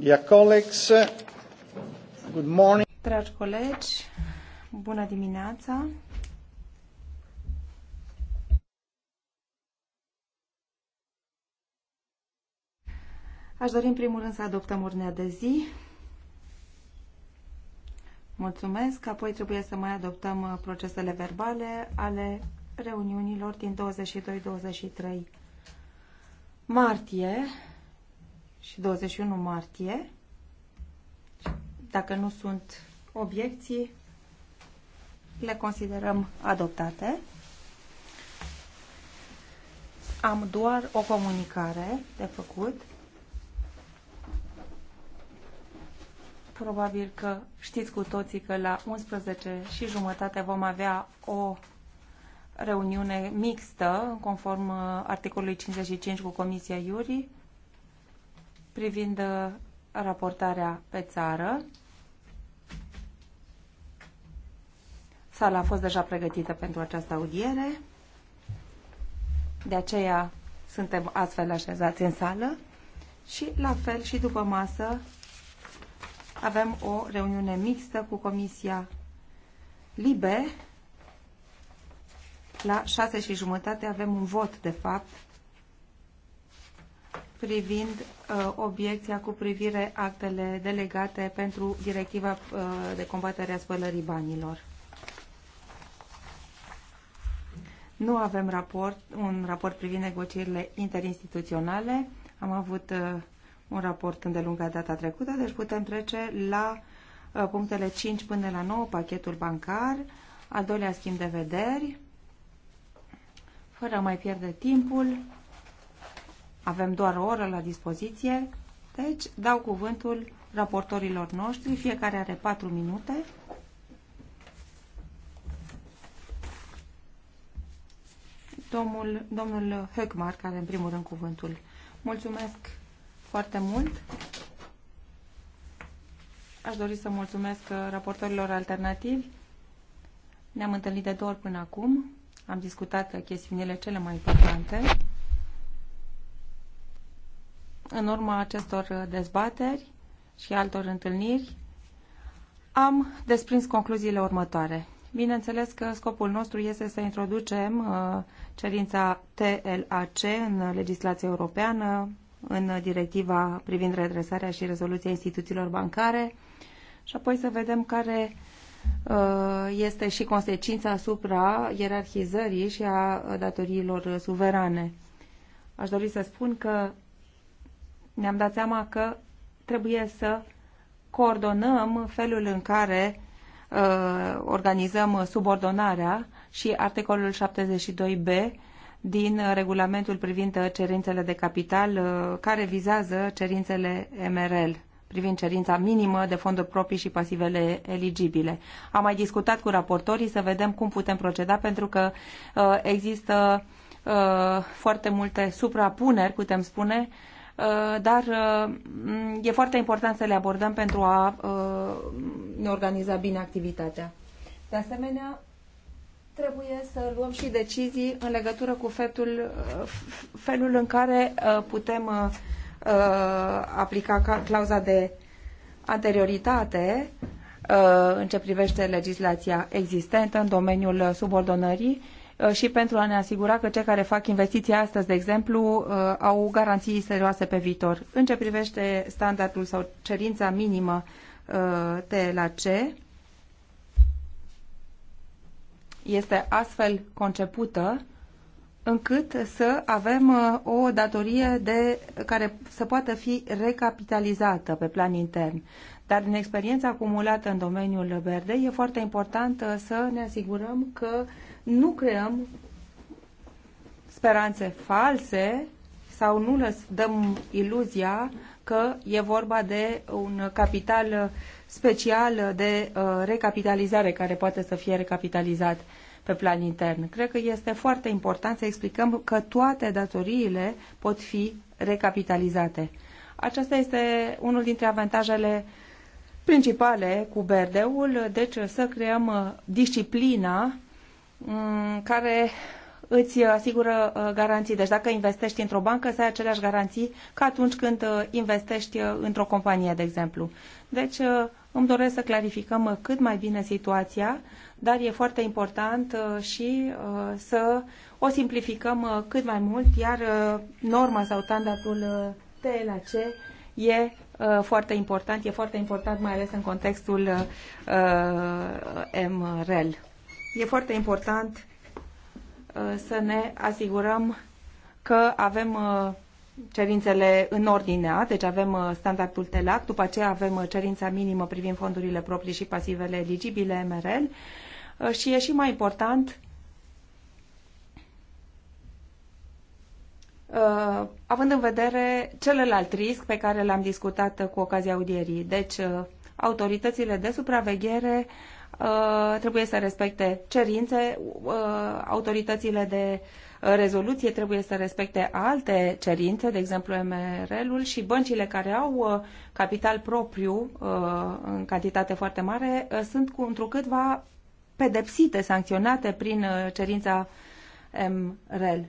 Dear colleagues, good morning. Dragi colegi, bună dimineața. Aș dori în primul rând să adoptăm urnea de zi. Mulțumesc. Apoi trebuie să mai adoptăm uh, procesele verbale ale reuniunilor din 22-23 martie și 21 martie. Dacă nu sunt obiecții, le considerăm adoptate. Am doar o comunicare de făcut. Probabil că știți cu toții că la 11 și jumătate vom avea o reuniune mixtă, conform uh, articolului 55 cu Comisia Iurii privind uh, raportarea pe țară. Sala a fost deja pregătită pentru această audiere, de aceea suntem astfel așezați în sală și la fel și după masă avem o reuniune mixtă cu Comisia Libe. La șase și jumătate avem un vot, de fapt, privind uh, obiecția cu privire actele delegate pentru directiva uh, de combatere a spălării banilor. Nu avem raport, un raport privind negocierile interinstituționale. Am avut uh, un raport îndelungat data trecută, deci putem trece la uh, punctele 5 până la 9, pachetul bancar, al doilea schimb de vederi. Fără a mai pierde timpul, avem doar o oră la dispoziție, deci dau cuvântul raportorilor noștri, fiecare are patru minute. Domnul, domnul Höckmar, care în primul rând cuvântul. Mulțumesc foarte mult. Aș dori să mulțumesc raportorilor alternativi. Ne-am întâlnit de două ori până acum. Am discutat chestiunile cele mai importante în urma acestor dezbateri și altor întâlniri, am desprins concluziile următoare. Bineînțeles că scopul nostru este să introducem uh, cerința TLAC în legislația europeană, în directiva privind redresarea și rezoluția instituțiilor bancare și apoi să vedem care uh, este și consecința asupra ierarhizării și a datoriilor suverane. Aș dori să spun că ne-am dat seama că trebuie să coordonăm felul în care uh, organizăm subordonarea și articolul 72b din regulamentul privind cerințele de capital uh, care vizează cerințele MRL privind cerința minimă de fonduri proprii și pasivele eligibile. Am mai discutat cu raportorii să vedem cum putem proceda pentru că uh, există uh, foarte multe suprapuneri, putem spune, uh, Uh, dar uh, e foarte important să le abordăm pentru a uh, ne organiza bine activitatea. De asemenea, trebuie să luăm și decizii în legătură cu fetul, felul în care putem aplica clauza de anterioritate în ce privește legislația existentă în domeniul subordonării Uh, și pentru a ne asigura că cei care fac investiții astăzi, de exemplu, uh, au garanții serioase pe viitor. În ce privește standardul sau cerința minimă de uh, la C, este astfel concepută încât să avem uh, o datorie de, care să poată fi recapitalizată pe plan intern. Dar din experiența acumulată în domeniul verde e foarte important uh, să ne asigurăm că nu creăm speranțe false sau nu dăm iluzia că e vorba de un capital special de uh, recapitalizare care poate să fie recapitalizat pe plan intern. Cred că este foarte important să explicăm că toate datoriile pot fi recapitalizate. Aceasta este unul dintre avantajele principale cu Berdeul, deci să creăm uh, disciplina mm, care îți asigură uh, garanții. Deci dacă investești într-o bancă, să ai aceleași garanții ca atunci când uh, investești într-o companie, de exemplu. Deci îmi doresc să clarificăm cât mai bine situația, dar e foarte important uh, și uh, să o simplificăm uh, cât mai mult, iar norma sau standardul TLAC e foarte important, e foarte important mai ales în contextul MREL. E foarte important să ne asigurăm că avem cerințele în ordinea, deci avem uh, standardul TELAC, după aceea avem uh, cerința minimă privind fondurile proprii și pasivele eligibile MRL uh, și e și mai important având în vedere celălalt risc pe care l-am discutat cu ocazia audierii. Deci, autoritățile de supraveghere trebuie să respecte cerințe, autoritățile de uh, rezoluție trebuie să respecte alte cerințe, de exemplu MRL-ul și băncile care au uh, capital propriu uh, în cantitate foarte mare uh, sunt cu întrucâtva pedepsite, sancționate prin cerința MRL.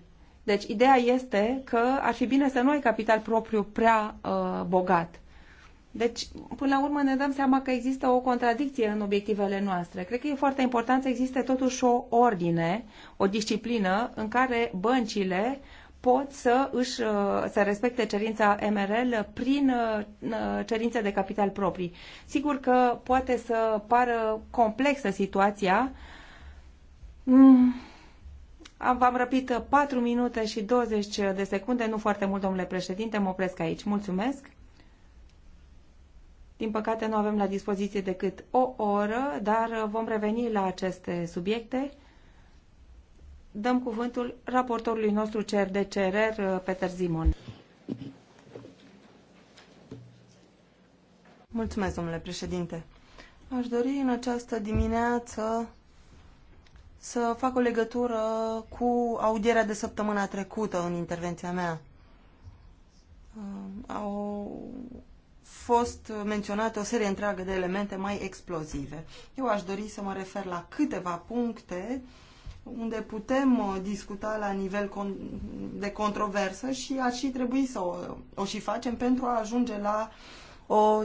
Deci ideea este că ar fi bine să nu ai capital propriu prea uh, bogat deci, până la urmă, ne dăm seama că există o contradicție în obiectivele noastre. Cred că e foarte important să existe totuși o ordine, o disciplină în care băncile pot să își uh, să respecte cerința MRL prin uh, uh, cerințe de capital proprii. Sigur că poate să pară complexă situația. Mm, am, v-am răpit 4 minute și 20 de secunde, nu foarte mult, domnule președinte, mă opresc aici. Mulțumesc! Din păcate nu avem la dispoziție decât o oră, dar vom reveni la aceste subiecte. Dăm cuvântul raportorului nostru cer de cerer, Peter Zimon. Mulțumesc, domnule președinte. Aș dori în această dimineață să fac o legătură cu audierea de săptămâna trecută în intervenția mea. Au fost menționate o serie întreagă de elemente mai explozive. Eu aș dori să mă refer la câteva puncte unde putem uh, discuta la nivel de controversă și ar și trebui să o, o și facem pentru a ajunge la, o, uh,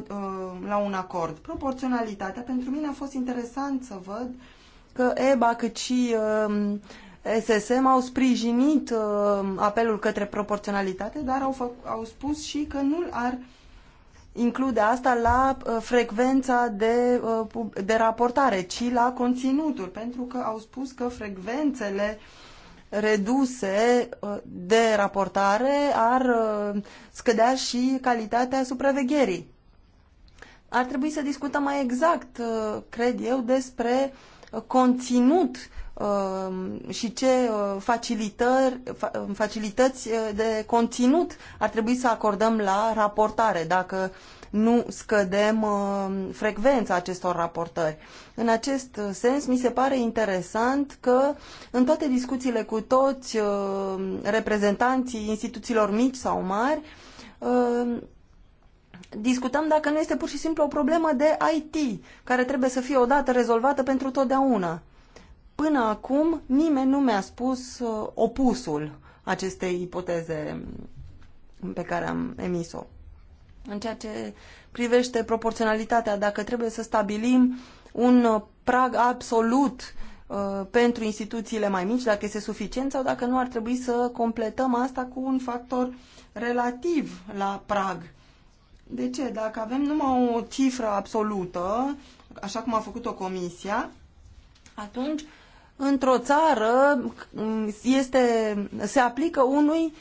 la un acord. Proporționalitatea, pentru mine a fost interesant să văd că EBA cât și SSM um, au sprijinit um, apelul către proporționalitate, dar au, fă, au spus și că nu ar include asta la uh, frecvența de, uh, de raportare, ci la conținutul, pentru că au spus că frecvențele reduse uh, de raportare ar scădea și calitatea supravegherii. Ar trebui să discutăm mai exact, cred eu, despre conținut Um, și ce uh, um, facilități uh, de conținut ar trebui să acordăm la raportare dacă nu scădem uh, frecvența acestor raportări. În acest sens, mi se pare interesant că în toate discuțiile cu toți reprezentanții instituțiilor mici sau mari, discutăm dacă nu este pur și simplu o problemă de IT, care trebuie să fie odată rezolvată pentru totdeauna. Până acum, nimeni nu mi-a spus uh, opusul acestei ipoteze pe care am emis-o. În ceea ce privește proporționalitatea, dacă trebuie să stabilim un uh, prag absolut uh, pentru instituțiile mai mici, dacă este suficient sau dacă nu ar trebui să completăm asta cu un factor relativ la prag. De ce? Dacă avem numai o cifră absolută, așa cum a făcut-o comisia, atunci într-o țară este, se aplică unui,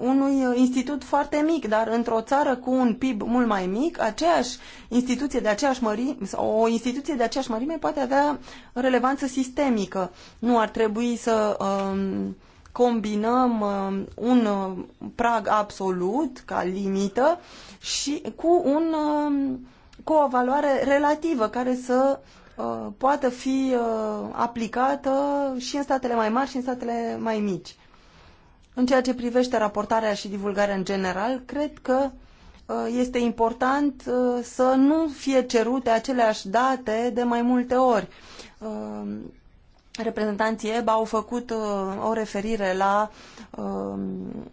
unui institut foarte mic, dar într-o țară cu un PIB mult mai mic, aceeași instituție de aceeași mărime, sau o instituție de aceeași mărime poate avea relevanță sistemică. Nu ar trebui să um, combinăm um, un um, prag absolut ca limită și cu, un, um, cu o valoare relativă care să uh, Uh, poată fi uh, aplicată și în statele mai mari și în statele mai mici. În ceea ce privește raportarea și divulgarea în general, cred că uh, este important să nu fie cerute aceleași date de mai multe ori reprezentanții EBA au făcut uh, o referire la uh,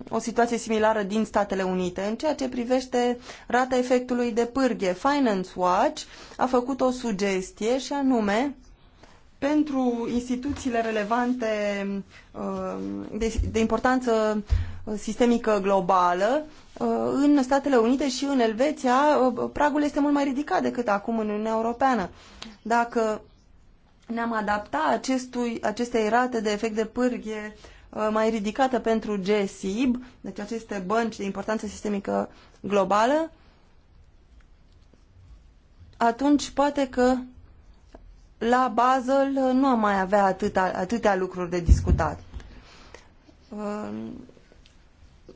o situație similară din Statele Unite. În ceea ce privește rata efectului de pârghe. Finance Watch a făcut o sugestie și anume pentru instituțiile relevante uh, de, de importanță sistemică globală, uh, în Statele Unite și în Elveția, uh, pragul este mult mai ridicat decât acum în Uniunea Europeană. Dacă ne-am adaptat acestui, acestei rate de efect de pârghie uh, mai ridicată pentru GSIB, deci aceste bănci de importanță sistemică globală, atunci poate că la Basel nu am mai avea atâta, atâtea lucruri de discutat. Uh,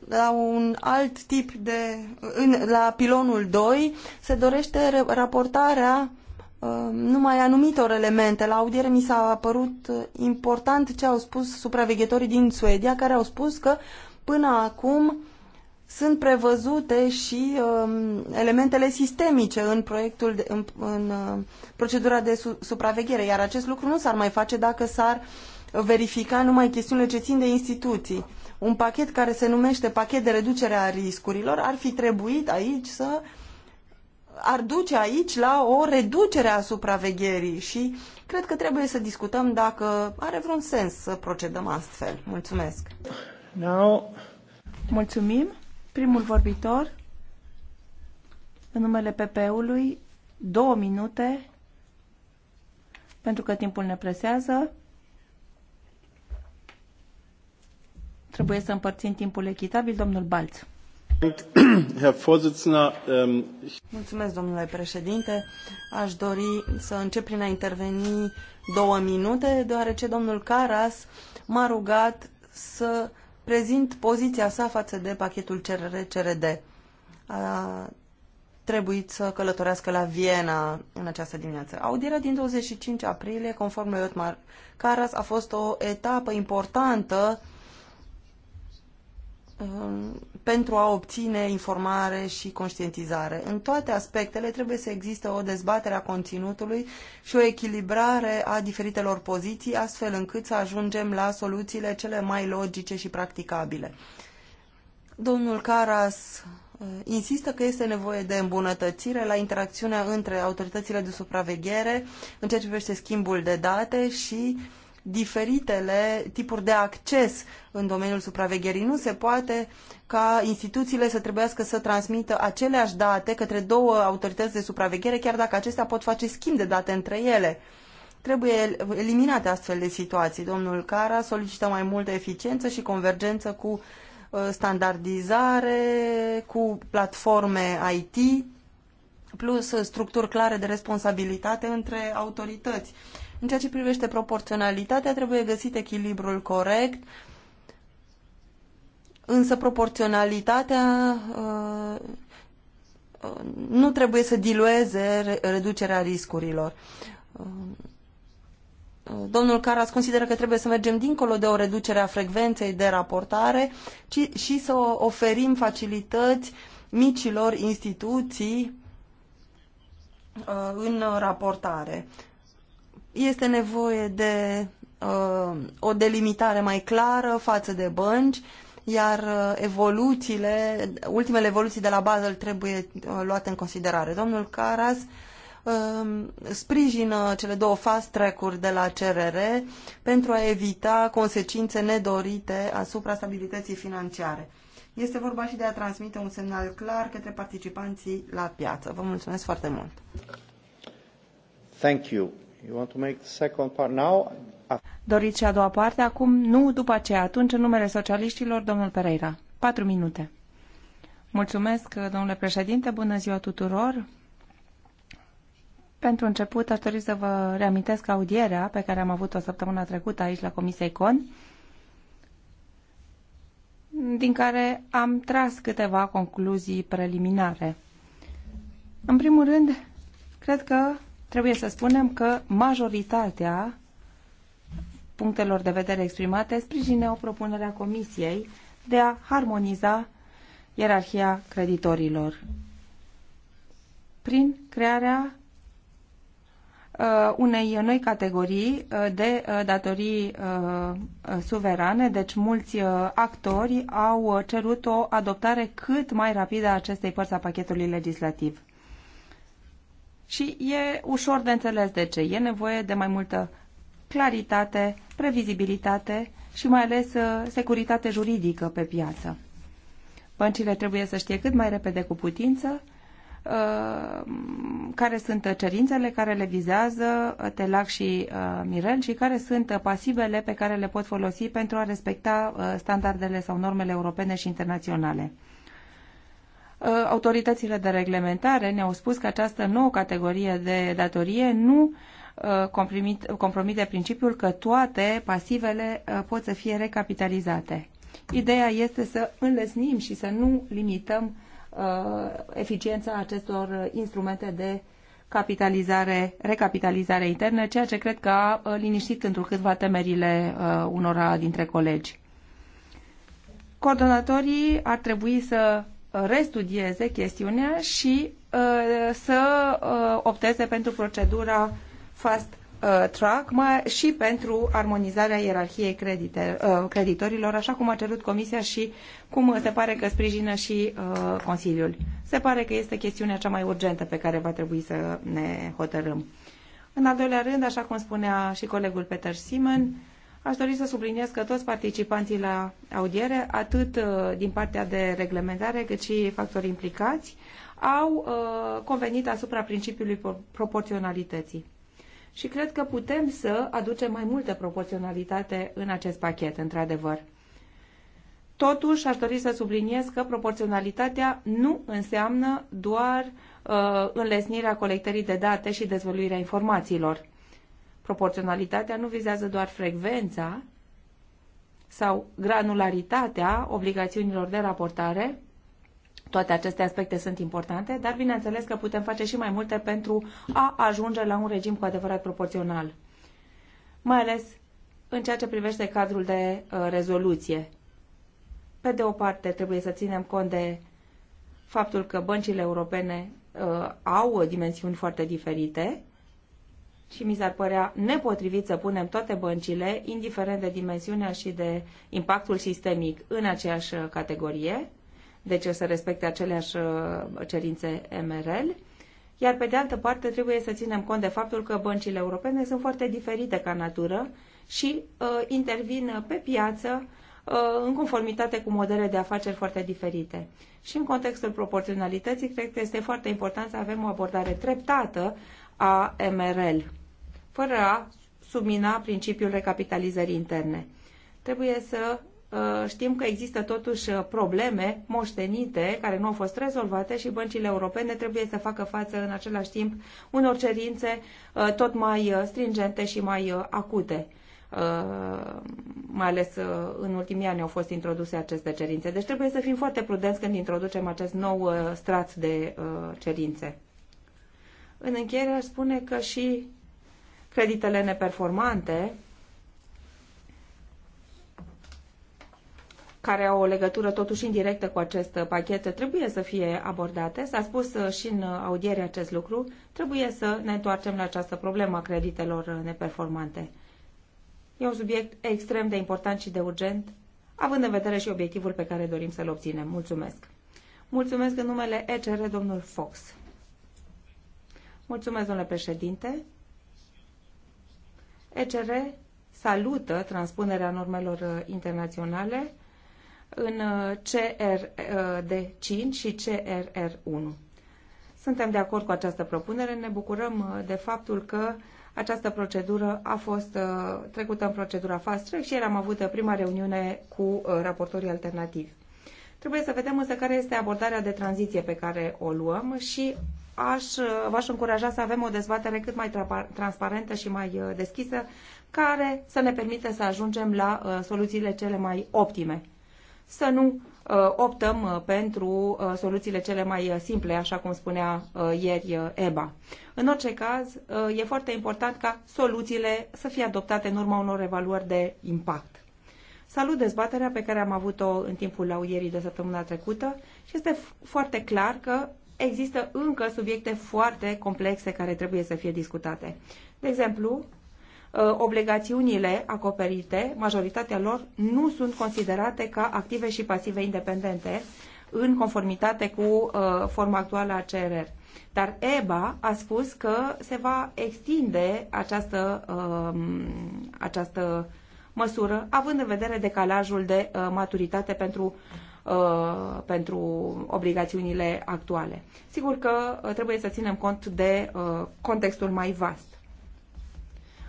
la un alt tip de... În, la pilonul 2 se dorește raportarea Uh, numai anumitor elemente. La audiere mi s-a părut uh, important ce au spus supraveghetorii din Suedia, care au spus că până acum sunt prevăzute și um, elementele sistemice în proiectul de, în, în uh, procedura de su supraveghere, iar acest lucru nu s-ar mai face dacă s-ar verifica numai chestiunile ce țin de instituții. Un pachet care se numește pachet de reducere a riscurilor ar fi trebuit aici să uh, ar duce aici la o reducere a supravegherii și cred că trebuie să discutăm dacă are vreun sens să procedăm astfel. Mulțumesc! Now... Mulțumim! Primul vorbitor, în numele PP-ului, două minute, pentru că timpul ne presează. Trebuie să împărțim timpul echitabil, domnul Balț. Ähm, Mulțumesc, domnule președinte. Aș dori să încep prin a interveni două minute, deoarece domnul Caras m-a rugat să prezint poziția sa față de pachetul CRR-CRD. A trebuit să călătorească la Viena în această dimineață. Audierea din 25 aprilie, conform lui Otmar Caras, a fost o etapă importantă Um, pentru a obține informare și conștientizare. În toate aspectele trebuie să existe o dezbatere a conținutului și o echilibrare a diferitelor poziții, astfel încât să ajungem la soluțiile cele mai logice și practicabile. Domnul Caras uh, insistă că este nevoie de îmbunătățire la interacțiunea între autoritățile de supraveghere în ceea ce privește schimbul de date și uh, diferitele tipuri de acces în domeniul supravegherii. Nu se poate ca instituțiile să trebuiască să transmită aceleași date către două autorități de supraveghere, chiar dacă acestea pot face schimb de date între ele. Trebuie eliminate astfel de situații. Domnul Cara solicită mai multă eficiență și convergență cu uh, standardizare, cu platforme IT, plus uh, structuri clare de responsabilitate între autorități. În ceea ce privește proporționalitatea, trebuie găsit echilibrul corect, însă proporționalitatea uh, uh, nu trebuie să dilueze reducerea riscurilor. Uh, domnul Caras consideră că trebuie să mergem dincolo de o reducere a frecvenței de raportare ci, și să oferim facilități micilor instituții în raportare. Este nevoie de uh, o delimitare mai clară față de bănci, iar uh, evoluțiile, ultimele evoluții de la Basel trebuie uh, luate în considerare. Domnul Caras um, sprijină cele două fast track-uri de la CRR pentru a evita consecințe nedorite asupra stabilității financiare. Este vorba și de a transmite un semnal clar către participanții la piață. Vă mulțumesc foarte mult! Thank you. Doriți și a doua parte? Acum nu, după aceea. Atunci, în numele socialiștilor, domnul Pereira. Patru minute. Mulțumesc, domnule președinte. Bună ziua tuturor. Pentru început, aș dori să vă reamintesc audierea pe care am avut-o săptămâna trecută aici la Comisia Econ, din care am tras câteva concluzii preliminare. În primul rând, cred că Trebuie să spunem că majoritatea punctelor de vedere exprimate propunere propunerea Comisiei de a harmoniza ierarhia creditorilor prin crearea uh, unei noi categorii uh, de uh, datorii suverane, deci mulți actori au cerut o adoptare cât mai rapidă a acestei părți a pachetului legislativ. Și e ușor de înțeles de ce. E nevoie de mai multă claritate, previzibilitate și mai ales uh, securitate juridică pe piață. Băncile trebuie să știe cât mai repede cu putință uh, care sunt cerințele care le vizează uh, Telac și Mirel și care sunt pasivele pe care le pot folosi pentru a respecta standardele sau normele europene și internaționale. Uh, autoritățile de reglementare ne-au spus că această nouă categorie de datorie nu uh, compromite principiul că toate pasivele uh, pot să fie recapitalizate. Ideea este să înlesnim și să nu limităm eficiența acestor instrumente de capitalizare, recapitalizare internă, ceea ce cred că a liniștit câtva temerile unora dintre colegi. Coordonatorii ar trebui să restudieze chestiunea și uh, să uh, opteze pentru procedura fast uh, track mai, și pentru armonizarea ierarhiei credite, creditorilor, așa cum a cerut Comisia și cum se pare că sprijină și Consiliul. Se pare că este chestiunea cea mai urgentă pe care va trebui să ne hotărâm. În al doilea rând, așa cum spunea și colegul Peter Simon, Aș dori să subliniez că toți participanții la audiere, atât uh, din partea de reglementare, cât și factorii implicați, au uh, convenit asupra principiului proporționalității. Și cred că putem să aducem mai multă proporționalitate în acest pachet, într-adevăr. Totuși, aș dori să subliniez că proporționalitatea nu înseamnă doar uh, înlesnirea colectării de date și dezvăluirea informațiilor Proporționalitatea nu vizează doar frecvența sau granularitatea obligațiunilor de raportare, toate aceste aspecte sunt importante, dar bineînțeles că putem face și mai multe pentru a ajunge la un regim cu adevărat proporțional. Mai ales în ceea ce privește cadrul de uh, rezoluție. Pe de o parte, trebuie să ținem cont de faptul că băncile europene uh, au dimensiuni foarte diferite și mi s-ar părea nepotrivit să punem toate băncile, indiferent de dimensiunea și de impactul sistemic, în aceeași uh, categorie, deci o să respecte aceleași uh, cerințe MRL, iar pe de altă parte trebuie să ținem cont de faptul că băncile europene sunt foarte diferite ca natură și uh, intervin pe piață uh, în conformitate cu modele de afaceri foarte diferite. Și în contextul proporționalității, cred că este foarte important să avem o abordare treptată a MRL fără a submina principiul recapitalizării interne. Trebuie să uh, știm că există totuși uh, probleme moștenite care nu au fost rezolvate și băncile europene trebuie să facă față în același timp unor cerințe uh, tot mai stringente și mai acute. Mai ales în ultimii ani au fost introduse aceste cerințe. Deci trebuie să fim foarte prudenți când introducem acest nou strat de cerințe. În încheiere aș spune că și creditele neperformante, care au o legătură totuși indirectă cu acest pachet, trebuie să fie abordate. S-a spus uh, și în audiere acest lucru. Trebuie să ne întoarcem la această problemă a creditelor neperformante. E un subiect extrem de important și de urgent, având în vedere și obiectivul pe care dorim să-l obținem. Mulțumesc! Mulțumesc în numele ECR, domnul Fox. Mulțumesc, domnule președinte. ECR salută transpunerea normelor uh, internaționale în uh, CRD5 uh, și CRR1. Suntem de acord cu această propunere, ne bucurăm de faptul că această procedură a fost trecută în procedura fast track și ieri am avut prima reuniune cu raportorii alternativi. Trebuie să vedem însă care este abordarea de tranziție pe care o luăm și aș, v-aș încuraja să avem o dezbatere cât mai transparentă și mai uh, deschisă, care să ne permite să ajungem la uh, soluțiile cele mai optime. Să nu uh, optăm uh, pentru uh, soluțiile cele mai uh, simple, așa cum spunea uh, ieri uh, EBA. În orice caz, uh, e foarte important ca soluțiile să fie adoptate în urma unor evaluări de impact. Salut dezbaterea pe care am avut-o în timpul audierii de săptămâna trecută și este foarte clar că există încă subiecte foarte complexe care trebuie să fie discutate. De exemplu, uh, obligațiunile acoperite, majoritatea lor, nu sunt considerate ca active și pasive independente în conformitate cu uh, forma actuală a CRR. Dar EBA a spus că se va extinde această, um, această măsură, având în vedere decalajul de uh, maturitate pentru Uh, pentru obligațiunile actuale. Sigur că uh, trebuie să ținem cont de uh, contextul mai vast.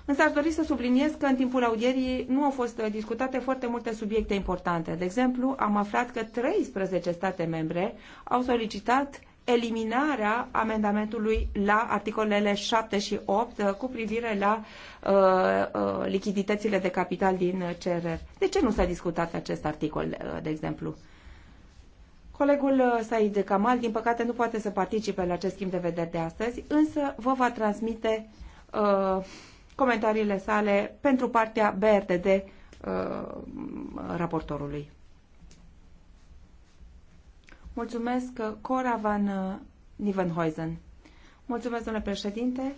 Însă aș dori să subliniez că în timpul audierii nu au fost discutate foarte multe subiecte importante. De exemplu, am aflat că 13 state membre au solicitat eliminarea amendamentului la articolele 7 și 8 cu privire la uh, uh, lichiditățile de capital din CRR. De ce nu s-a discutat acest articol, de exemplu? Colegul uh, Said Kamal, din păcate, nu poate să participe la acest schimb de vedere de astăzi, însă vă va transmite uh, comentariile sale pentru partea BRD de uh, raportorului. Mulțumesc, uh, Cora van uh, Nivenhuizen. Mulțumesc, domnule președinte.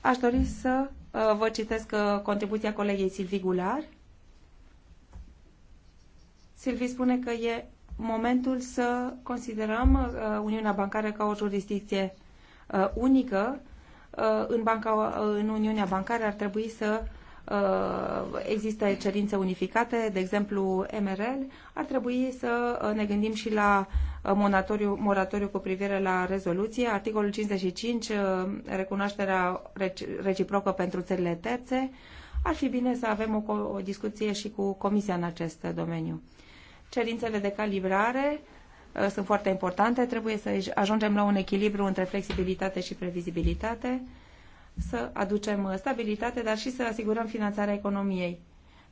Aș dori să uh, vă citesc uh, contribuția colegei Silvi Gular. Silvi spune că e momentul să considerăm uh, Uniunea Bancară ca o jurisdicție uh, unică. Uh, în, banca, în Uniunea Bancară ar trebui să există cerințe unificate, de exemplu MRL, ar trebui să ne gândim și la moratoriu, moratoriu cu privire la rezoluție, articolul 55, recunoașterea reciprocă pentru țările terțe, ar fi bine să avem o, o discuție și cu Comisia în acest domeniu. Cerințele de calibrare uh, sunt foarte importante. Trebuie să ajungem la un echilibru între flexibilitate și previzibilitate, să aducem uh, stabilitate, dar și să asigurăm finanțarea economiei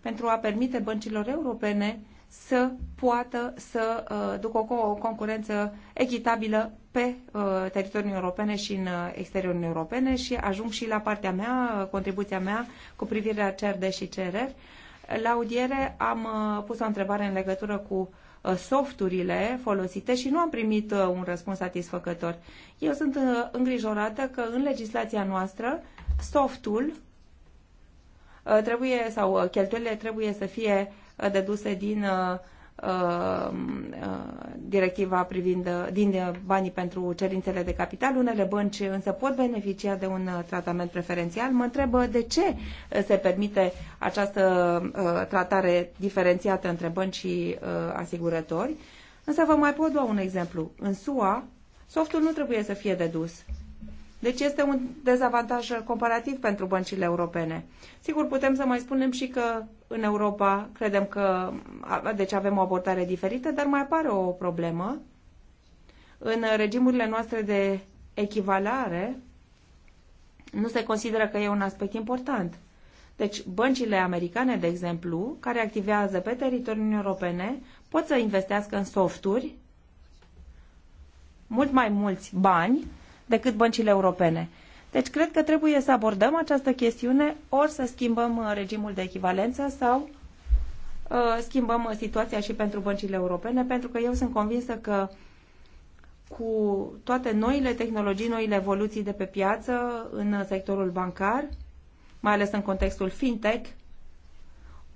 pentru a permite băncilor europene să poată să uh, ducă o concurență echitabilă pe teritoriul europene și în exteriorul europene și ajung și la partea mea, contribuția mea cu privire la CERD și CERER. La audiere am uh, pus o întrebare în legătură cu uh, softurile folosite și nu am primit uh, un răspuns satisfăcător. Eu sunt îngrijorată că în legislația noastră softul trebuie sau cheltuielile trebuie să fie deduse din Uh, directiva privind uh, din uh, banii pentru cerințele de capital. Unele bănci însă pot beneficia de un tratament preferențial. Mă întreb de ce se permite această tratare diferențiată între bănci și asigurători. Însă vă mai pot lua un exemplu. În SUA, softul nu trebuie să fie dedus deci este un dezavantaj comparativ pentru băncile europene. Sigur, putem să mai spunem și că în Europa credem că deci avem o abordare diferită, dar mai apare o problemă. În regimurile noastre de echivalare nu se consideră că e un aspect important. Deci, băncile americane, de exemplu, care activează pe teritoriul Uniunii Europene, pot să investească în softuri mult mai mulți bani decât băncile europene. Deci cred că trebuie să abordăm această chestiune, ori să schimbăm uh, regimul de echivalență sau uh, schimbăm uh, situația și pentru băncile europene, pentru că eu sunt convinsă că cu toate noile tehnologii, noile evoluții de pe piață în sectorul bancar, mai ales în contextul fintech,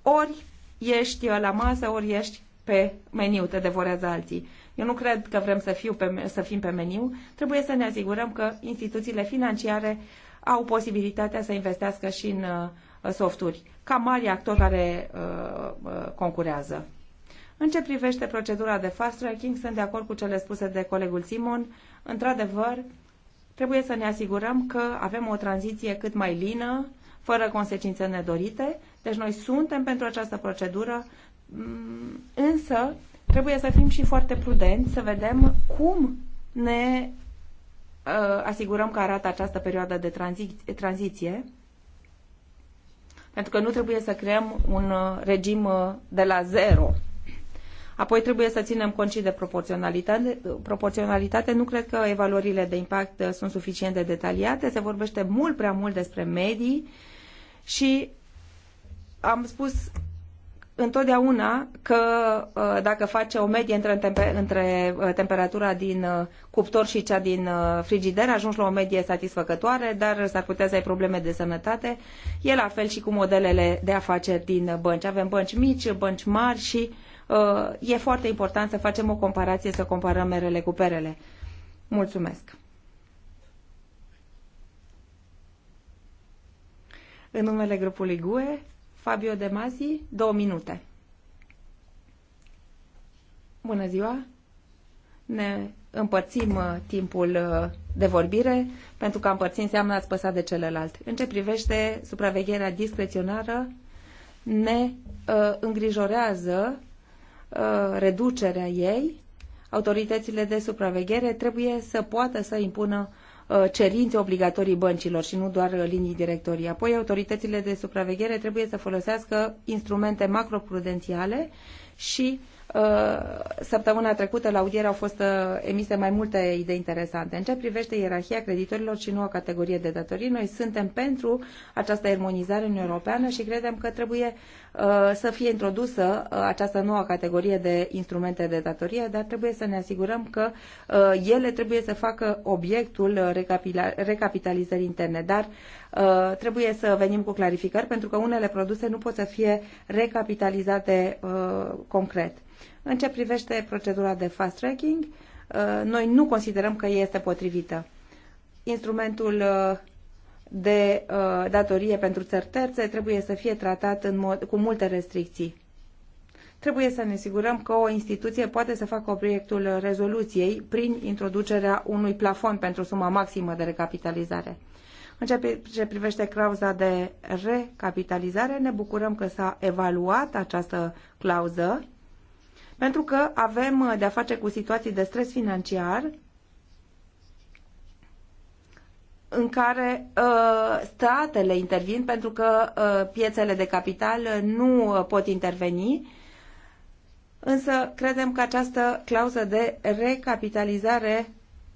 ori ești la masă, ori ești pe meniu, te devorează alții. Eu nu cred că vrem să, fiu pe, să fim pe meniu. Trebuie să ne asigurăm că instituțiile financiare au posibilitatea să investească și în uh, softuri, ca mari actori care uh, uh, concurează. În ce privește procedura de fast tracking, sunt de acord cu cele spuse de colegul Simon. Într-adevăr, trebuie să ne asigurăm că avem o tranziție cât mai lină, fără consecințe nedorite. Deci noi suntem pentru această procedură, mm, însă Trebuie să fim și foarte prudenți, să vedem cum ne uh, asigurăm că arată această perioadă de tranzi- tranziție, pentru că nu trebuie să creăm un uh, regim uh, de la zero. Apoi trebuie să ținem cont și de proporționalitate. proporționalitate. Nu cred că evaluările de impact sunt suficient de detaliate. Se vorbește mult prea mult despre medii și am spus întotdeauna că uh, dacă face o medie între, între uh, temperatura din uh, cuptor și cea din frigider, ajungi la o medie satisfăcătoare, dar s-ar putea să ai probleme de sănătate. E la fel și cu modelele de afaceri din bănci. Avem bănci mici, bănci mari și uh, e foarte important să facem o comparație, să comparăm merele cu perele. Mulțumesc! În numele grupului GUE, Fabio De Masi, două minute. Bună ziua! Ne împărțim uh, timpul uh, de vorbire, pentru că împărțim înseamnă ați păsat de celălalt. În ce privește supravegherea discreționară, ne uh, îngrijorează uh, reducerea ei. Autoritățile de supraveghere trebuie să poată să impună uh, Uh, cerințe obligatorii băncilor și nu doar uh, linii directorii. Apoi, autoritățile de supraveghere trebuie să folosească instrumente macroprudențiale și uh, săptămâna trecută la audiere au fost emise mai multe idei interesante. În ce privește ierarhia creditorilor și noua categorie de datorii, noi suntem pentru această armonizare în Europeană și credem că trebuie Uh, să fie introdusă uh, această nouă categorie de instrumente de datorie, dar trebuie să ne asigurăm că uh, ele trebuie să facă obiectul recapitalizării interne. Dar trebuie să venim cu clarificări pentru că unele produse nu pot să fie recapitalizate concret. În ce privește procedura de fast tracking, noi nu considerăm că este potrivită. Instrumentul de uh, datorie pentru țări terțe trebuie să fie tratat în mod, cu multe restricții. Trebuie să ne asigurăm că o instituție poate să facă obiectul rezoluției prin introducerea unui plafon pentru suma maximă de recapitalizare. În ceea ce privește clauza de recapitalizare, ne bucurăm că s-a evaluat această clauză pentru că avem de-a face cu situații de stres financiar în care uh, statele intervin pentru că uh, piețele de capital uh, nu uh, pot interveni, însă credem că această clauză de recapitalizare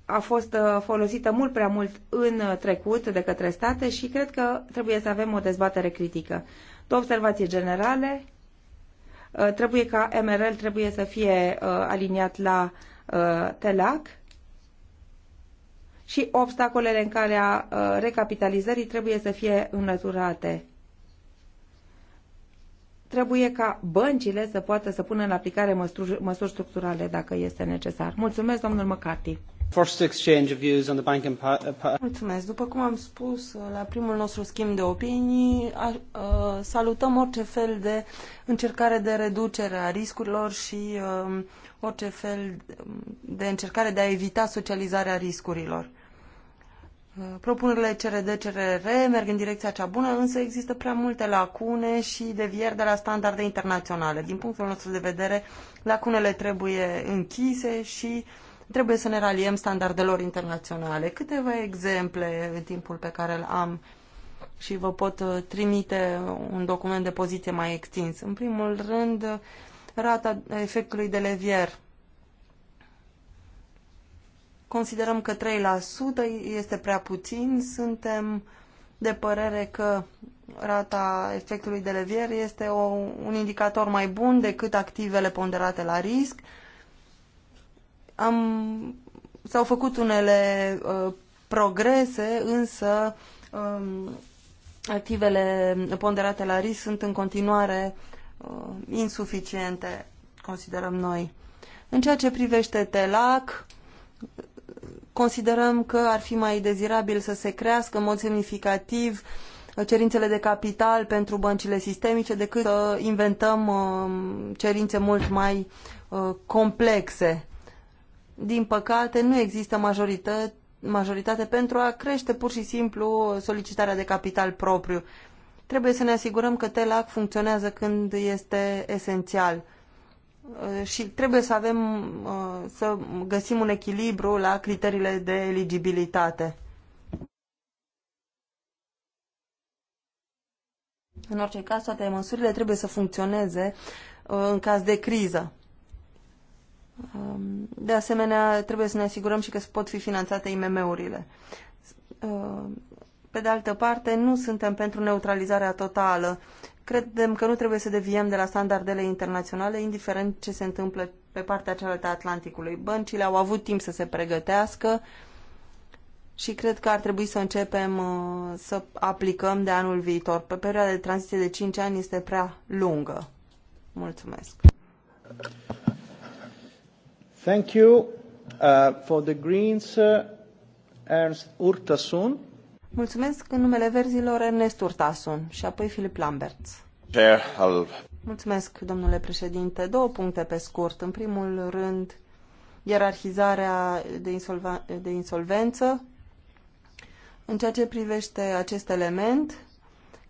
a fost uh, folosită mult prea mult în trecut de către state și cred că trebuie să avem o dezbatere critică. Două observații generale. Trebuie ca MRL trebuie să fie aliniat la TELAC și obstacolele în calea uh, recapitalizării trebuie să fie înlăturate. Trebuie ca băncile să poată să pună în aplicare măsuri, măsuri structurale dacă este necesar. Mulțumesc, domnul McCarthy. First exchange of views on the bank and uh, Mulțumesc. După cum am spus uh, la primul nostru schimb de opinii, salutăm orice fel de încercare de reducere a riscurilor și um, orice fel um, de încercare de a evita socializarea riscurilor. Propunerile CRD-CRR merg în direcția cea bună, însă există prea multe lacune și devieri de la standarde internaționale. Din punctul nostru de vedere, lacunele trebuie închise și trebuie să ne raliem standardelor internaționale. Câteva exemple în timpul pe care îl am și vă pot uh, trimite un document de poziție mai extins. În primul rând, rata efectului de levier Considerăm că 3% este prea puțin. Suntem de părere că rata efectului de levier este o, un indicator mai bun decât activele ponderate la risc. Am, s-au făcut unele uh, progrese, însă um, activele ponderate la risc sunt în continuare uh, insuficiente, considerăm noi. În ceea ce privește TELAC, Considerăm că ar fi mai dezirabil să se crească în mod semnificativ uh, cerințele de capital pentru băncile sistemice decât să inventăm uh, cerințe mult mai uh, complexe. Din păcate, nu există majoritate, majoritate pentru a crește pur și simplu solicitarea de capital propriu. Trebuie să ne asigurăm că TELAC funcționează când este esențial Uh, și trebuie să avem, uh, să găsim un echilibru la criteriile de eligibilitate. În orice caz, toate măsurile trebuie să funcționeze uh, în caz de criză. Um, de asemenea, trebuie să ne asigurăm și că pot fi finanțate IMM-urile. Pe de altă parte, nu suntem pentru neutralizarea totală Credem că nu trebuie să deviem de la standardele internaționale, indiferent ce se întâmplă pe partea cealaltă a Atlanticului. Băncile au avut timp să se pregătească și cred că ar trebui să începem uh, să aplicăm de anul viitor. Pe perioada de tranziție de 5 ani este prea lungă. Mulțumesc. Thank you uh, for the Greens, uh, Ernst Urtasun. Mulțumesc în numele verzilor Ernest Urtasun și apoi Filip Lambert. Mulțumesc, domnule președinte. Două puncte pe scurt. În primul rând, ierarhizarea de, insolva, de insolvență. În ceea ce privește acest element,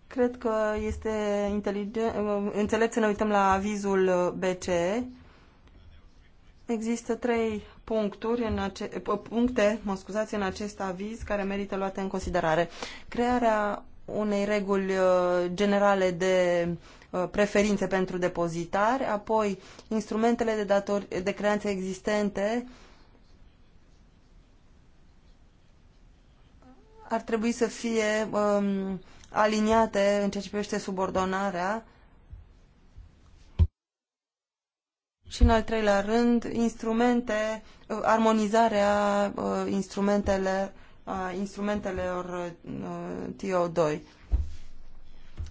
cred că este inteligent, înțelept să ne uităm la avizul BCE Există trei puncturi în ace- puncte mă scuzați, în acest aviz care merită luate în considerare. Crearea unei reguli uh, generale de uh, preferințe pentru depozitari, apoi instrumentele de, dator- de creanțe existente ar trebui să fie um, aliniate în ceea ce privește subordonarea Și în al treilea rând, instrumente, uh, armonizarea uh, instrumentele, uh, instrumentelor TO2.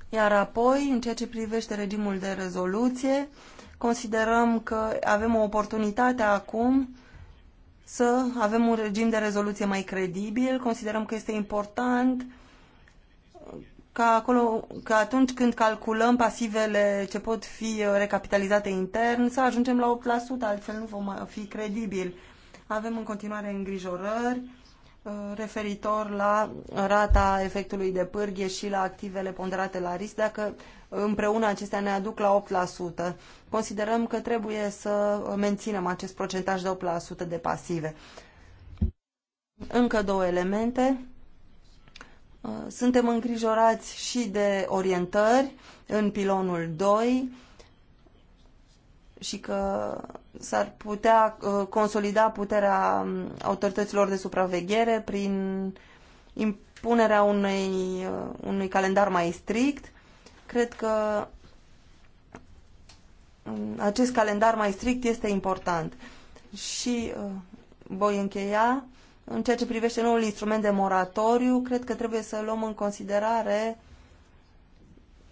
Iar apoi, în ceea ce privește regimul de rezoluție, considerăm că avem o oportunitate acum să avem un regim de rezoluție mai credibil. Considerăm că este important uh, ca, acolo, ca atunci când calculăm pasivele ce pot fi uh, recapitalizate intern, să ajungem la 8%, altfel nu vom fi credibili. Avem în continuare îngrijorări uh, referitor la rata efectului de pârghie și la activele ponderate la risc, dacă împreună acestea ne aduc la 8%. Considerăm că trebuie să menținem acest procentaj de 8% de pasive. Încă două elemente Uh, suntem îngrijorați și de orientări în pilonul 2 și că s-ar putea uh, consolida puterea um, autorităților de supraveghere prin impunerea unei, uh, unui calendar mai strict. Cred că um, acest calendar mai strict este important. Și voi încheia în ceea ce privește noul instrument de moratoriu, cred că trebuie să luăm în considerare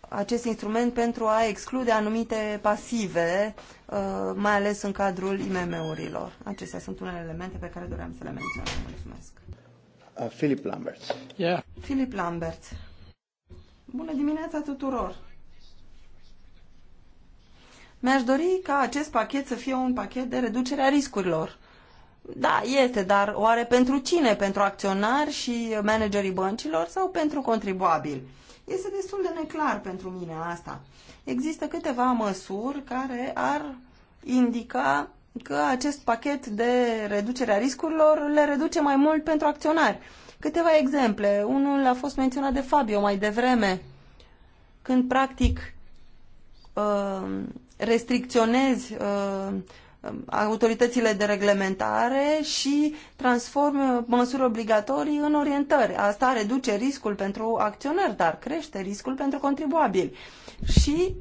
acest instrument pentru a exclude anumite pasive, uh, mai ales în cadrul IMM-urilor. Acestea sunt unele elemente pe care doream să le menționăm. Mulțumesc. Uh, Philip Lambert. Yeah. Philip Lambert. Bună dimineața tuturor! Mi-aș dori ca acest pachet să fie un pachet de reducere a riscurilor. Da, este, dar oare pentru cine? Pentru acționari și managerii băncilor sau pentru contribuabili? Este destul de neclar pentru mine asta. Există câteva măsuri care ar indica că acest pachet de reducere a riscurilor le reduce mai mult pentru acționari. Câteva exemple. Unul a fost menționat de Fabio mai devreme, când practic uh, restricționezi uh, Um, autoritățile de reglementare și transforme uh, măsuri obligatorii în orientări. Asta reduce riscul pentru acționari, dar crește riscul pentru contribuabili. Și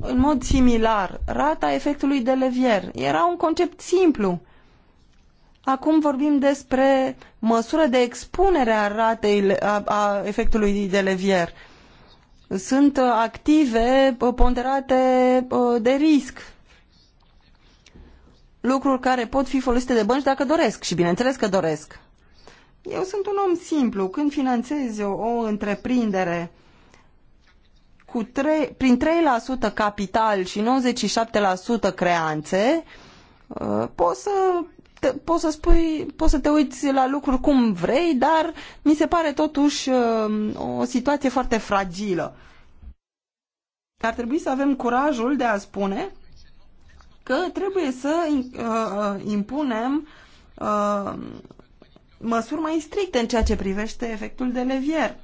în mod similar, rata efectului de levier era un concept simplu. Acum vorbim despre măsură de expunere a ratei a, a efectului de levier. Sunt active uh, ponderate uh, de risc lucruri care pot fi folosite de bănci dacă doresc și bineînțeles că doresc. Eu sunt un om simplu. Când finanțez o, o întreprindere cu 3, prin 3% capital și 97% creanțe, uh, poți să, te, poți, să spui, poți să te uiți la lucruri cum vrei, dar mi se pare totuși uh, o situație foarte fragilă. Ar trebui să avem curajul de a spune că trebuie să uh, uh, impunem uh, măsuri mai stricte în ceea ce privește efectul de levier.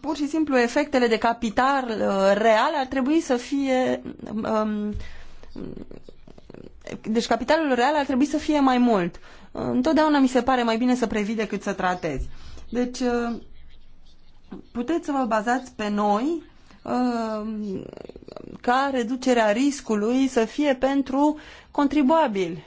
Pur și simplu, efectele de capital uh, real ar trebui să fie. Um, deci, capitalul real ar trebui să fie mai mult. Uh, întotdeauna mi se pare mai bine să previi decât să tratezi. Deci, uh, puteți să vă bazați pe noi Um, ca reducerea riscului să fie pentru contribuabili.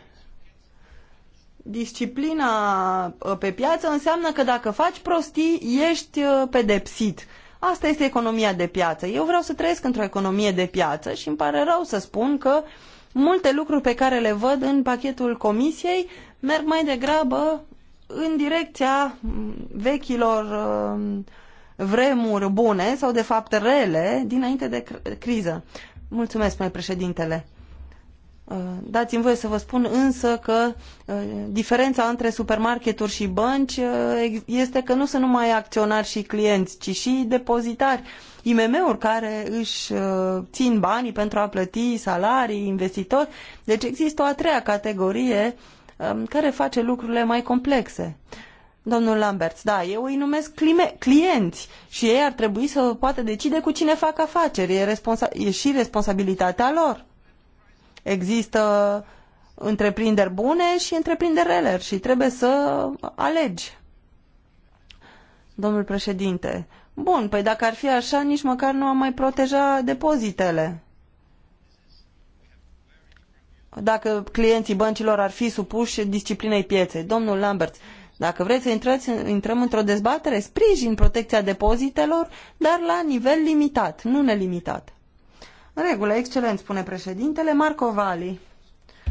Disciplina uh, pe piață înseamnă că dacă faci prostii, ești uh, pedepsit. Asta este economia de piață. Eu vreau să trăiesc într-o economie de piață și îmi pare rău să spun că multe lucruri pe care le văd în pachetul comisiei merg mai degrabă în direcția mm, vechilor uh, vremuri bune sau de fapt rele dinainte de criză. Mulțumesc, mai președintele. Uh, dați-mi voie să vă spun însă că uh, diferența între supermarketuri și bănci uh, este că nu sunt numai acționari și clienți, ci și depozitari. IMM-uri care își țin banii pentru a plăti salarii, investitori. Deci există o a treia categorie um, care face lucrurile mai complexe. Domnul Lamberts, da, eu îi numesc clime, clienți și ei ar trebui să poată decide cu cine fac afaceri. E, responsa- e și responsabilitatea lor. Există întreprinderi bune și întreprinderi rele și trebuie să alegi. Domnul președinte, bun, păi dacă ar fi așa, nici măcar nu am mai proteja depozitele. Dacă clienții băncilor ar fi supuși disciplinei pieței. Domnul Lamberts, dacă vreți să intrați, intrăm într-o dezbatere, sprijin protecția depozitelor, dar la nivel limitat, nu nelimitat. În regulă, excelent, spune președintele Marco Vali.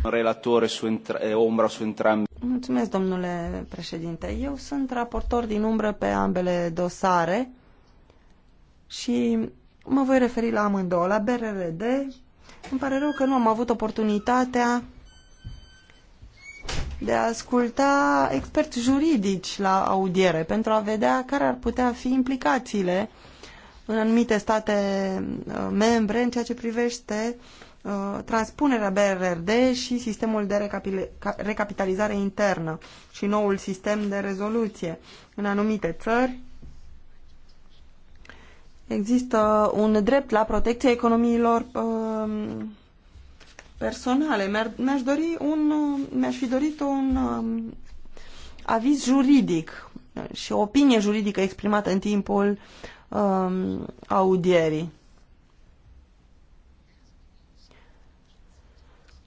Relator su intre, ombra su entrambi. Mulțumesc, domnule președinte. Eu sunt raportor din umbră pe ambele dosare și mă voi referi la amândouă, la BRRD. Îmi pare rău că nu am avut oportunitatea de a asculta experți juridici la audiere pentru a vedea care ar putea fi implicațiile în anumite state uh, membre în ceea ce privește uh, transpunerea BRRD și sistemul de recapitalizare internă și noul sistem de rezoluție. În anumite țări există un drept la protecția economiilor uh, personale. mi aș dori un, mi-aș fi dorit un um, aviz juridic și o opinie juridică exprimată în timpul um, audierii.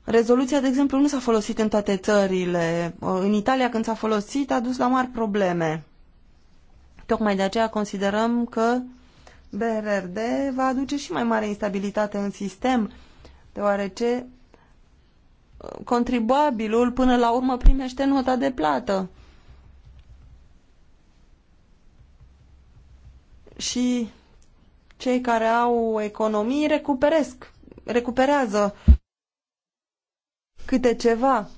Rezoluția, de exemplu, nu s-a folosit în toate țările. Uh, în Italia, când s-a folosit, a dus la mari probleme. Tocmai de aceea considerăm că BRRD va aduce și mai mare instabilitate în sistem, deoarece contribuabilul până la urmă primește nota de plată. Și cei care au economii recuperesc, recuperează câte ceva.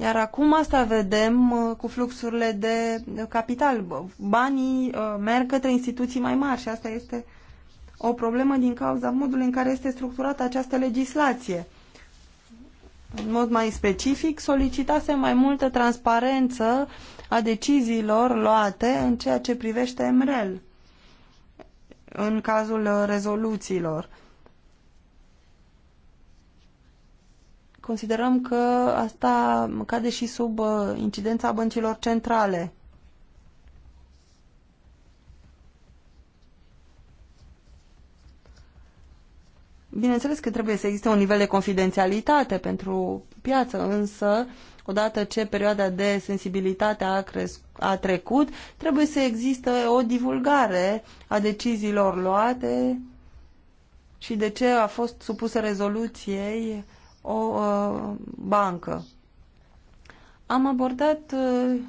Iar acum asta vedem uh, cu fluxurile de capital. Banii uh, merg către instituții mai mari și asta este o problemă din cauza modului în care este structurată această legislație. În mod mai specific, solicitase mai multă transparență a deciziilor luate în ceea ce privește MREL în cazul uh, rezoluțiilor. Considerăm că asta cade și sub uh, incidența băncilor centrale. Bineînțeles că trebuie să existe un nivel de confidențialitate pentru piață, însă odată ce perioada de sensibilitate a, a trecut, trebuie să existe o divulgare a deciziilor luate și de ce a fost supusă rezoluției o uh, bancă. Am abordat uh,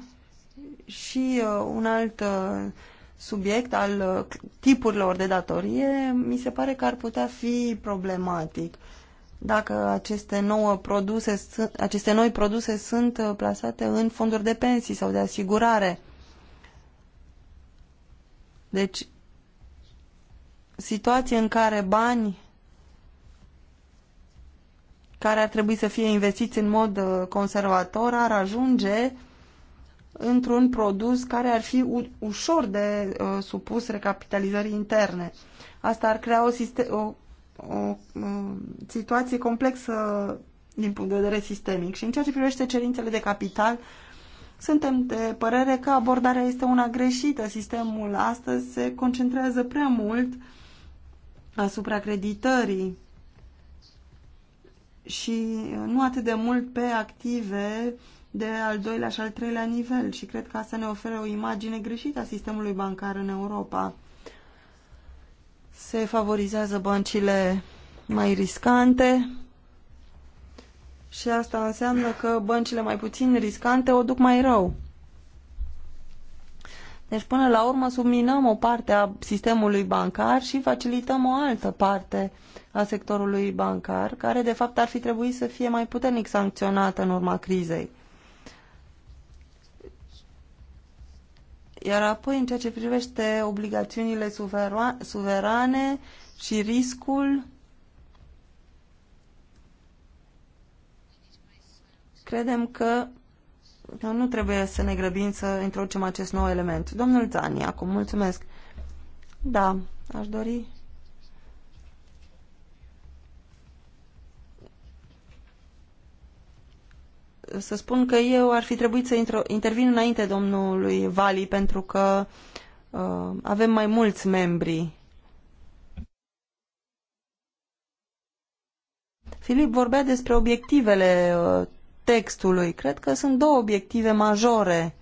și uh, un alt uh, subiect al uh, tipurilor de datorie. Mi se pare că ar putea fi problematic dacă aceste, nouă produse, aceste noi produse sunt uh, plasate în fonduri de pensii sau de asigurare. Deci, situație în care bani care ar trebui să fie investiți în mod uh, conservator ar ajunge într-un produs care ar fi ușor de uh, supus recapitalizării interne. Asta ar crea o, o, o, o uh, situație complexă din punct de vedere sistemic. Și în ceea ce privește cerințele de capital, suntem de părere că abordarea este una greșită. Sistemul astăzi se concentrează prea mult asupra creditării și uh, nu atât de mult pe active de al doilea și al treilea nivel și cred că asta ne oferă o imagine greșită a sistemului bancar în Europa. Se favorizează băncile mai riscante și asta înseamnă că băncile mai puțin riscante o duc mai rău. Deci, până la urmă, subminăm o parte a sistemului bancar și facilităm o altă parte a sectorului bancar, care, de fapt, ar fi trebuit să fie mai puternic sancționată în urma crizei. Iar apoi, în ceea ce privește obligațiunile suverane și riscul, credem că nu trebuie să ne grăbim să introducem acest nou element. Domnul Zani, acum mulțumesc. Da, aș dori să spun că eu ar fi trebuit să intervin înainte domnului Vali pentru că uh, avem mai mulți membri. Filip vorbea despre obiectivele uh, textului. Cred că sunt două obiective majore.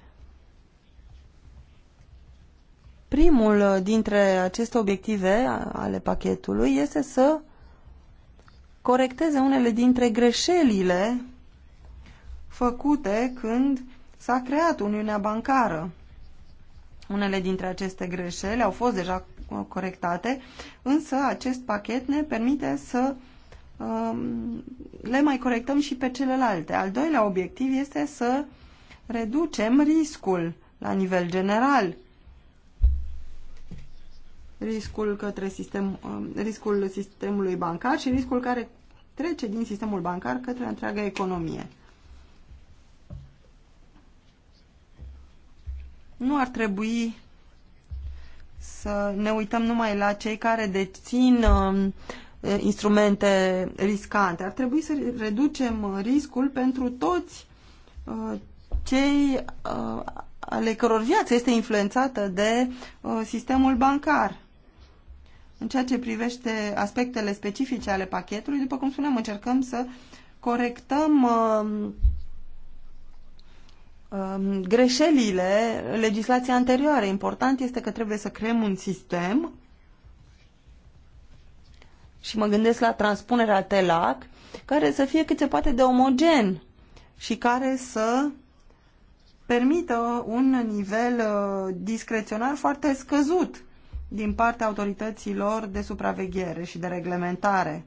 Primul dintre aceste obiective ale pachetului este să corecteze unele dintre greșelile făcute când s-a creat Uniunea Bancară. Unele dintre aceste greșeli au fost deja corectate, însă acest pachet ne permite să Um, le mai corectăm și pe celelalte. Al doilea obiectiv este să reducem riscul la nivel general. Riscul către sistem, um, riscul sistemului bancar și riscul care trece din sistemul bancar către întreaga economie. Nu ar trebui să ne uităm numai la cei care dețin uh, instrumente riscante. Ar trebui să reducem uh, riscul pentru toți uh, cei uh, ale căror viață este influențată de sistemul bancar. În ceea ce privește aspectele specifice ale pachetului, după cum spuneam, încercăm să corectăm um, greșelile legislației anterioare. Important este că trebuie să creăm un sistem și mă gândesc la transpunerea TELAC, care să fie cât se poate de omogen și care să permită un nivel uh, discreționar foarte scăzut din partea autorităților de supraveghere și de reglementare.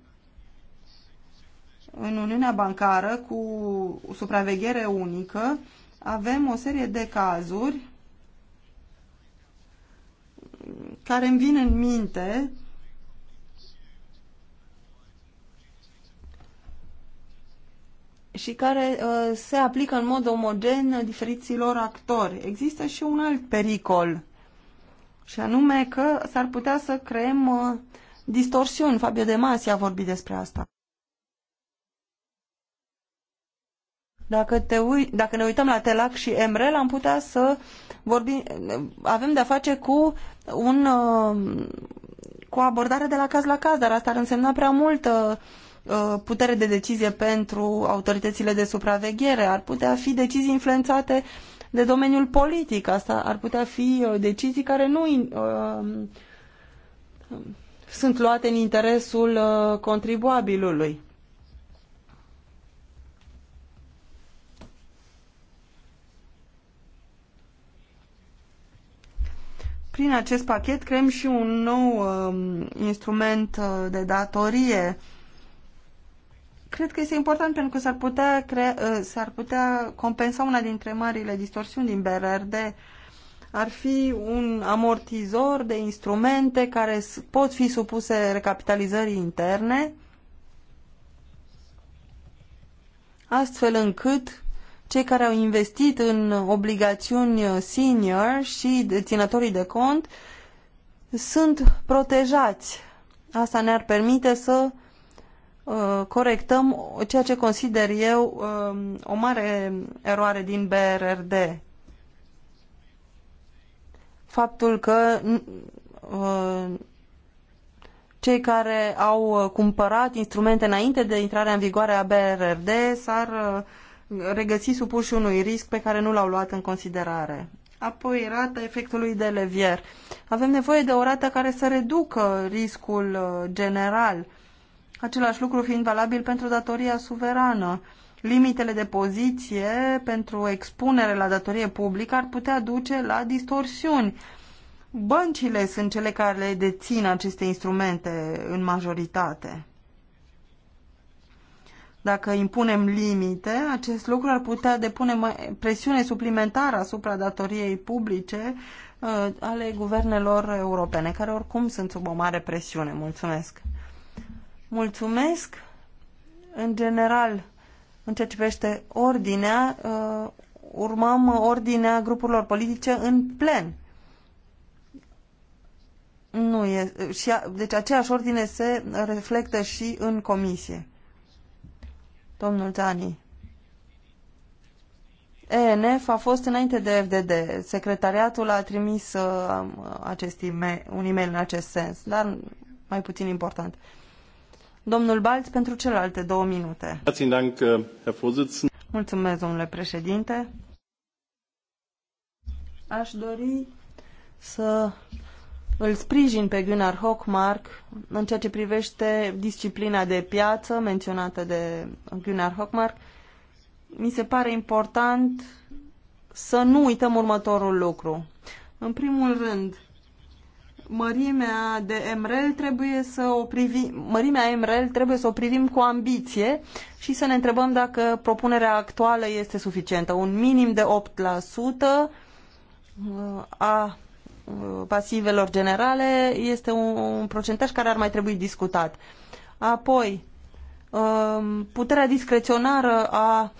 În Uniunea Bancară, cu supraveghere unică, avem o serie de cazuri care îmi vin în minte și care uh, se aplică în mod omogen diferiților actori. Există și un alt pericol, și anume că s-ar putea să creăm uh, distorsiuni. Fabio De Masi a vorbit despre asta. Dacă, te ui, dacă ne uităm la TELAC și Emrel, am putea să vorbim, avem de-a face cu, un, uh, cu o abordare de la caz la caz, dar asta ar însemna prea multă uh, Uh, putere de decizie pentru autoritățile de supraveghere, ar putea fi decizii influențate de domeniul politic. Asta ar putea fi uh, decizii care nu uh, sunt luate în interesul uh, contribuabilului. Prin acest pachet creăm și un nou um, uh, instrument de datorie Cred că este important pentru că s-ar putea, uh, s-ar putea compensa una dintre marile distorsiuni din BRRD. Ar fi un amortizor de instrumente care pot fi supuse recapitalizării interne, astfel încât cei care au investit în obligațiuni uh, senior și deținătorii de cont sunt protejați. Asta ne-ar permite să Uh, corectăm ceea ce consider eu um, o mare eroare din BRRD. Faptul că uh, cei care au uh, cumpărat instrumente înainte de intrarea în vigoare a BRRD s-ar regăsi supuși unui risc pe care nu l-au luat în considerare. Apoi, rata efectului de levier. Avem nevoie de o rată care să reducă riscul general același lucru fiind valabil pentru datoria suverană. Limitele de poziție pentru expunere la datorie publică ar putea duce la distorsiuni. Băncile sunt cele care dețin aceste instrumente în majoritate. Dacă impunem limite, acest lucru ar putea depune presiune suplimentară asupra datoriei publice uh, ale guvernelor europene, care oricum sunt sub o mare presiune. Mulțumesc! Mulțumesc. În general, în ceea ce privește ordinea, uh, urmăm ordinea grupurilor politice în plen. Nu e, și a, deci aceeași ordine se reflectă și în comisie. Domnul Tani. ENF a fost înainte de FDD. Secretariatul a trimis uh, acest email, un e-mail în acest sens, dar mai puțin important. Uh, Domnul Balț pentru celelalte două minute. Uh, Mulțumesc, domnule președinte. Aș dori să îl sprijin pe Gunnar Hockmark în ceea ce privește disciplina de piață menționată de Gunnar Hockmark. Mi se pare important să nu uităm următorul lucru. În primul rând, mărimea de MRL trebuie să o privim, mărimea MRL trebuie să o privim cu ambiție și să ne întrebăm dacă propunerea actuală este suficientă. Un minim de 8% uh, a uh, pasivelor generale este un procentaj care ar mai trebui discutat. Apoi, um, puterea discreționară a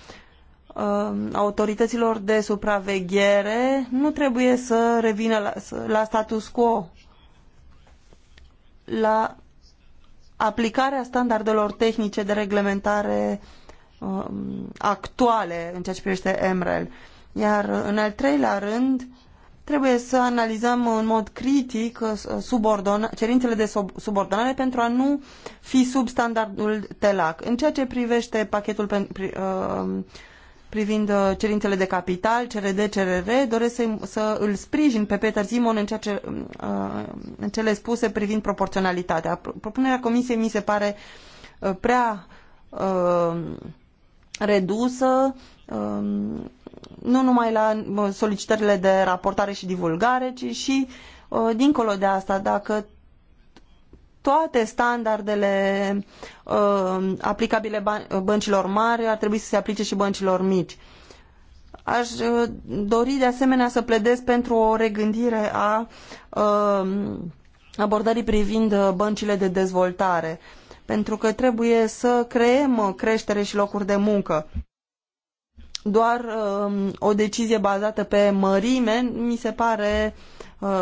um, autorităților de supraveghere nu trebuie să revină la, la status quo la aplicarea standardelor tehnice de reglementare um, actuale în ceea ce privește MREL. Iar în al treilea rând, trebuie să analizăm în mod critic uh, cerințele de sub subordonare pentru a nu fi sub standardul TELAC. În ceea ce privește pachetul pentru, uh, privind uh, cerințele de capital, CRD, CRR, doresc să, să îl sprijin pe Peter Simon în, ceea ce, uh, în cele spuse privind proporționalitatea. Propunerea Comisiei mi se pare uh, prea redusă, um, nu numai la solicitările de raportare și divulgare, ci și dincolo de asta, dacă toate standardele uh, aplicabile băncilor mari ar trebui să se aplice și băncilor mici. Aș uh, dori de asemenea să pledez pentru o regândire a uh, abordării privind uh, băncile de dezvoltare, pentru că trebuie să creăm uh, creștere și locuri de muncă. Doar uh, o decizie bazată pe mărime mi se pare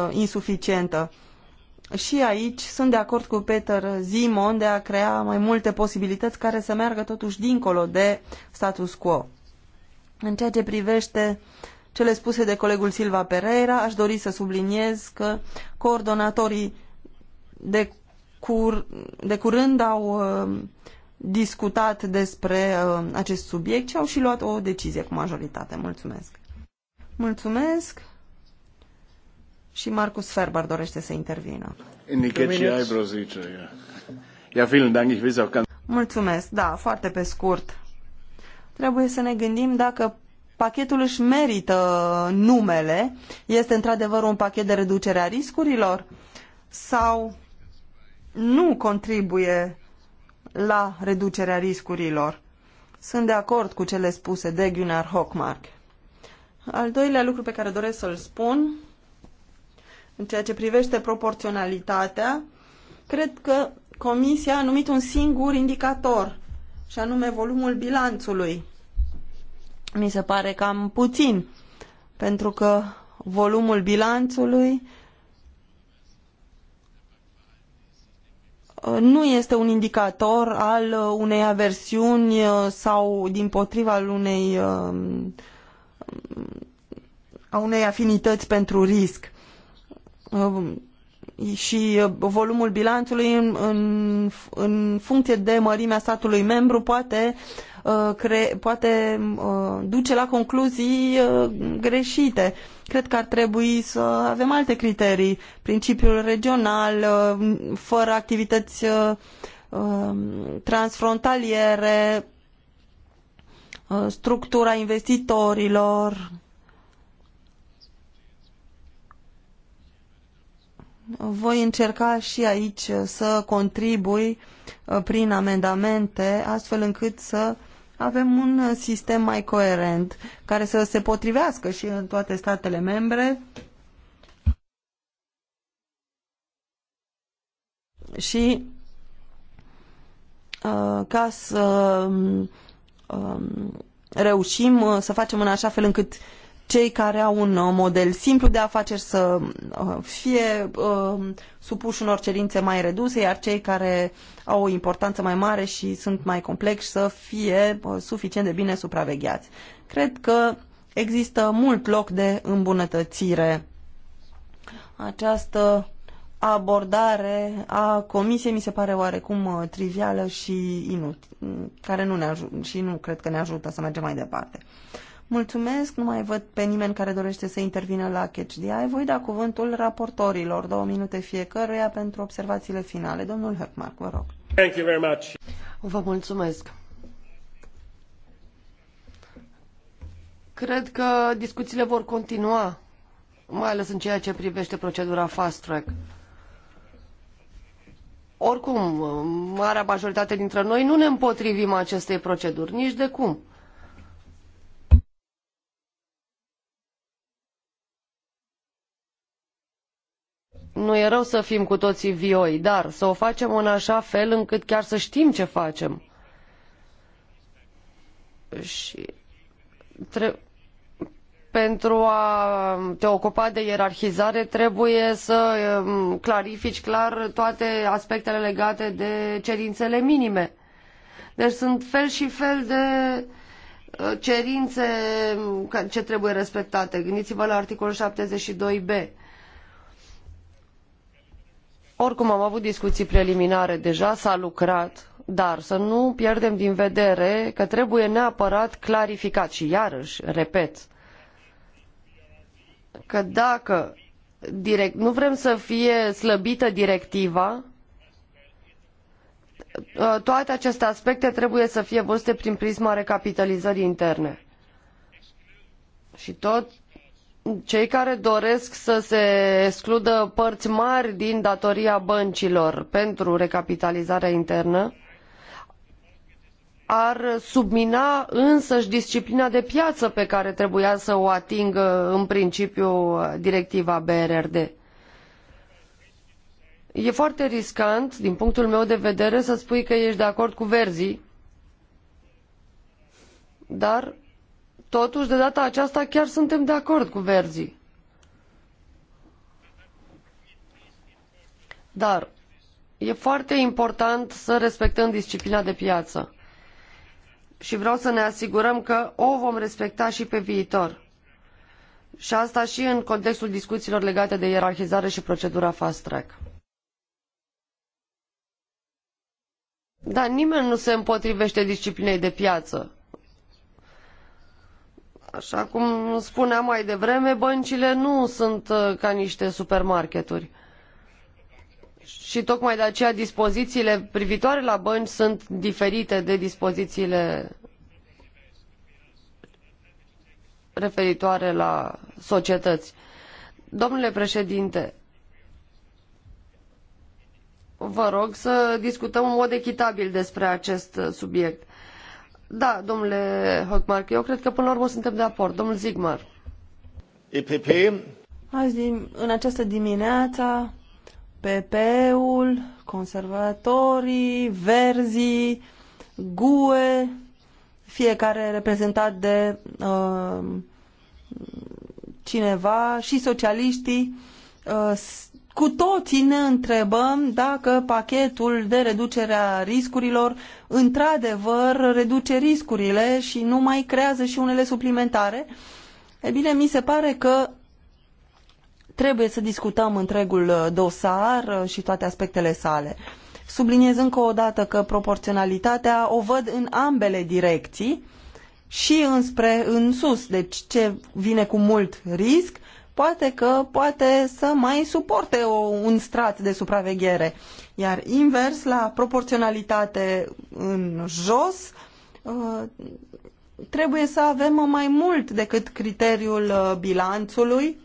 insuficientă și aici sunt de acord cu Peter Zimon de a crea mai multe posibilități care să meargă totuși dincolo de status quo. În ceea ce privește cele spuse de colegul Silva Pereira, aș dori să subliniez că coordonatorii de, cur, de curând au uh, discutat despre uh, acest subiect și au și luat o decizie cu majoritate. Mulțumesc! Mulțumesc! Și Marcus Ferber dorește să intervină. Mulțumesc, da, foarte pe scurt. Trebuie să ne gândim dacă pachetul își merită numele, este într-adevăr un pachet de reducere a riscurilor sau nu contribuie la reducerea riscurilor. Sunt de acord cu cele spuse de Gunnar Hockmark. Al doilea lucru pe care doresc să-l spun în ceea ce privește proporționalitatea, cred că Comisia a numit un singur indicator, și anume volumul bilanțului. Mi se pare cam puțin, pentru că volumul bilanțului uh, nu este un indicator al uh, unei aversiuni uh, sau din potriva al unei a unei afinități pentru risc. Uh, și uh, volumul bilanțului în, în, în funcție de mărimea statului membru poate, uh, cre, poate uh, duce la concluzii uh, greșite. Cred că ar trebui să avem alte criterii, principiul regional, uh, fără activități transfrontaliere, structura investitorilor. voi încerca și aici să contribui uh, prin amendamente, astfel încât să avem un uh, sistem mai coerent, care să se potrivească și în toate statele membre și uh, ca să um, um, reușim să facem în așa fel încât cei care au un uh, model simplu de afaceri să uh, fie uh, supuși unor cerințe mai reduse, iar cei care au o importanță mai mare și sunt mai complexi să fie suficient de bine supravegheați. Cred că există mult loc de îmbunătățire. Această abordare a comisiei mi se pare oarecum trivială și inut, care nu ne aj- și nu cred că ne ajută să mergem mai departe. Uh, Mulțumesc, nu mai văd pe nimeni care dorește să intervină la CHDI. Voi da cuvântul raportorilor, două minute fiecăruia, pentru observațiile finale. Domnul Höckmark, vă rog. Thank you very much. Vă mulțumesc. Cred că discuțiile vor continua, mai ales în ceea ce privește procedura fast track. Oricum, marea majoritate dintre noi nu ne împotrivim acestei proceduri, nici de cum. Nu e rău să fim cu toții vioi, dar să o facem în așa fel încât chiar să știm ce facem. Și tre- pentru a te ocupa de ierarhizare trebuie să um, clarifici clar toate aspectele legate de cerințele minime. Deci sunt fel și fel de uh, cerințe um, ce trebuie respectate. Gândiți-vă la articolul 72b. Oricum am avut discuții preliminare deja, s-a lucrat, dar să nu pierdem din vedere că trebuie neapărat clarificat și iarăi repet, că dacă direct, nu vrem să fie slăbită directiva, toate aceste aspecte trebuie să fie văzute prin prisma recapitalizării interne. Și tot cei care doresc să se excludă părți mari din datoria băncilor pentru recapitalizarea internă ar submina însăși disciplina de piață pe care trebuia să o atingă în principiu directiva BRRD. E foarte riscant, din punctul meu de vedere, să spui că ești de acord cu verzii, dar Totuși, de data aceasta, chiar suntem de acord cu verzii. Dar e foarte important să respectăm disciplina de piață. Și vreau să ne asigurăm că o vom respecta și pe viitor. Și asta și în contextul discuțiilor legate de ierarhizare și procedura fast track. Dar nimeni nu se împotrivește disciplinei de piață. Așa cum spuneam mai devreme, băncile nu sunt uh, ca niște supermarketuri. Și tocmai de aceea dispozițiile privitoare la bănci sunt diferite de dispozițiile referitoare la societăți. Domnule președinte, vă rog să discutăm în mod echitabil despre acest subiect. Da, domnule Hockmark, eu cred că până la urmă suntem de acord. Domnul Zigmar. EPP. Azi, în această dimineață, PP-ul, conservatorii, verzii, GUE, fiecare reprezentat de uh, cineva și socialiștii uh, cu toții ne întrebăm dacă pachetul de reducere a riscurilor într-adevăr reduce riscurile și nu mai creează și unele suplimentare. E bine, mi se pare că trebuie să discutăm întregul uh, dosar uh, și toate aspectele sale. Subliniez încă o dată că proporționalitatea o văd în ambele direcții și înspre în sus, deci ce vine cu mult risc poate că poate să mai suporte o, un strat de supraveghere. Iar invers, la proporționalitate în jos, uh, trebuie să avem mai mult decât criteriul uh, bilanțului.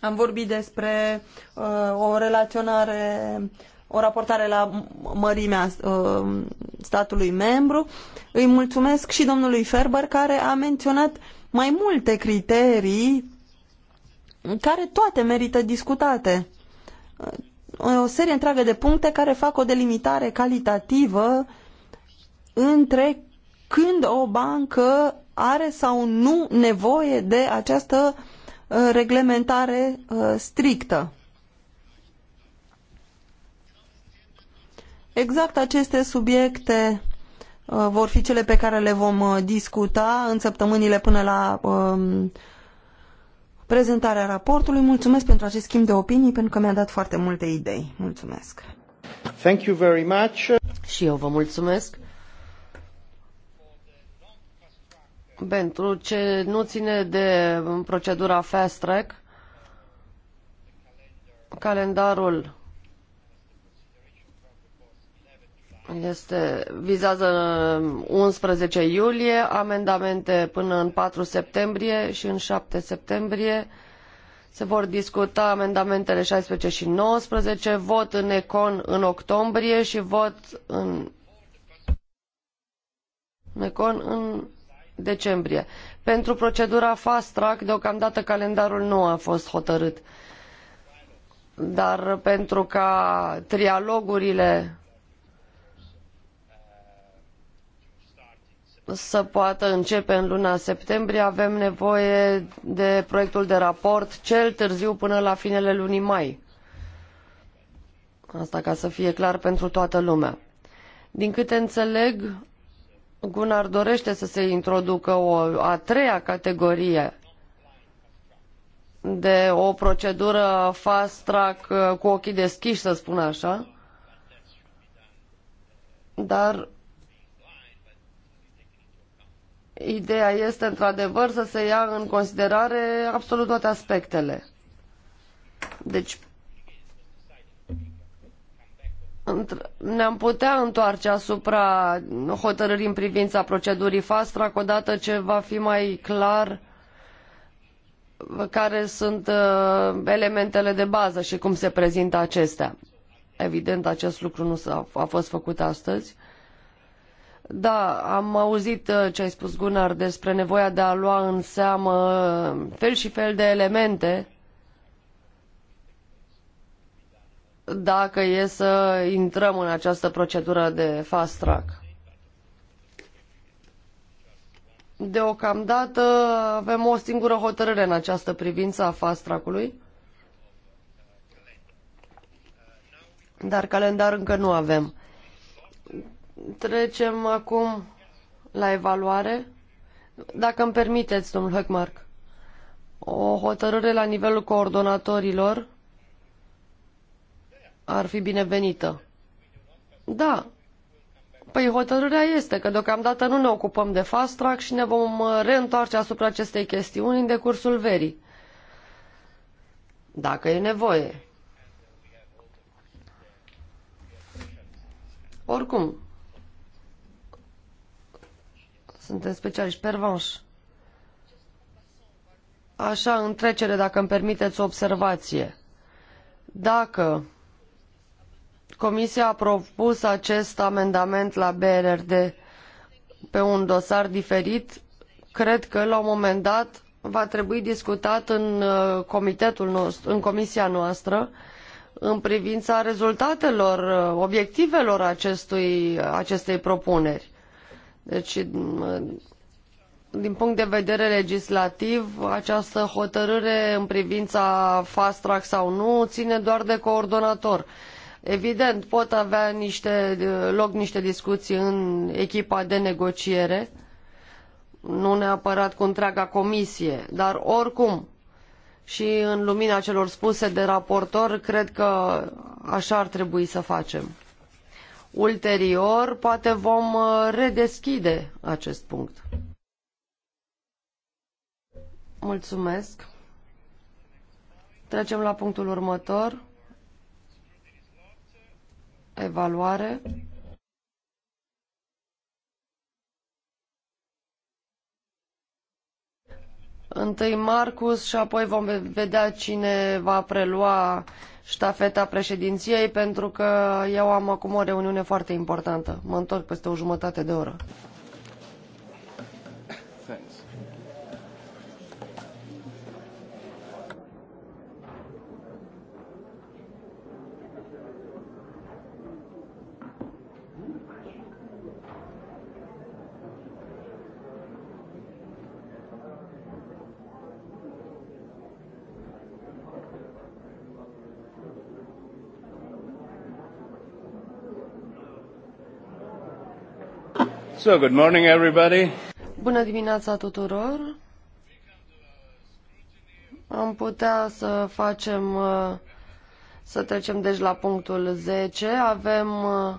Am vorbit despre uh, o relaționare o raportare la mărimea statului membru. Îi mulțumesc și domnului Ferber care a menționat mai multe criterii care toate merită discutate. O serie întreagă de puncte care fac o delimitare calitativă între când o bancă are sau nu nevoie de această uh, reglementare uh, strictă. Exact aceste subiecte uh, vor fi cele pe care le vom discuta în săptămânile până la um, prezentarea raportului. Mulțumesc pentru acest schimb de opinii, pentru că mi-a dat foarte multe idei. Mulțumesc! Thank you very much. Și eu vă mulțumesc pentru ce nu ține de procedura fast track. Calendarul Este, vizează 11 uh, iulie, amendamente până în 4 septembrie și în 7 septembrie. Se vor discuta amendamentele 16 și 19, vot în Econ în octombrie și vot în, în Econ în decembrie. Pentru procedura fast track, deocamdată calendarul nu a fost hotărât. Dar pentru ca trialogurile să poată începe în luna septembrie, avem nevoie de proiectul de raport cel târziu până la finele lunii mai. Asta ca să fie clar pentru toată lumea. Din câte înțeleg, Gunnar dorește să se introducă o a treia categorie de o procedură fast track cu ochii deschiși, să spun așa. Dar Ideea este, într-adevăr, să se ia în considerare absolut toate aspectele. Deci, ne-am putea întoarce asupra hotărârii în privința procedurii fast track odată ce va fi mai clar care sunt uh, elementele de bază și cum se prezintă acestea. Evident, acest lucru nu a a fost făcut astăzi. Da, am auzit uh, ce ai spus, Gunnar, despre nevoia de a lua în seamă uh, fel și fel de elemente dacă e să intrăm în această procedură de fast track. Deocamdată avem o singură hotărâre în această privință a fast track-ului, dar calendar încă nu avem. Trecem acum la evaluare. Dacă îmi permiteți, domnul Höckmark, o hotărâre la nivelul coordonatorilor ar fi binevenită. Da. Păi hotărârea este că deocamdată nu ne ocupăm de fast track și ne vom reîntoarce asupra acestei chestiuni în decursul verii. Dacă e nevoie. Oricum, suntem specialiști. Pervanș. Așa, în trecere, dacă îmi permiteți o observație. Dacă Comisia a propus acest amendament la BRRD pe un dosar diferit, cred că la un moment dat va trebui discutat în uh, comitetul nostru, în comisia noastră în privința rezultatelor, uh, obiectivelor acestui, acestei propuneri. Deci, din punct de vedere legislativ, această hotărâre în privința fast track sau nu ține doar de coordonator. Evident, pot avea niște, loc niște discuții în echipa de negociere, nu neapărat cu întreaga comisie, dar oricum, și în lumina celor spuse de raportor, cred că așa ar trebui să facem. Ulterior, poate vom uh, redeschide acest punct. Mulțumesc. Trecem la punctul următor. Evaluare. Întâi Marcus și apoi vom vedea cine va prelua ștafeta președinției pentru că eu am acum o reuniune foarte importantă. Mă întorc peste o jumătate de oră. So, good morning everybody. Bună dimineața tuturor. Am putea să facem uh, să trecem deci la punctul 10. Avem uh,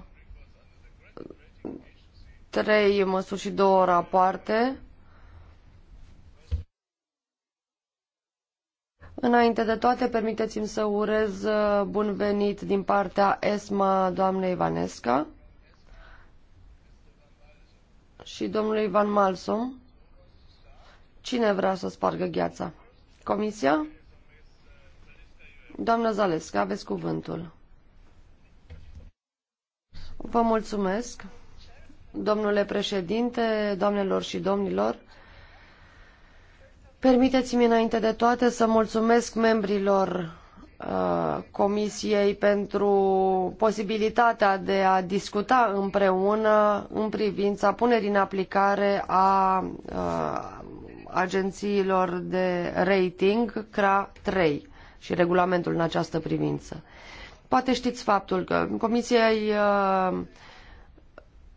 trei măsuri și două rapoarte. Înainte de toate, permiteți-mi să urez uh, bun venit din partea ESMA doamnei Ivanesca și domnului Van Malsom. Cine vrea să spargă gheața? Comisia? Doamna Zalescu, aveți cuvântul. Vă mulțumesc. Domnule președinte, doamnelor și domnilor, permiteți-mi înainte de toate să mulțumesc membrilor Uh, Comisiei pentru posibilitatea de a discuta împreună în privința punerii în aplicare a uh, agențiilor de rating CRA 3 și regulamentul în această privință. Poate știți faptul că Comisiei uh,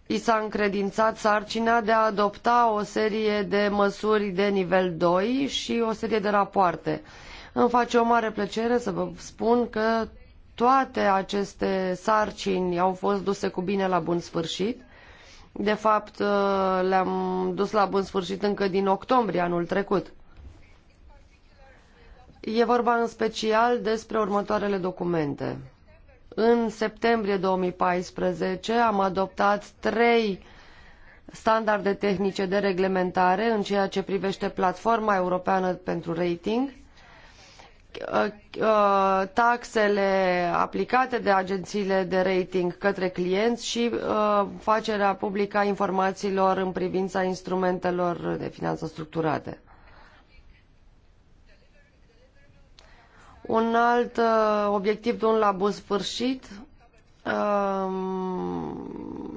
i s-a încredințat sarcina de a adopta o serie de măsuri de nivel 2 și o serie de rapoarte. Uh, îmi face o mare plăcere să vă spun că toate aceste sarcini au fost duse cu bine la bun sfârșit. De fapt, uh, le-am dus la bun sfârșit încă din octombrie anul trecut. E vorba în special despre următoarele documente. În septembrie 2014 am adoptat trei standarde tehnice de reglementare în ceea ce privește platforma europeană pentru rating – Uh, uh, taxele aplicate de agențiile de rating către clienți și uh, facerea publică a informațiilor în privința instrumentelor de finanță structurate. Un alt obiectiv de un la bun sfârșit um,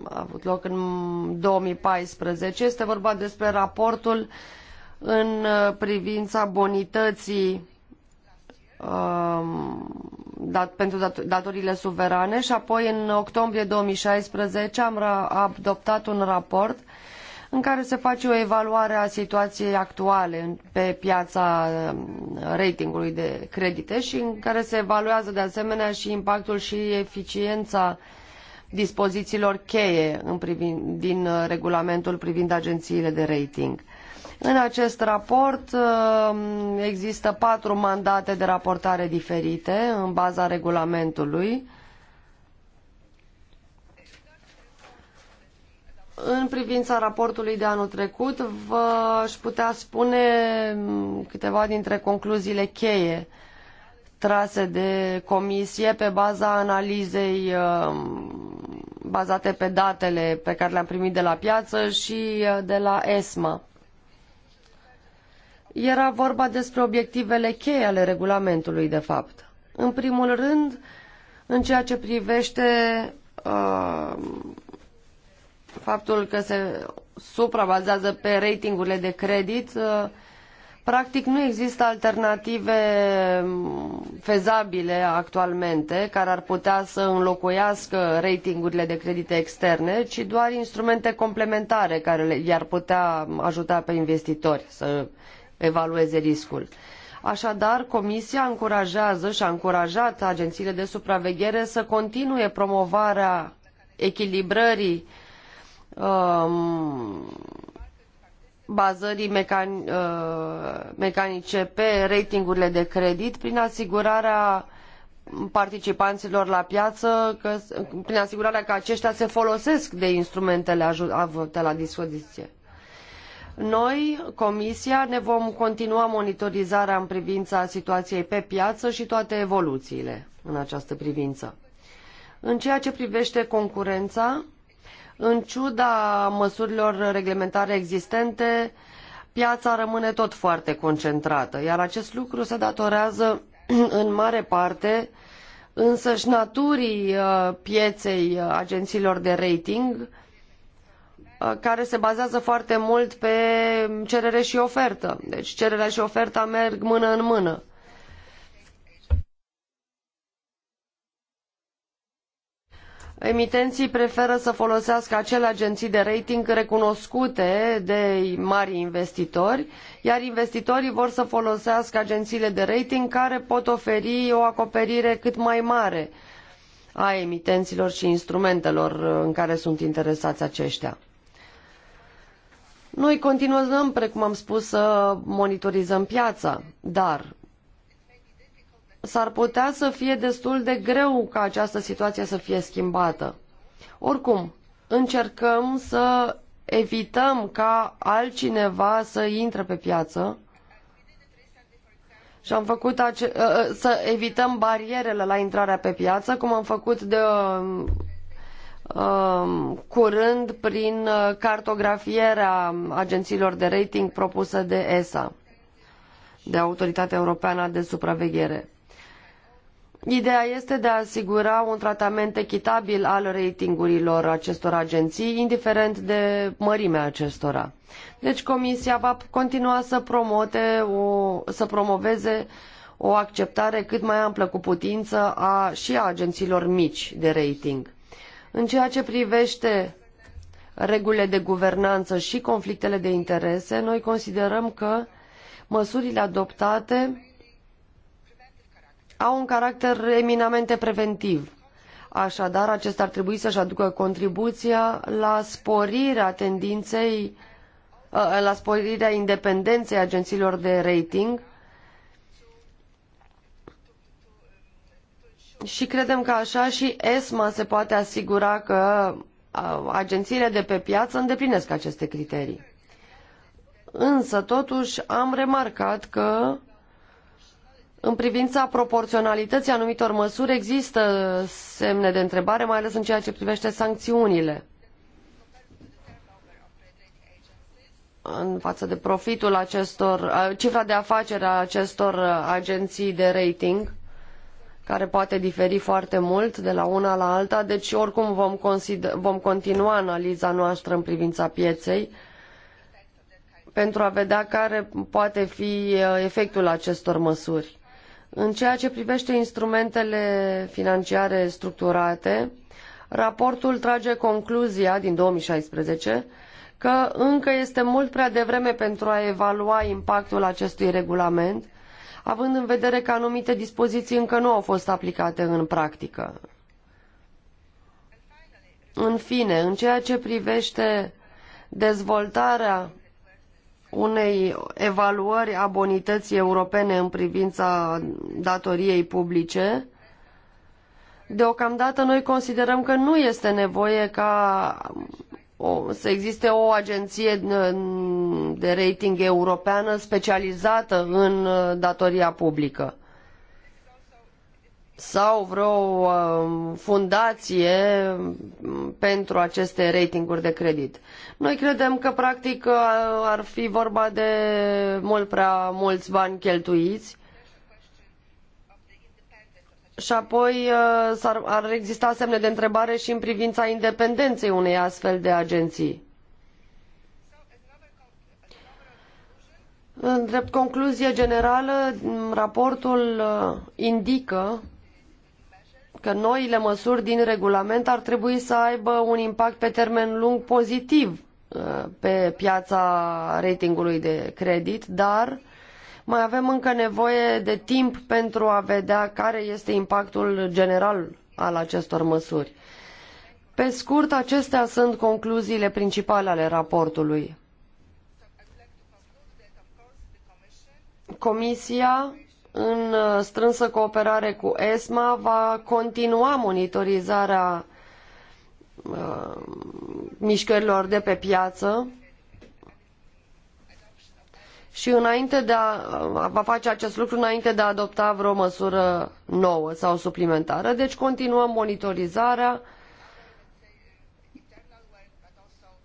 a avut loc în 2014. Este vorba despre raportul în privința bonității Um, dat, pentru dat, datorile suverane și apoi în octombrie 2016 am adoptat un raport în care se face o evaluare a situației actuale pe piața um, ratingului de credite și în care se evaluează de asemenea și impactul și eficiența dispozițiilor cheie în privin, din uh, regulamentul privind agențiile de rating. În acest raport um, există patru mandate de raportare diferite în baza regulamentului. În privința raportului de anul trecut, vă aș putea spune um, câteva dintre concluziile cheie trase de comisie pe baza analizei um, bazate pe datele pe care le-am primit de la piață și uh, de la ESMA. Era vorba despre obiectivele cheie ale regulamentului, de fapt. În primul rând, în ceea ce privește uh, faptul că se suprabazează pe ratingurile de credit, uh, practic nu există alternative um, fezabile actualmente care ar putea să înlocuiască ratingurile de credite externe, ci doar instrumente complementare care i-ar putea ajuta pe investitori să evalueze riscul. Așadar, Comisia încurajează și a încurajat agențiile de supraveghere să continue promovarea echilibrării um, bazării mecan, uh, mecanice pe ratingurile de credit prin asigurarea participanților la piață, că, prin asigurarea că aceștia se folosesc de instrumentele avute la dispoziție. Noi, Comisia, ne vom continua monitorizarea în privința situației pe piață și toate evoluțiile în această privință. În ceea ce privește concurența, în ciuda măsurilor reglementare existente, piața rămâne tot foarte concentrată, iar acest lucru se datorează în mare parte însăși naturii uh, pieței uh, agențiilor de rating, Uh, care se bazează foarte mult pe cerere și ofertă. Deci cererea și oferta merg mână în mână. Emitenții preferă să folosească acele agenții de rating recunoscute de mari investitori, iar investitorii vor să folosească agențiile de rating care pot oferi o acoperire cât mai mare a emitenților și instrumentelor în care sunt interesați aceștia. Noi continuăm, precum am spus, să monitorizăm piața, dar s-ar putea să fie destul de greu ca această situație să fie schimbată. Oricum, încercăm să evităm ca altcineva să intre pe piață și am făcut ace- ă, ă, să evităm barierele la intrarea pe piață, cum am făcut de Um, curând prin uh, cartografierea agențiilor de rating propusă de ESA, de Autoritatea Europeană de Supraveghere. Ideea este de a asigura un tratament echitabil al ratingurilor acestor agenții, indiferent de mărimea acestora. Deci Comisia va continua să, promote o, să promoveze o acceptare cât mai amplă cu putință a, și a agențiilor mici de rating. În ceea ce privește regulile de guvernanță și conflictele de interese, noi considerăm că măsurile adoptate au un caracter eminamente preventiv. Așadar, acesta ar trebui să-și aducă contribuția la sporirea tendinței, ă, la sporirea independenței agențiilor de rating, și credem că așa și ESMA se poate asigura că agențiile de pe piață îndeplinesc aceste criterii. Însă, totuși, am remarcat că în privința proporționalității anumitor măsuri există semne de întrebare, mai ales în ceea ce privește sancțiunile. în față de profitul acestor, cifra de afaceri a acestor agenții de rating care poate diferi foarte mult de la una la alta, deci oricum vom, vom continua analiza noastră în privința pieței pentru a vedea care poate fi uh, efectul acestor măsuri. În ceea ce privește instrumentele financiare structurate, raportul trage concluzia din 2016 că încă este mult prea devreme pentru a evalua impactul acestui regulament având în vedere că anumite dispoziții încă nu au fost aplicate în practică. În fine, în ceea ce privește dezvoltarea unei evaluări a bonității europene în privința datoriei publice, Deocamdată noi considerăm că nu este nevoie ca o, să existe o agenție de rating europeană specializată în uh, datoria publică sau vreo uh, fundație pentru aceste ratinguri de credit. Noi credem că practic ar fi vorba de mult prea mulți bani cheltuiți și apoi uh, ar ar exista semne de întrebare și în privința independenței unei astfel de agenții. În drept concluzie generală, raportul uh, indică că noile măsuri din regulament ar trebui să aibă un impact pe termen lung pozitiv uh, pe piața ratingului de credit, dar mai avem încă nevoie de timp pentru a vedea care este impactul general al acestor măsuri. Pe scurt, acestea sunt concluziile principale ale raportului. Comisia, în strânsă cooperare cu ESMA, va continua monitorizarea uh, mișcărilor de pe piață, și înainte de a, va face acest lucru înainte de a adopta vreo măsură nouă sau suplimentară. Deci continuăm monitorizarea,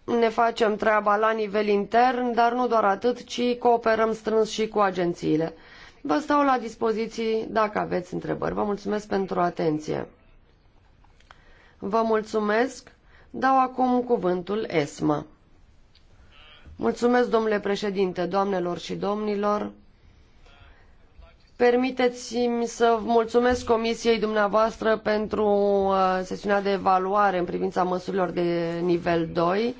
ne facem treaba la nivel intern, dar nu doar atât, ci cooperăm strâns și cu agențiile. Vă stau la dispoziție dacă aveți întrebări. Vă mulțumesc pentru atenție. Vă mulțumesc. Dau acum cuvântul ESMA. Mulțumesc, domnule președinte, doamnelor și domnilor. Permiteți-mi să mulțumesc Comisiei dumneavoastră pentru uh, sesiunea de evaluare în privința măsurilor de nivel 2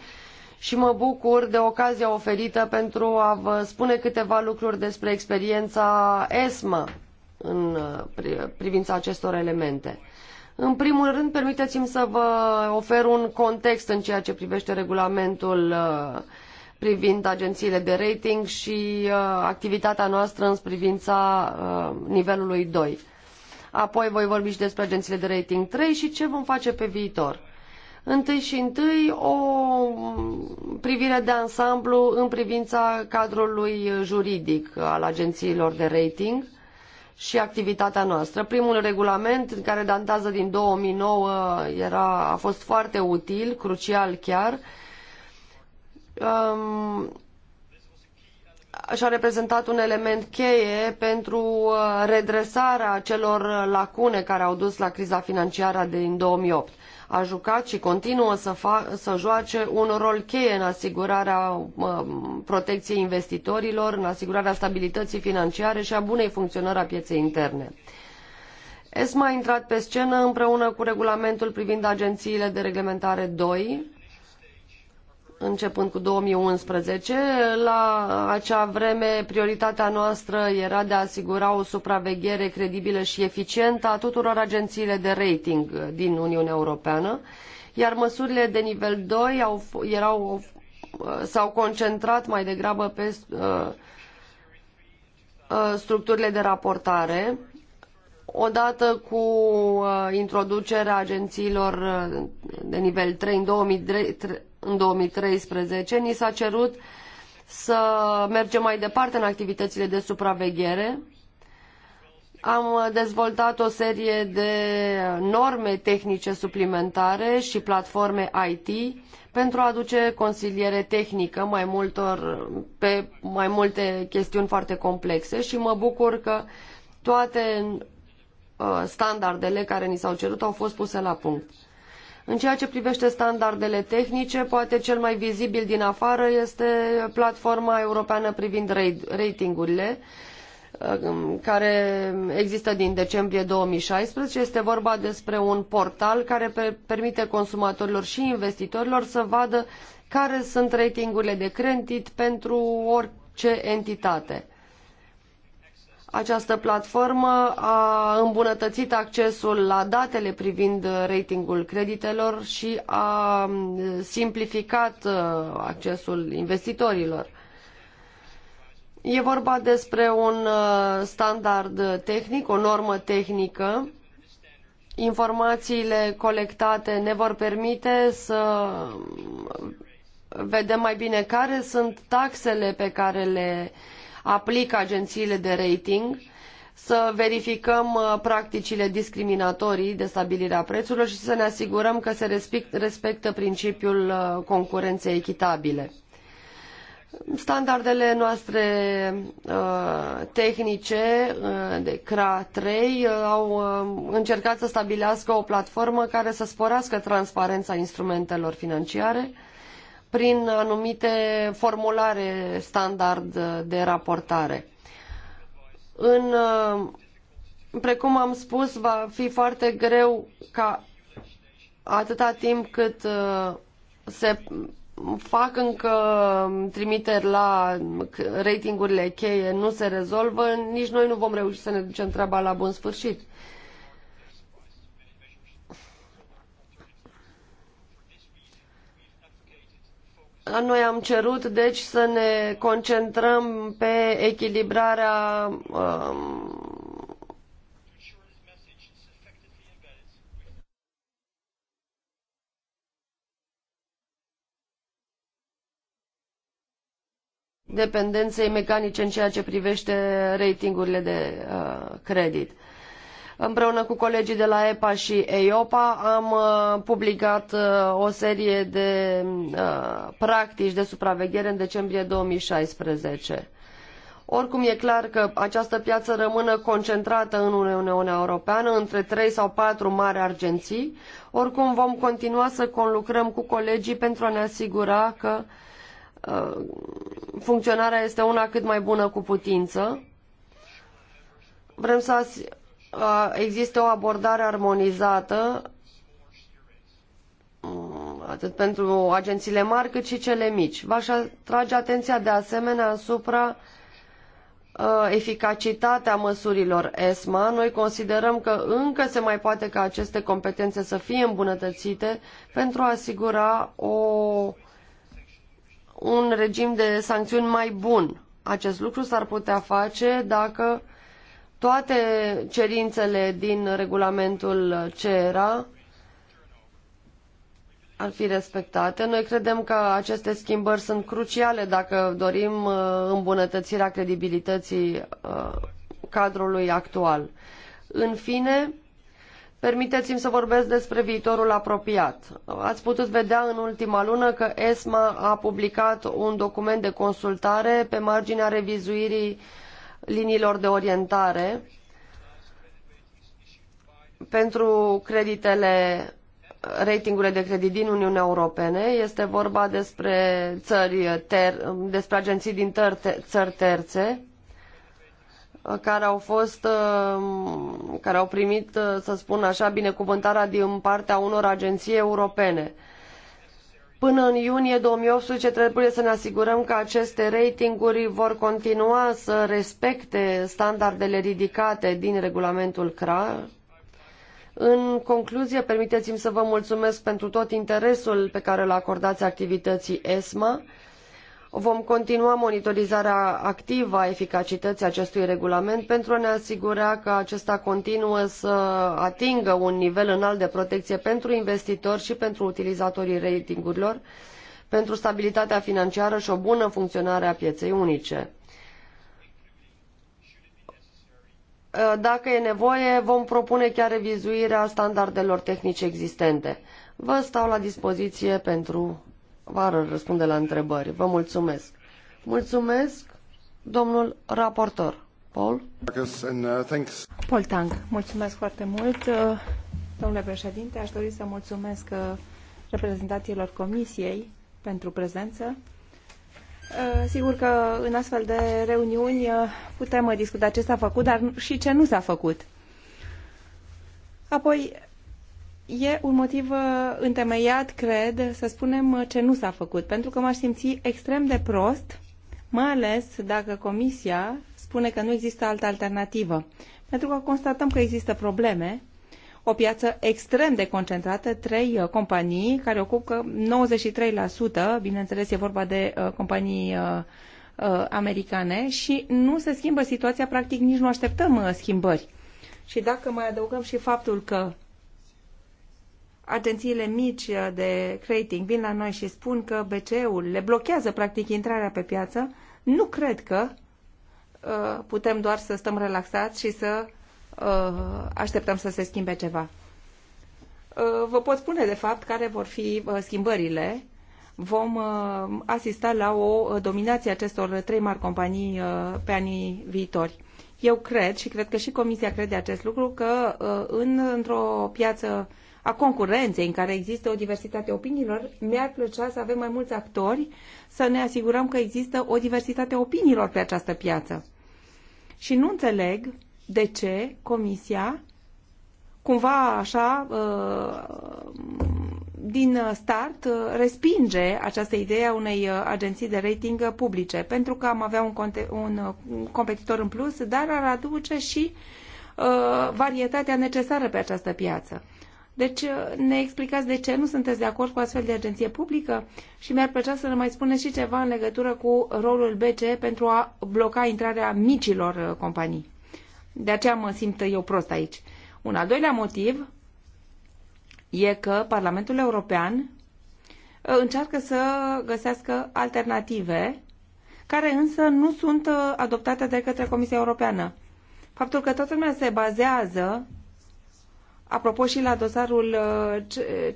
și mă bucur de ocazia oferită pentru a vă spune câteva lucruri despre experiența ESMA în uh, privința acestor elemente. În primul rând, permiteți-mi să vă ofer un context în ceea ce privește regulamentul uh, privind agențiile de rating și uh, activitatea noastră în privința uh, nivelului 2. Apoi voi vorbi și despre agențiile de rating 3 și ce vom face pe viitor. Întâi și întâi o privire de ansamblu în privința cadrului juridic al agențiilor de rating și activitatea noastră. Primul regulament care datează din 2009 era, a fost foarte util, crucial chiar, uh, um, și-a reprezentat un element cheie pentru uh, redresarea celor lacune care au dus la criza financiară din 2008. A jucat și continuă să, fa- să joace un rol cheie în asigurarea um, protecției investitorilor, în asigurarea stabilității financiare și a bunei funcționări a pieței interne. ESMA a intrat pe scenă împreună cu regulamentul privind agențiile de reglementare 2, începând cu 2011. La acea vreme, prioritatea noastră era de a asigura o supraveghere credibilă și eficientă a tuturor agențiile de rating din Uniunea Europeană, iar măsurile de nivel 2 au, erau, s-au concentrat mai degrabă pe uh, uh structurile de raportare, odată cu uh, introducerea agențiilor uh, de nivel 3 în 2013 în 2013, ni s-a cerut să mergem mai departe în activitățile de supraveghere. Am dezvoltat o serie de norme tehnice suplimentare și platforme IT pentru a aduce consiliere tehnică mai multor, pe mai multe chestiuni foarte complexe și mă bucur că toate uh, standardele care ni s-au cerut au fost puse la punct. În ceea ce privește standardele tehnice, poate cel mai vizibil din afară este platforma europeană privind ratingurile, uh, care există din decembrie 2016. Este vorba despre un portal care permite consumatorilor și investitorilor să vadă care sunt ratingurile de credit pentru orice entitate. Această platformă a îmbunătățit accesul la datele privind ratingul creditelor și a simplificat uh, accesul investitorilor. E vorba despre un uh, standard tehnic, o normă tehnică. Informațiile colectate ne vor permite să vedem mai bine care sunt taxele pe care le uh, aplică agențiile de rating, să verificăm uh, practicile discriminatorii de stabilire a preurilor și să ne asigurăm că se respectă principiul uh, concurenței echitabile. Standardele noastre uh, tehnice de CRA 3 au încercat să stabilească o platformă care să sporească transparența instrumentelor financiare, prin anumite formulare standard de raportare. În, uh, precum am spus, va fi foarte greu ca atâta timp cât uh, se fac încă trimiteri la ratingurile cheie, nu se rezolvă, nici noi nu vom reuși să ne ducem treaba la bun sfârșit. Noi am cerut, deci, să ne concentrăm pe echilibrarea um, dependenței mecanice în ceea ce privește ratingurile de uh, credit. Împreună cu colegii de la EPA și EIOPA am uh, publicat uh, o serie de uh, practici de supraveghere în decembrie 2016. Oricum e clar că această piață rămână concentrată în Uniunea Europeană între trei sau patru mari argenții. Oricum vom continua să conlucrăm cu colegii pentru a ne asigura că uh, funcționarea este una cât mai bună cu putință. Vrem să există o abordare armonizată mm, atât pentru agențiile mari cât și cele mici. V-aș atrage atenția de asemenea asupra eficacitatea măsurilor ESMA, noi considerăm că încă se mai poate ca aceste competențe să fie îmbunătățite pentru a asigura o, un regim de sancțiuni mai bun. Acest lucru s-ar putea face dacă toate cerințele din regulamentul CERA ar fi respectate. Noi credem că aceste schimbări sunt cruciale dacă dorim uh, îmbunătățirea credibilității uh, cadrului actual. În fine, permiteți-mi să vorbesc despre viitorul apropiat. Ați putut vedea în ultima lună că ESMA a publicat un document de consultare pe marginea revizuirii uh, liniilor de orientare pentru creditele ratingurile de credit din Uniunea Europene. Este vorba despre țări ter, despre agenții din ter, țări terțe care au fost care au primit, să spun așa, binecuvântarea din partea unor agenții europene. Până în iunie 2018 trebuie să ne asigurăm că aceste ratinguri vor continua să respecte standardele ridicate din regulamentul CRA. În concluzie, permiteți-mi să vă mulțumesc pentru tot interesul pe care îl acordați activității ESMA. Vom continua monitorizarea activă a eficacității acestui regulament pentru a ne asigura că acesta continuă să atingă un nivel înalt de protecție pentru investitori și pentru utilizatorii ratingurilor, pentru stabilitatea financiară și o bună funcționare a pieței unice. Dacă e nevoie, vom propune chiar revizuirea standardelor tehnice existente. Vă stau la dispoziție pentru vară răspunde la întrebări. Vă mulțumesc. Mulțumesc, domnul raportor. Paul? Uh, Paul Tang, mulțumesc foarte mult. Uh, domnule președinte, aș dori să mulțumesc uh, reprezentanților comisiei pentru prezență. Sigur că în astfel de reuniuni putem discuta ce s-a făcut, dar și ce nu s-a făcut. Apoi, e un motiv uh, întemeiat, cred, să spunem uh, ce nu s-a făcut, pentru că m-aș simți extrem de prost, mai ales dacă Comisia spune că nu există altă alternativă. Pentru că constatăm că există probleme, o piață extrem de concentrată, trei uh, companii care ocupă 93%, bineînțeles e vorba de companii americane și nu se schimbă situația, practic nici nu așteptăm schimbări. Și dacă mai adăugăm și faptul că agențiile mici uh, de creating vin la noi și spun că BCE-ul le blochează practic intrarea pe piață, nu cred că uh, putem doar să stăm relaxați și să uh, așteptăm să se schimbe ceva. Uh, vă pot spune, de fapt, care vor fi uh, schimbările. Vom uh, asista la o dominație acestor trei mari companii pe anii viitori. Eu cred și cred că și Comisia crede acest lucru că în, într-o piață uh, a concurenței, în care există o diversitate opiniilor, mi-ar plăcea să avem mai mulți actori, să ne asigurăm că există o diversitate opiniilor pe această piață. Și nu înțeleg de ce Comisia, cumva așa, uh, din start, uh, respinge această idee a unei uh, agenții de rating publice, pentru că am avea un, un competitor în plus, dar ar aduce și varietatea necesară pe această piață. Deci uh, ne explicați de ce nu sunteți de acord cu astfel de agenție publică și mi-ar plăcea să ne mai spuneți și ceva în legătură cu rolul BCE pentru a bloca intrarea micilor uh, companii. De aceea mă simt eu prost aici. Un al doilea motiv e că Parlamentul European uh, încearcă să găsească alternative care însă nu sunt adoptate de către Comisia Europeană. Faptul că toată lumea se bazează Apropo și la dosarul uh,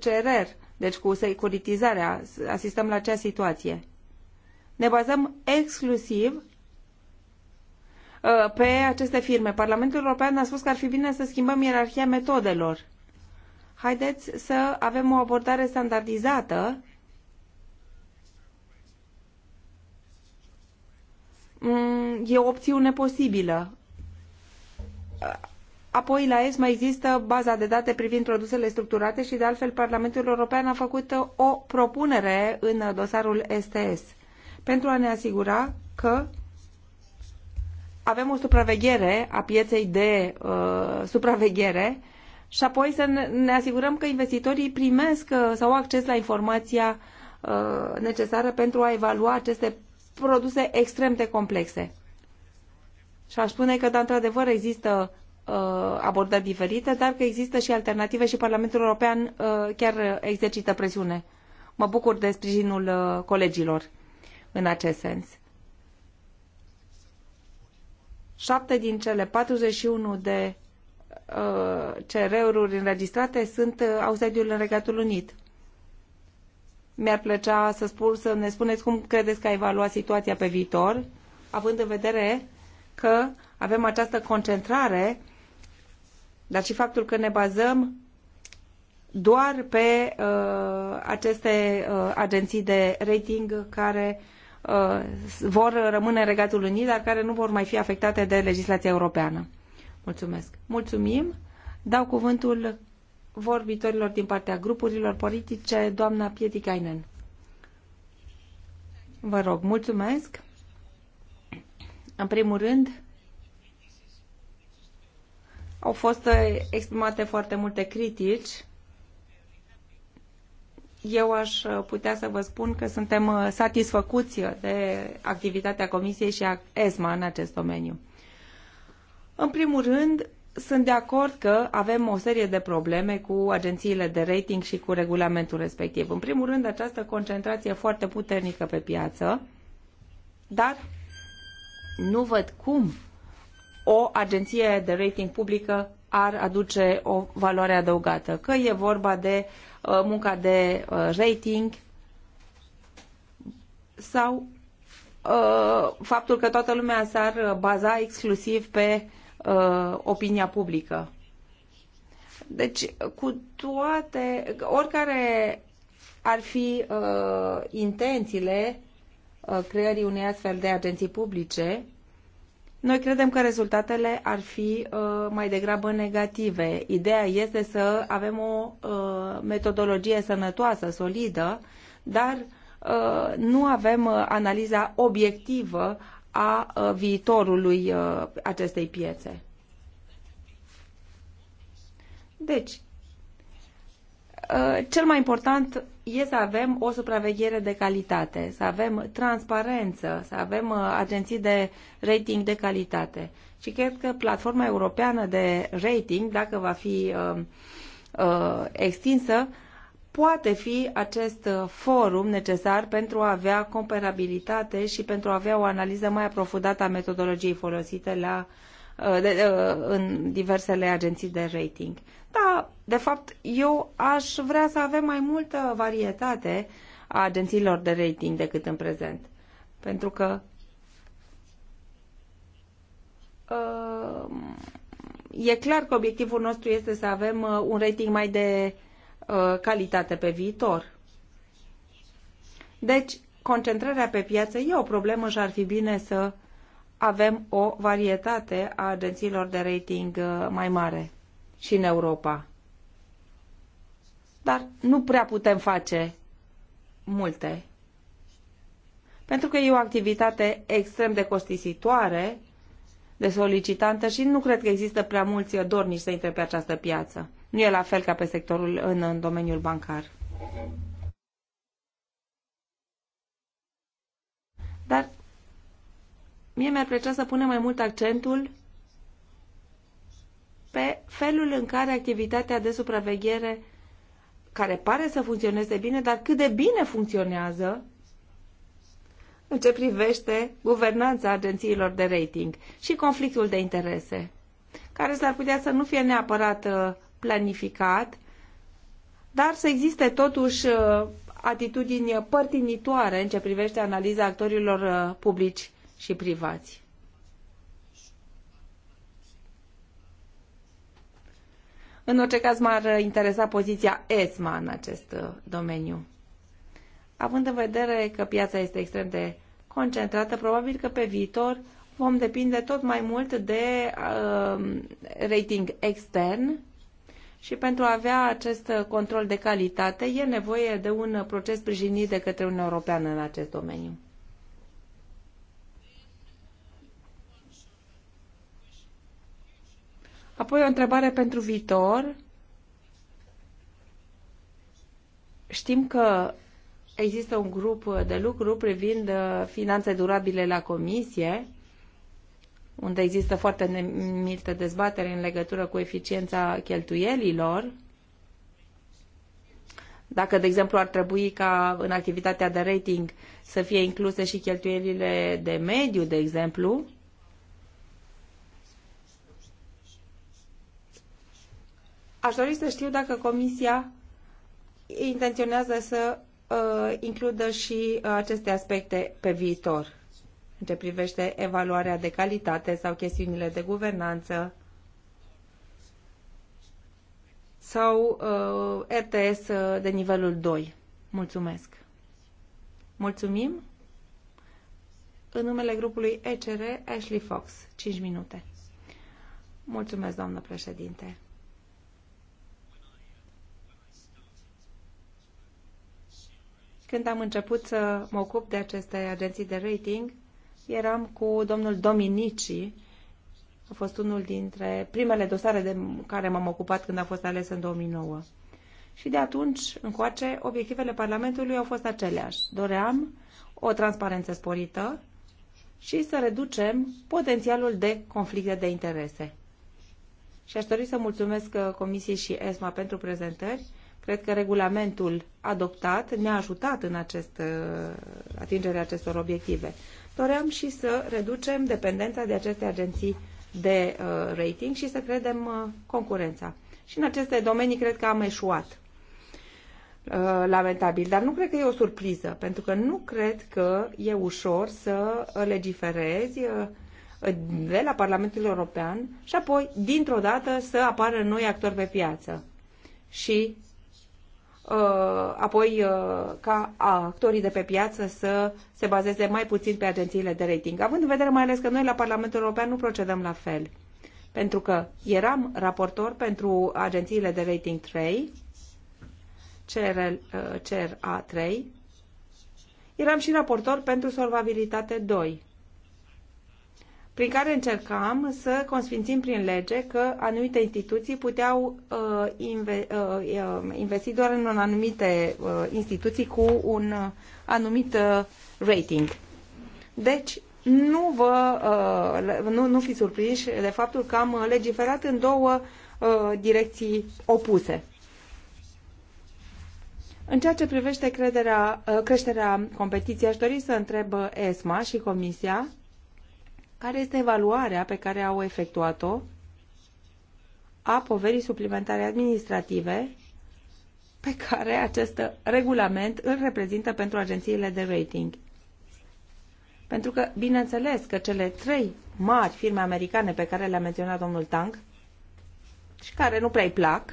CRR, deci cu securitizarea, asistăm la acea situație. Ne bazăm exclusiv uh, pe aceste firme. Parlamentul European a spus că ar fi bine să schimbăm ierarhia metodelor. Haideți să avem o abordare standardizată mm, e o opțiune posibilă. Apoi, la ESMA există baza de date privind produsele structurate și, de altfel, Parlamentul European a făcut o propunere în dosarul STS pentru a ne asigura că avem o supraveghere a pieței de uh, supraveghere și apoi să ne asigurăm că investitorii primesc uh, sau au acces la informația uh, necesară pentru a evalua aceste produse extrem de complexe. Și aș spune că, da, într-adevăr, există Uh, abordări diferite, dar că există și alternative și Parlamentul European uh, chiar exercită presiune. Mă bucur de sprijinul uh, colegilor în acest sens. Șapte din cele 41 de uh, CR-uri înregistrate sunt, au sediul în Regatul Unit. Mi-ar plăcea să, spun, să ne spuneți cum credeți că a evaluat situația pe viitor, având în vedere că avem această concentrare dar și faptul că ne bazăm doar pe uh, aceste uh, agenții de rating care uh, vor rămâne în Regatul unii dar care nu vor mai fi afectate de legislația europeană. Mulțumesc. Mulțumim. Dau cuvântul vorbitorilor din partea grupurilor politice, doamna Pietikainen. Vă rog, mulțumesc. În primul rând, au fost eh, exprimate foarte multe critici. Eu aș eh, putea să vă spun că suntem eh, satisfăcuți de activitatea Comisiei și a ESMA în acest domeniu. În primul rând, sunt de acord că avem o serie de probleme cu agențiile de rating și cu regulamentul respectiv. În primul rând, această concentrație foarte puternică pe piață, dar nu văd cum o agenție de rating publică ar aduce o valoare adăugată. Că e vorba de uh, munca de uh, rating sau uh, faptul că toată lumea s-ar uh, baza exclusiv pe uh, opinia publică. Deci, cu toate, oricare ar fi uh, intențiile creării unei astfel de agenții publice, noi credem că rezultatele ar fi uh, mai degrabă negative. Ideea este să avem o uh, metodologie sănătoasă, solidă, dar uh, nu avem uh, analiza obiectivă a uh, viitorului uh, acestei piețe. Deci, uh, cel mai important e să avem o supraveghere de calitate, să avem transparență, să avem uh, agenții de rating de calitate. Și cred că platforma europeană de rating, dacă va fi uh, uh, extinsă, poate fi acest forum necesar pentru a avea comparabilitate și pentru a avea o analiză mai aprofundată a metodologiei folosite la uh, Uh, uh, în diversele agenții de rating. Da, de fapt, eu aș vrea să avem mai multă varietate a agențiilor de rating decât în prezent. Pentru că uh, e clar că obiectivul nostru este să avem un rating mai de calitate pe viitor. Deci, concentrarea pe piață e o problemă și ar fi bine să avem o varietate a agențiilor de rating uh, mai mare și în Europa. Dar nu prea putem face multe. Pentru că e o activitate extrem de costisitoare, de solicitantă și nu cred că există prea mulți dornici să intre pe această piață. Nu e la fel ca pe sectorul în, în domeniul bancar. Dar mie mi-ar plăcea să punem mai mult accentul pe felul în care activitatea de supraveghere care pare să funcționeze bine, dar cât de bine funcționează în ce privește guvernanța agențiilor de rating și conflictul de interese, care s-ar putea să nu fie neapărat uh, planificat, dar să existe totuși uh, atitudini părtinitoare în ce privește analiza actorilor uh, publici și privați. În orice caz m-ar interesa poziția ESMA în acest uh, domeniu. Având în vedere că piața este extrem de concentrată, probabil că pe viitor vom depinde tot mai mult de uh, rating extern și pentru a avea acest control de calitate e nevoie de un proces sprijinit de către Uniunea Europeană în acest domeniu. Apoi o întrebare pentru viitor. Știm că există un grup de lucru privind uh, finanțe durabile la comisie, unde există foarte multe dezbatere în legătură cu eficiența cheltuielilor. Dacă, de exemplu, ar trebui ca în activitatea de rating să fie incluse și cheltuielile de mediu, de exemplu, Aș dori să știu dacă Comisia intenționează să uh, includă și uh, aceste aspecte pe viitor, în ce privește evaluarea de calitate sau chestiunile de guvernanță sau uh, RTS uh, de nivelul 2. Mulțumesc! Mulțumim! În numele grupului ECR, Ashley Fox, 5 minute. Mulțumesc, doamnă președinte! Când am început să mă ocup de aceste agenții de rating, eram cu domnul Dominici. A fost unul dintre primele dosare de care m-am ocupat când a fost ales în 2009. Și de atunci încoace, obiectivele Parlamentului au fost aceleași. Doream o transparență sporită și să reducem potențialul de conflicte de interese. Și aș dori să mulțumesc uh, Comisiei și ESMA pentru prezentări Cred că regulamentul adoptat ne-a ajutat în acest, uh, atingerea acestor obiective. Doream și să reducem dependența de aceste agenții de uh, rating și să credem uh, concurența. Și în aceste domenii cred că am eșuat lamentabil, dar nu cred că e o surpriză, pentru că nu cred că e ușor să legiferezi de la Parlamentul European și apoi, dintr-o dată, să apară noi actori pe piață. Și Uh, apoi uh, ca actorii de pe piață să se bazeze mai puțin pe agențiile de rating. Având în vedere mai ales că noi la Parlamentul European nu procedăm la fel, pentru că eram raportor pentru agențiile de rating 3, CRA 3, eram și raportor pentru solvabilitate 2 prin care încercam să consfințim prin lege că anumite instituții puteau uh, inve, uh, uh investi doar în anumite uh, instituții cu un uh, anumit uh, rating. Deci, nu, vă, uh, nu, nu fi surprinși de faptul că am legiferat în două uh, direcții opuse. În ceea ce privește crederea, uh, creșterea competiției, aș dori să întreb uh, ESMA și Comisia care este evaluarea pe care au efectuat-o a poverii suplimentare administrative pe care acest regulament îl reprezintă pentru agențiile de rating. Pentru că, bineînțeles că cele trei mari firme americane pe care le-a menționat domnul Tang și care nu prea-i plac,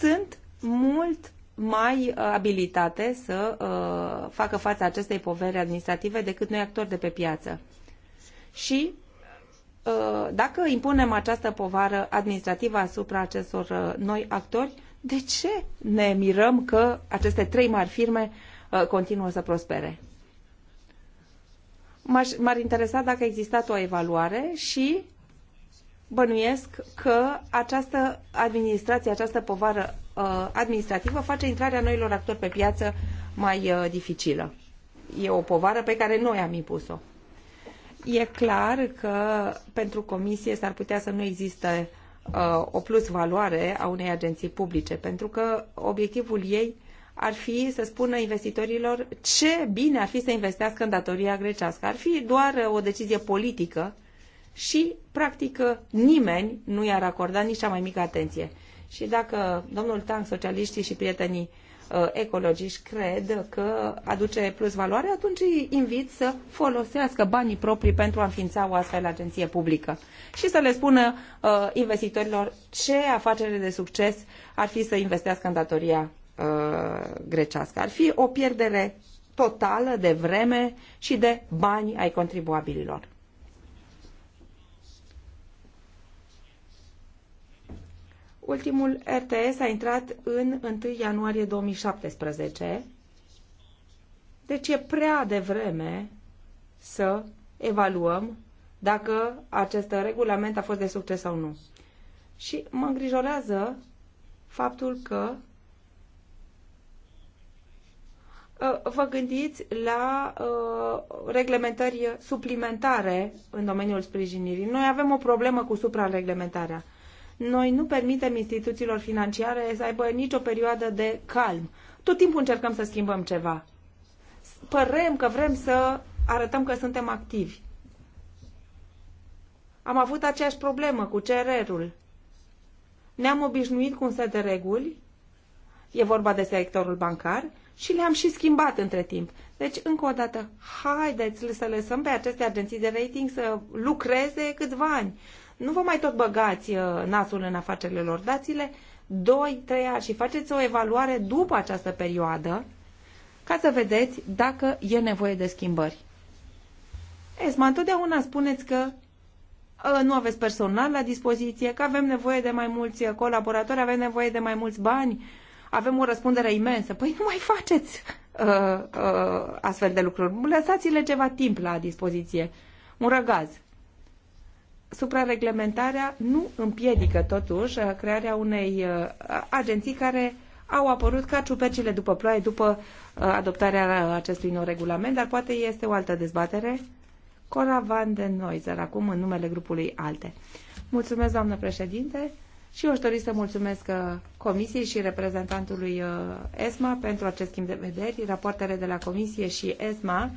sunt mult mai uh, abilitate să uh, facă față acestei poveri administrative decât noi actori de pe piață și uh, dacă impunem această povară administrativă asupra acestor uh, noi actori, de ce ne mirăm că aceste trei mari firme uh, continuă să prospere? M-ar interesa dacă a existat o evaluare și bănuiesc că această administrație, această povară administrativă face intrarea noilor actori pe piață mai dificilă. E o povară pe care noi am impus-o. E clar că pentru comisie s-ar putea să nu existe uh, o plusvaloare a unei agenții publice, pentru că obiectivul ei ar fi să spună investitorilor ce bine ar fi să investească în datoria grecească. Ar fi doar uh, o decizie politică și, practic, uh, nimeni nu i-ar acorda nici cea mai mică atenție. Și dacă domnul Tang, socialiștii și prietenii Uh, ecologiști cred că aduce plus valoare, atunci îi invit să folosească banii proprii pentru a înființa o astfel agenție publică și să le spună uh, investitorilor ce afacere de succes ar fi să investească în datoria uh, grecească. Ar fi o pierdere totală de vreme și de bani ai contribuabililor. Ultimul RTS a intrat în 1 ianuarie 2017, deci e prea devreme să evaluăm dacă acest regulament a fost de succes sau nu. Și mă îngrijorează faptul că ă, vă gândiți la ă, reglementări suplimentare în domeniul sprijinirii. Noi avem o problemă cu suprareglementarea. Noi nu permitem instituțiilor financiare să aibă nicio perioadă de calm. Tot timpul încercăm să schimbăm ceva. Părem că vrem să arătăm că suntem activi. Am avut aceeași problemă cu CRR-ul. Ne-am obișnuit cu un set de reguli, e vorba de sectorul bancar, și le-am și schimbat între timp. Deci, încă o dată, haideți să lăsăm pe aceste agenții de rating să lucreze câțiva ani. Nu vă mai tot băgați uh, nasul în afacerile lor, dați-le 2-3 ani și faceți o evaluare după această perioadă ca să vedeți dacă e nevoie de schimbări. ESMA, întotdeauna spuneți că uh, nu aveți personal la dispoziție, că avem nevoie de mai mulți uh, colaboratori, avem nevoie de mai mulți bani, avem o răspundere imensă. Păi nu mai faceți uh, uh, astfel de lucruri. Lăsați-le ceva timp la dispoziție. Un răgaz suprareglementarea nu împiedică totuși crearea unei uh, agenții care au apărut ca ciupercile după ploaie după uh, adoptarea acestui nou regulament, dar poate este o altă dezbatere. Cora van den Noizer, acum în numele grupului ALTE. Mulțumesc, doamnă președinte, și eu aș dori să mulțumesc uh, Comisiei și reprezentantului ESMA pentru acest schimb de vederi. Rapoartele de la Comisie și ESMA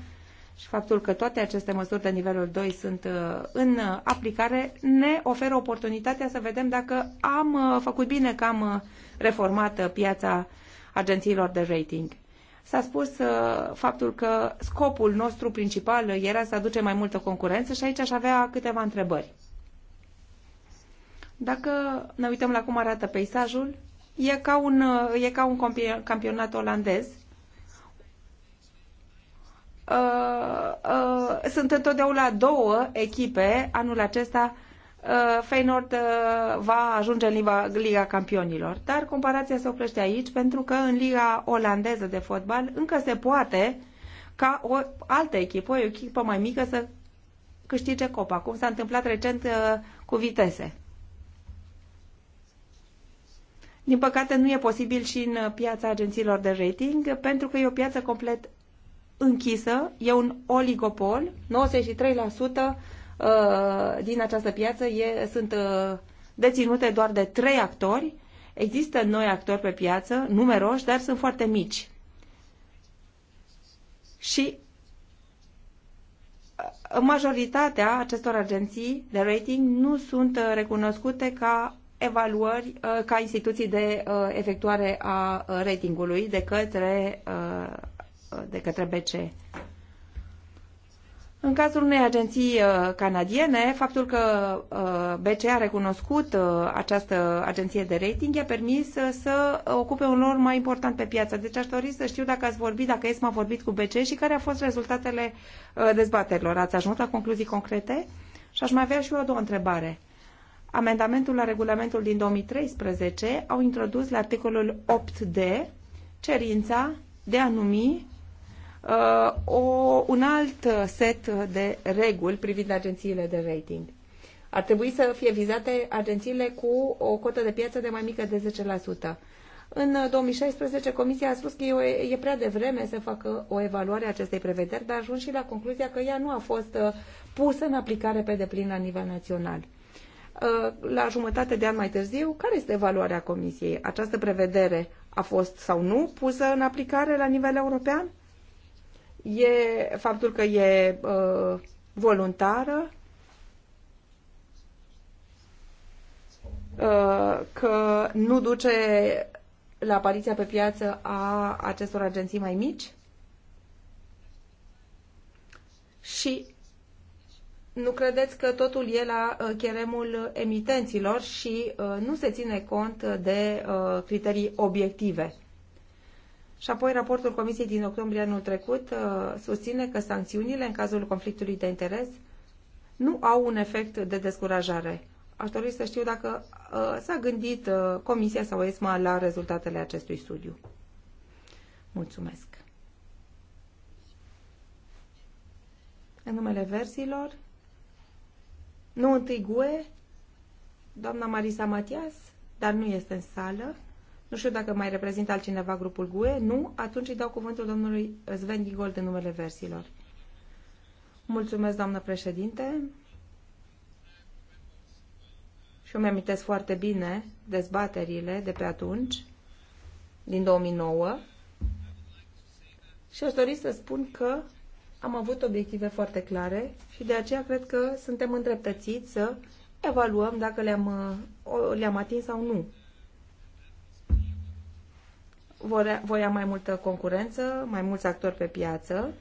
și faptul că toate aceste măsuri de nivelul 2 sunt uh, în aplicare ne oferă oportunitatea să vedem dacă am uh, făcut bine că am uh, reformat piața agențiilor de rating. S-a spus faptul că scopul nostru principal era să aducem mai multă concurență și aici aș avea câteva întrebări. Dacă ne uităm la cum arată peisajul, e ca un, e ca un campionat olandez Uh, uh, sunt întotdeauna două echipe. Anul acesta uh, Feyenoord uh, va ajunge în Liga, Liga Campionilor. Dar comparația se oprește aici pentru că în Liga Olandeză de fotbal încă se poate ca o altă echipă, o echipă mai mică să câștige copa, cum s-a întâmplat recent uh, cu vitese. Din păcate nu e posibil și în piața agențiilor de rating, pentru că e o piață complet închisă, e un oligopol, 93% uh, din această piață e, sunt uh, deținute doar de trei actori. Există noi actori pe piață, numeroși, dar sunt foarte mici. Și uh, majoritatea acestor agenții de rating nu sunt recunoscute ca evaluări ca instituții de efectuare a ratingului de către de către BCE. În cazul unei agenții uh, canadiene, faptul că uh, BCE a recunoscut uh, această agenție de rating i-a permis să ocupe un rol mai important pe piață. Deci aș dori să știu dacă ați vorbit, dacă ESMA a vorbit cu BCE și care au fost rezultatele dezbaterilor. Ați ajuns la concluzii concrete? Și aș mai avea și eu o două întrebare. Amendamentul la regulamentul din 2013 au introdus la articolul 8D cerința de a numi Uh, o, un alt set de reguli privind agențiile de rating. Ar trebui să fie vizate agențiile cu o cotă de piață de mai mică de 10%. În 2016, Comisia a spus că e, e prea devreme să facă o evaluare a acestei prevederi, dar ajuns și la concluzia că ea nu a fost uh, pusă în aplicare pe deplin la nivel național. Uh, la jumătate de an mai târziu, care este evaluarea Comisiei? Această prevedere a fost sau nu pusă în aplicare la nivel european? e faptul că e uh, voluntară, uh, că nu duce la apariția pe piață a acestor agenții mai mici și nu credeți că totul e la uh, cheremul emitenților și nu se ține cont de criterii obiective? Și apoi raportul Comisiei din octombrie anul trecut uh, susține că sancțiunile în cazul conflictului de interes nu au un efect de descurajare. Aș dori să știu dacă uh, s-a gândit uh, Comisia sau ESMA la rezultatele acestui studiu. Mulțumesc. În numele versilor, nu întâi GUE, doamna Marisa Matias, dar nu este în sală. Nu știu dacă mai reprezintă altcineva grupul GUE. Nu? Atunci îi dau cuvântul domnului Sven Gigold în numele versilor. Mulțumesc, doamnă președinte. Și îmi amintesc foarte bine dezbaterile de pe atunci, din 2009. Și aș dori să spun că am avut obiective foarte clare și de aceea cred că suntem îndreptățiți să evaluăm dacă le-am le, -am, le -am atins sau nu voia mai multă concurență, mai mulți actori pe piață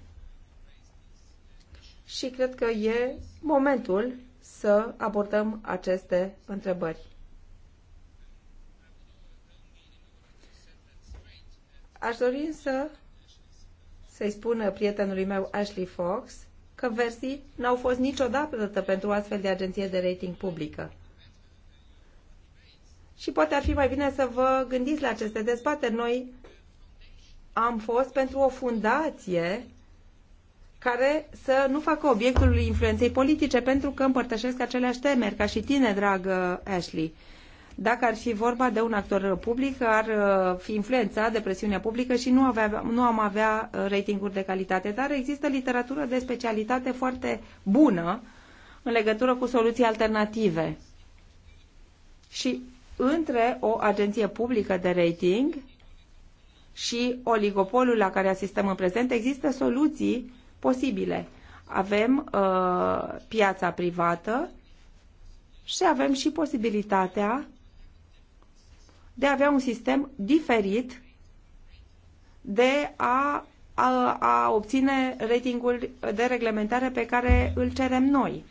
și cred că e momentul să abordăm aceste întrebări. Aș dori însă să-i spună prietenului meu Ashley Fox că versii n-au fost niciodată pentru astfel de agenție de rating publică și poate ar fi mai bine să vă gândiți la aceste dezbateri. Noi am fost pentru o fundație care să nu facă obiectul influenței politice, pentru că împărtășesc aceleași temeri, ca și tine, dragă Ashley. Dacă ar fi vorba de un actor public, ar uh, fi influențat de presiunea publică și nu, avea, nu am avea uh, ratinguri de calitate. Dar există literatură de specialitate foarte bună în legătură cu soluții alternative. Și între o agenție publică de rating și oligopolul la care asistăm în prezent, există soluții posibile. Avem uh, piața privată și avem și posibilitatea de a avea un sistem diferit de a, a, a obține ratingul de reglementare pe care îl cerem noi.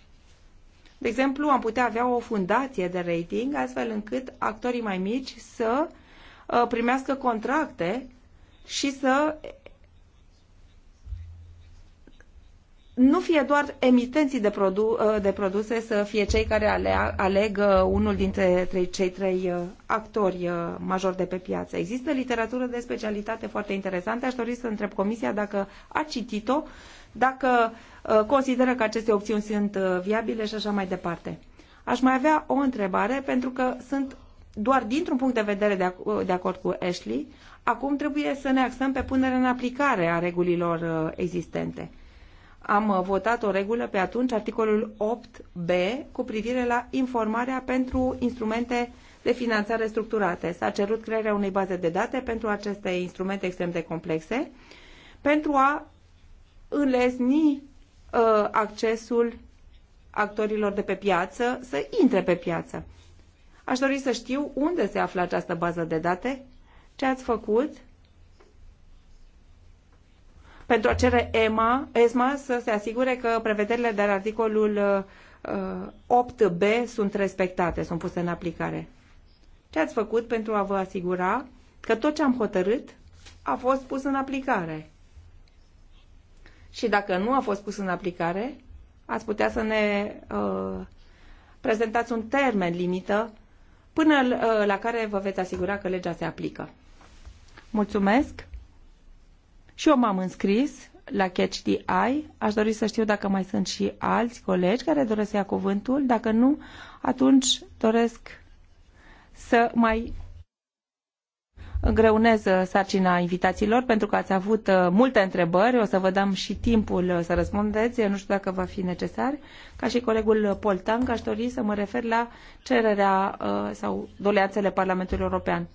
De exemplu, am putea avea o fundație de rating, astfel încât actorii mai mici să uh, primească contracte și să nu fie doar emitenții de, produ- uh, de produse să fie cei care aleg uh, unul dintre cei trei actori majori de pe piață. Există literatură de specialitate foarte interesantă. Aș dori să întreb Comisia dacă a citit-o, dacă uh, Uh, consideră că aceste opțiuni sunt uh, viabile și așa mai departe. Aș mai avea o întrebare, pentru că sunt doar dintr-un punct de vedere de, ac- uh, de acord cu Ashley, acum trebuie să ne axăm pe punerea în aplicare a regulilor existente. Am votat o regulă pe atunci, articolul 8b, cu privire la informarea pentru instrumente de finanțare structurate. S-a cerut crearea unei baze de date pentru aceste instrumente extrem de complexe, pentru a înlesni Uh, accesul actorilor de pe piață să intre pe piață. Aș dori să știu unde se află această bază de date, ce ați făcut pentru a cere EMA, ESMA să se asigure că prevederile de la articolul 8b uh, sunt respectate, sunt puse în aplicare. Ce ați făcut pentru a vă asigura că tot ce am hotărât a fost pus în aplicare? și dacă nu a fost pus în aplicare, ați putea să ne uh, prezentați un termen limită până uh, la care vă veți asigura că legea se aplică. Mulțumesc! Și eu m-am înscris la Catch the Eye. Aș dori să știu dacă mai sunt și alți colegi care doresc să ia cuvântul. Dacă nu, atunci doresc să mai îngreunez uh, sarcina invitațiilor pentru că ați avut uh, multe întrebări. O să vă dăm și timpul uh, să răspundeți. Nu știu dacă va fi necesar. Ca și colegul Tang, aș dori să mă refer la cererea sau doleanțele Parlamentului European.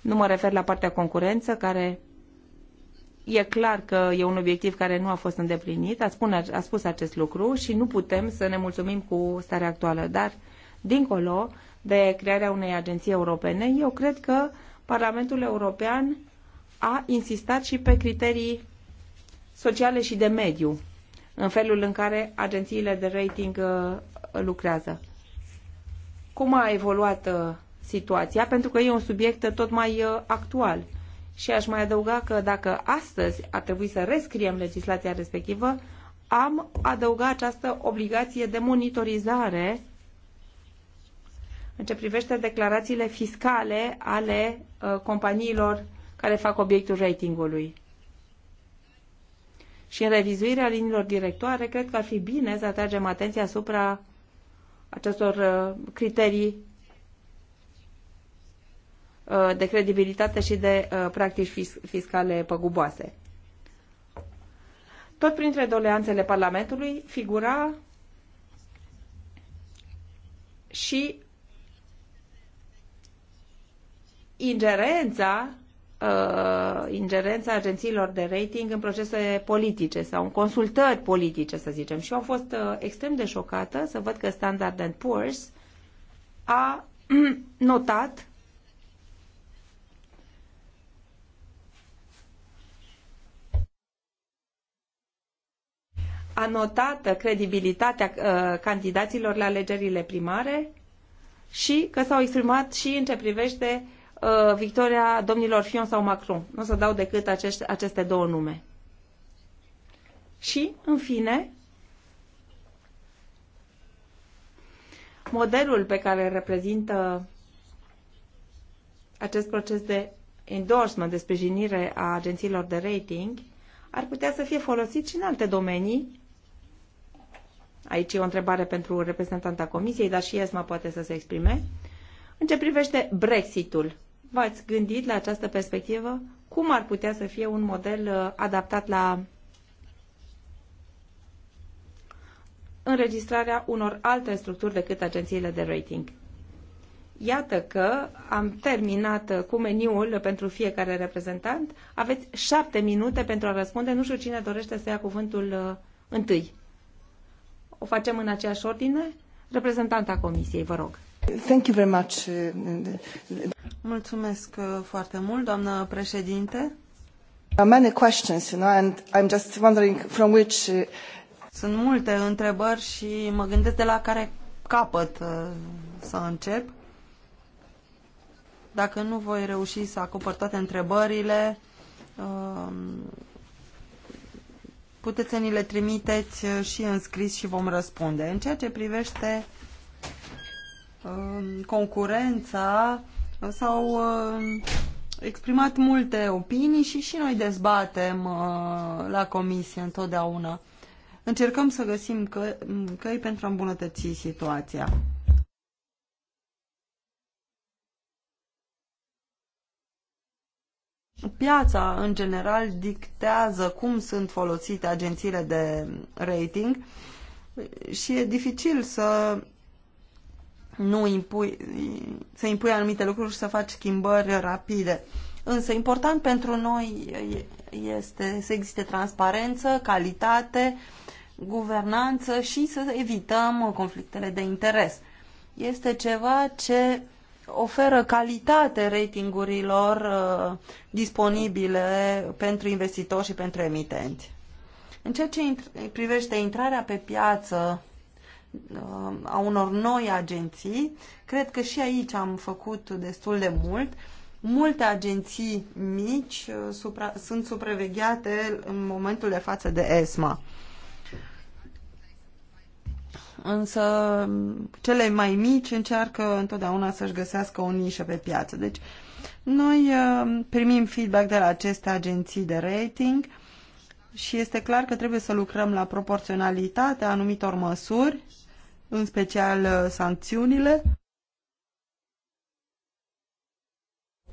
Nu mă refer la partea concurență, care e clar că e un obiectiv care nu a fost îndeplinit. A, spune, a spus acest lucru și nu putem să ne mulțumim cu starea actuală. Dar, dincolo de crearea unei agenții europene, eu cred că Parlamentul European a insistat și pe criterii sociale și de mediu în felul în care agențiile de rating uh, lucrează. Cum a evoluat uh, situația? Pentru că e un subiect tot mai uh, actual. Și aș mai adăuga că dacă astăzi ar trebui să rescriem legislația respectivă, am adăugat această obligație de monitorizare în ce privește declarațiile fiscale ale uh, companiilor care fac obiectul ratingului. Și în revizuirea liniilor directoare, cred că ar fi bine să atragem atenția asupra acestor uh, criterii uh, de credibilitate și de uh, practici fis fiscale păguboase. Tot printre doleanțele Parlamentului figura și ingerența uh, ingerența agențiilor de rating în procese politice sau în consultări politice, să zicem. Și eu am fost uh, extrem de șocată să văd că Standard Poor's a notat a notat credibilitatea uh, candidaților la alegerile primare și că s-au exprimat și în ce privește uh, Uh, victoria domnilor Fion sau Macron. Nu o să dau decât acești, aceste două nume. Și, în fine, modelul pe care îl reprezintă acest proces de endorsement, de sprijinire a agențiilor de rating, ar putea să fie folosit și în alte domenii. Aici e o întrebare pentru reprezentanta Comisiei, dar și ESMA poate să se exprime. În ce privește Brexitul, v-ați gândit la această perspectivă? Cum ar putea să fie un model uh, adaptat la înregistrarea unor alte structuri decât agențiile de rating? Iată că am terminat uh, cu meniul pentru fiecare reprezentant. Aveți șapte minute pentru a răspunde. Nu știu cine dorește să ia cuvântul uh, întâi. O facem în aceeași ordine? Reprezentanta Comisiei, vă rog. Thank you very much. Uh, Mulțumesc uh, foarte mult, doamnă președinte. Many questions, you know, and I'm just wondering from which uh, sunt multe întrebări și mă gândesc de la care capăt să încep. Dacă nu voi reuși să acopăr toate întrebările, um, puteți să ni le trimiteți și în scris și vom răspunde. În ceea ce privește Um, concurența, s-au um, exprimat multe opinii și și noi dezbatem uh, la comisie întotdeauna. Încercăm să găsim că, um, căi pentru a îmbunătăți situația. Piața, în general, dictează cum sunt folosite agențiile de rating și e dificil să nu impui, să impui anumite lucruri și să faci schimbări rapide. Însă important pentru noi este să existe transparență, calitate, guvernanță și să evităm conflictele de interes. Este ceva ce oferă calitate ratingurilor uh, disponibile pentru investitori și pentru emitenți. În ceea ce privește intrarea pe piață Uh, a unor noi agenții. Cred că și aici am făcut destul de mult. Multe agenții mici uh, supra, sunt supravegheate în momentul de față de ESMA. Însă cele mai mici încearcă întotdeauna să-și găsească o nișă pe piață. Deci noi uh, primim feedback de la aceste agenții de rating și este clar că trebuie să lucrăm la proporționalitatea anumitor măsuri în special uh, sancțiunile.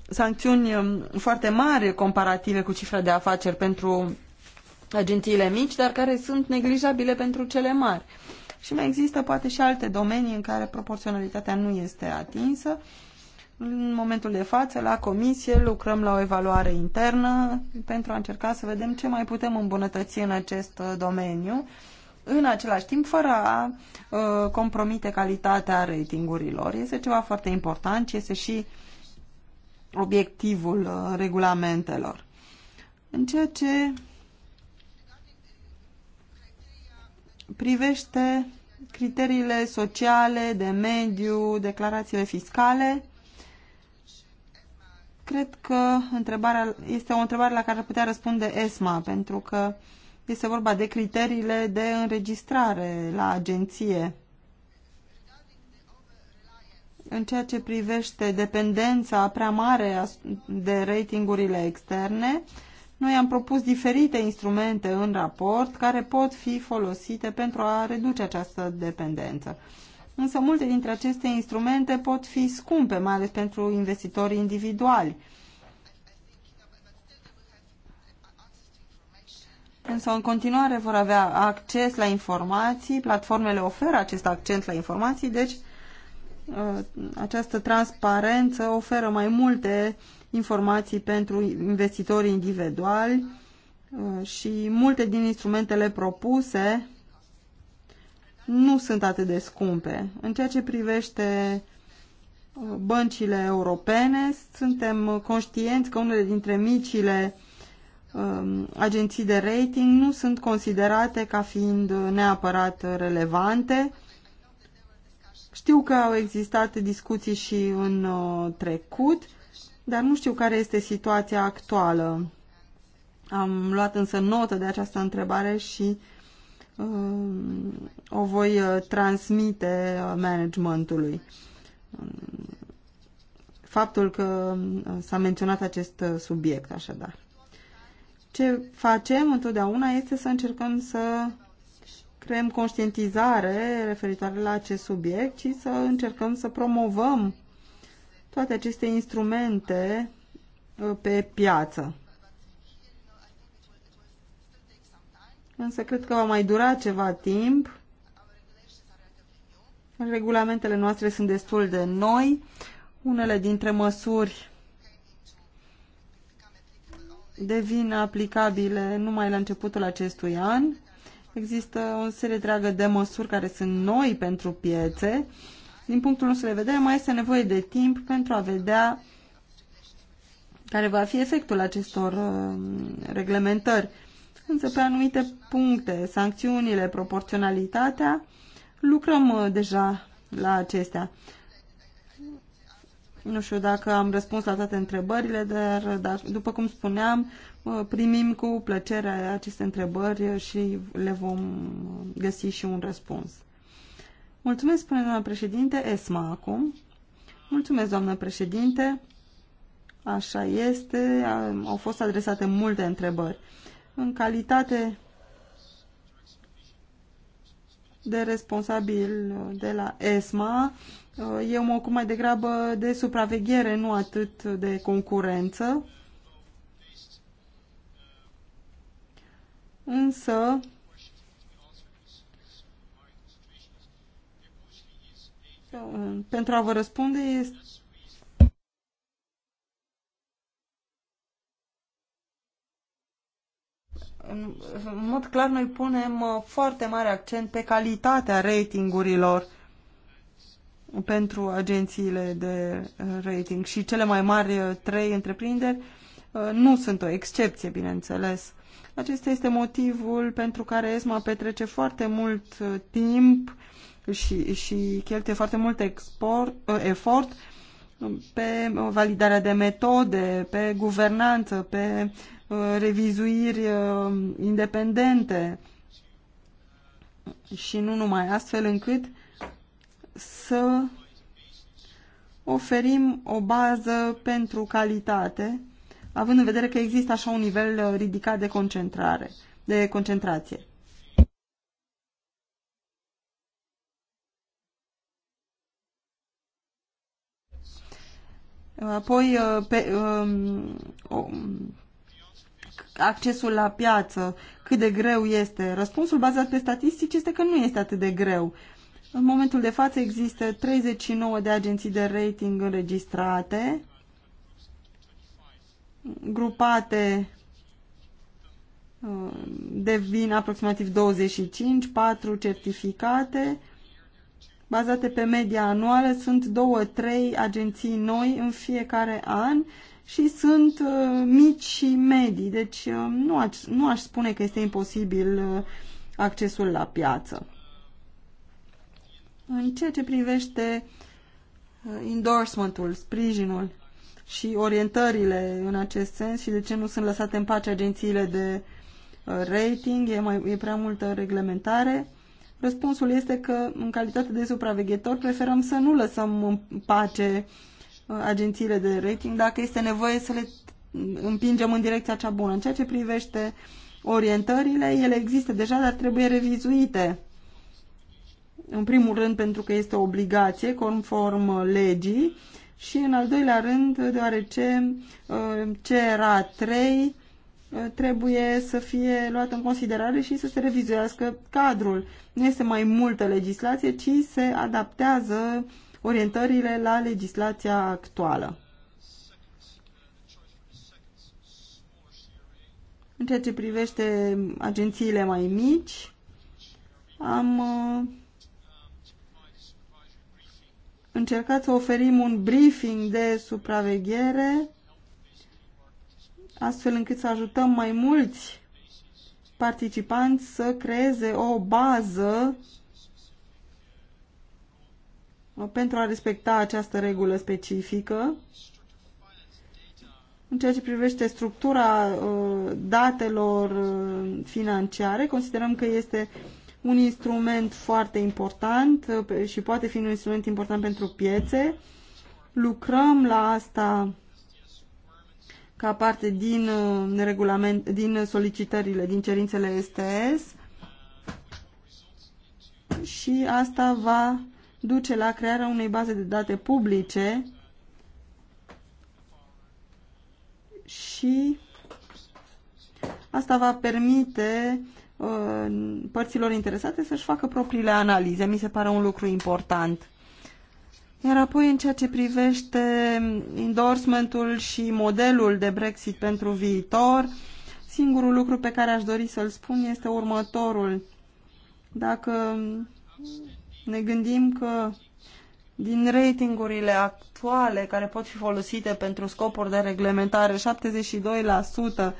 Sancțiuni um, foarte mari comparative cu cifra de afaceri pentru agențiile mici, dar care sunt neglijabile pentru cele mari. Și mai există poate și alte domenii în care proporționalitatea nu este atinsă. În momentul de față, la comisie, lucrăm la o evaluare internă pentru a încerca să vedem ce mai putem îmbunătăți în acest uh, domeniu în același timp fără a uh, compromite calitatea ratingurilor. Este ceva foarte important și este și obiectivul uh, regulamentelor. În ceea ce privește criteriile sociale, de mediu, declarațiile fiscale, cred că întrebarea este o întrebare la care putea răspunde ESMA, pentru că uh, este vorba de criteriile de înregistrare la agenție. În ceea ce privește dependența prea mare de ratingurile externe, noi am propus diferite instrumente în raport care pot fi folosite pentru a reduce această dependență. Însă multe dintre aceste instrumente pot fi scumpe, mai ales pentru investitori individuali. însă în continuare vor avea acces la informații, platformele oferă acest acces la informații, deci uh, această transparență oferă mai multe informații pentru investitorii individuali uh, și multe din instrumentele propuse nu sunt atât de scumpe. În ceea ce privește uh, băncile europene, suntem conștienți că unele dintre micile Um, agenții de rating nu sunt considerate ca fiind neapărat relevante. Știu că au existat discuții și în uh, trecut, dar nu știu care este situația actuală. Am luat însă notă de această întrebare și uh, o voi uh, transmite uh, managementului. Um, faptul că s-a menționat acest subiect, așadar. Ce facem întotdeauna este să încercăm să creăm conștientizare referitoare la acest subiect și să încercăm să promovăm toate aceste instrumente uh, pe piață. Însă cred că va mai dura ceva timp. Regulamentele noastre sunt destul de noi. Unele dintre măsuri devin aplicabile numai la începutul acestui an. Există o serie întreagă de măsuri care sunt noi pentru piețe. Din punctul nostru de vedere, mai este nevoie de timp pentru a vedea care va fi efectul acestor uh, reglementări. Însă pe anumite puncte, sancțiunile, proporționalitatea, lucrăm uh, deja la acestea. Nu știu dacă am răspuns la toate întrebările, dar, dar după cum spuneam, primim cu plăcere aceste întrebări și le vom găsi și un răspuns. Mulțumesc, spune doamna președinte, ESMA acum. Mulțumesc, doamnă președinte. Așa este, au fost adresate multe întrebări. În calitate de responsabil de la ESMA, Uh, eu mă ocup mai degrabă de supraveghere, nu atât de concurență. Însă, uh, pentru a vă răspunde, este în mod clar noi punem uh, foarte mare accent pe calitatea ratingurilor pentru agențiile de uh, rating și cele mai mari uh, trei întreprinderi uh, nu sunt o excepție, bineînțeles. Acesta este motivul pentru care ESMA petrece foarte mult timp și, și cheltuie foarte mult export, efort pe validarea de metode, pe guvernanță, pe revizuiri independente și nu numai astfel încât să oferim o bază pentru calitate, având în vedere că există așa un nivel uh, ridicat de concentrare, de concentrație. Apoi, uh, pe, um, accesul la piață, cât de greu este. Răspunsul bazat pe statistici este că nu este atât de greu. În momentul de față există 39 de agenții de rating înregistrate, grupate uh, devin aproximativ 25, 4 certificate, bazate pe media anuală, sunt 2-3 agenții noi în fiecare an și sunt uh, mici și medii, deci uh, nu, aș, nu aș spune că este imposibil accesul la piață. În ceea ce privește uh, endorsementul, sprijinul și orientările în acest sens și de ce nu sunt lăsate în pace agențiile de uh, rating, e, mai, e prea multă reglementare. Răspunsul este că, în calitate de supraveghetor, preferăm să nu lăsăm în pace uh, agențiile de rating dacă este nevoie să le mm, împingem în direcția cea bună. În ceea ce privește orientările, ele există deja, dar trebuie revizuite. În primul rând pentru că este o obligație conform legii și în al doilea rând deoarece uh, CRA 3 uh, trebuie să fie luat în considerare și să se revizuiască cadrul. Nu este mai multă legislație, ci se adaptează orientările la legislația actuală. În ceea ce privește agențiile mai mici, am uh, încercat să oferim un briefing de supraveghere astfel încât să ajutăm mai mulți participanți să creeze o bază pentru a respecta această regulă specifică. În ceea ce privește structura uh, datelor uh, financiare, considerăm că este un instrument foarte important uh, și poate fi un instrument important pentru piețe. Lucrăm la asta ca parte din, uh, regulament, din solicitările, din cerințele STS și asta va duce la crearea unei baze de date publice și asta va permite Uh, părților interesate să-și facă propriile analize. Mi se pare un lucru important. Iar apoi, în ceea ce privește endorsementul și modelul de Brexit pentru viitor, singurul lucru pe care aș dori să-l spun este următorul. Dacă ne gândim că din ratingurile actuale care pot fi folosite pentru scopuri de reglementare, 72%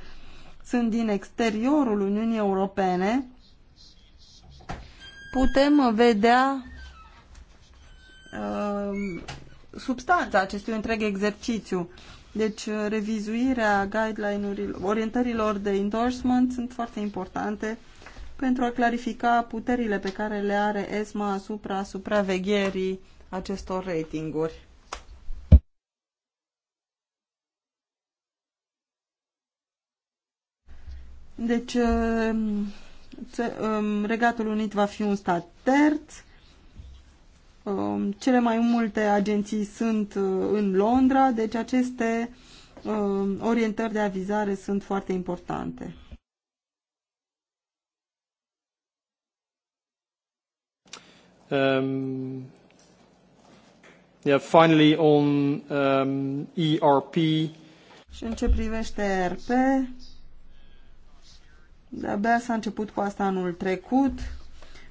sunt din exteriorul Uniunii Europene, putem vedea uh, substanța acestui întreg exercițiu. Deci, uh, revizuirea guideline-urilor, orientărilor de endorsement sunt foarte importante pentru a clarifica puterile pe care le are ESMA asupra supravegherii acestor ratinguri. Deci, um, um, Regatul Unit va fi un stat terț. Um, cele mai multe agenții sunt uh, în Londra, deci aceste orientări de avizare sunt foarte importante. Um, yeah, finally on um, ERP. Și în ce privește ERP, abia s-a început cu asta anul trecut.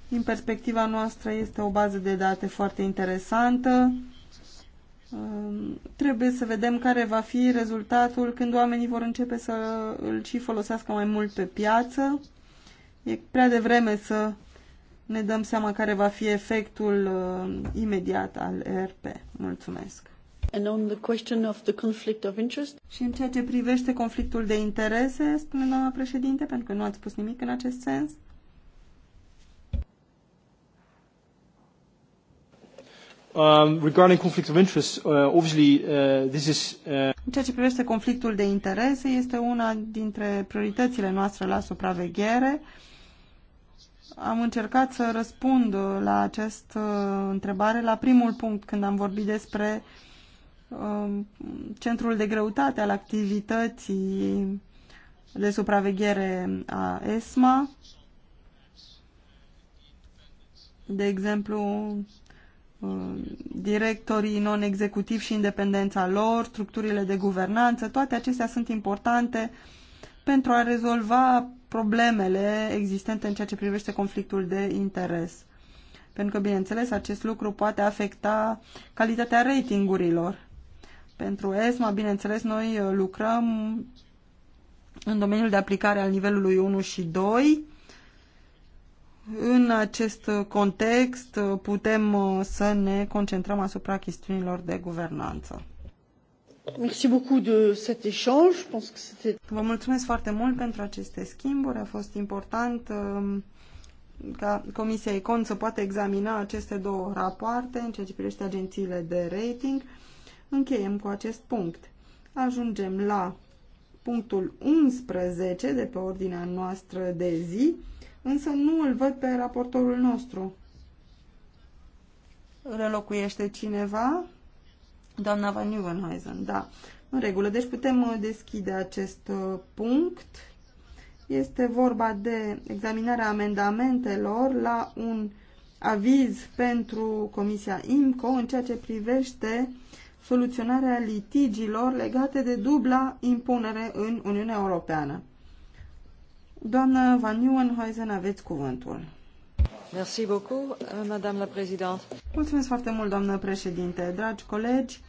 Din perspectiva noastră este o bază de date foarte interesantă. Um, trebuie să vedem care va fi rezultatul când oamenii vor începe să îl și folosească mai mult pe piață. E prea devreme să ne dăm seama care va fi efectul uh, imediat al ERP. Mulțumesc! Și în ceea ce privește conflictul de interese, spune doamna președinte, pentru că nu ați spus nimic în acest sens. Um, regarding conflict of interest, uh, obviously uh, this is. Uh... În ceea ce privește conflictul de interese, este una dintre prioritățile noastre la supraveghere. Am încercat să răspund la această uh, întrebare la primul punct când am vorbit despre uh, Um, centrul de greutate al activității de supraveghere a ESMA, de exemplu, um, directorii non-executivi și independența lor, structurile de guvernanță, toate acestea sunt importante pentru a rezolva problemele existente în ceea ce privește conflictul de interes. Pentru că, bineînțeles, acest lucru poate afecta calitatea ratingurilor. Pentru ESMA, bineînțeles, noi uh, lucrăm în domeniul de aplicare al nivelului 1 și 2. În acest context uh, putem uh, să ne concentrăm asupra chestiunilor de guvernanță. Vă mulțumesc foarte mult pentru aceste schimburi. A fost important um, ca Comisia Econ să poată examina aceste două rapoarte în ceea ce privește agențiile de rating încheiem cu acest punct. Ajungem la punctul 11 de pe ordinea noastră de zi, însă nu îl văd pe raportorul nostru. Relocuiește cineva? Doamna Van Nieuwenhuizen, da. În regulă, deci putem uh, deschide acest uh, punct. Este vorba de examinarea amendamentelor la un aviz pentru Comisia IMCO în ceea ce privește soluționarea litigiilor legate de dubla impunere în Uniunea Europeană. Doamnă Van Nieuwenhuizen, aveți cuvântul. Merci beaucoup, euh, Madame la Présidente. Mulțumesc foarte mult, doamnă președinte. Dragi colegi,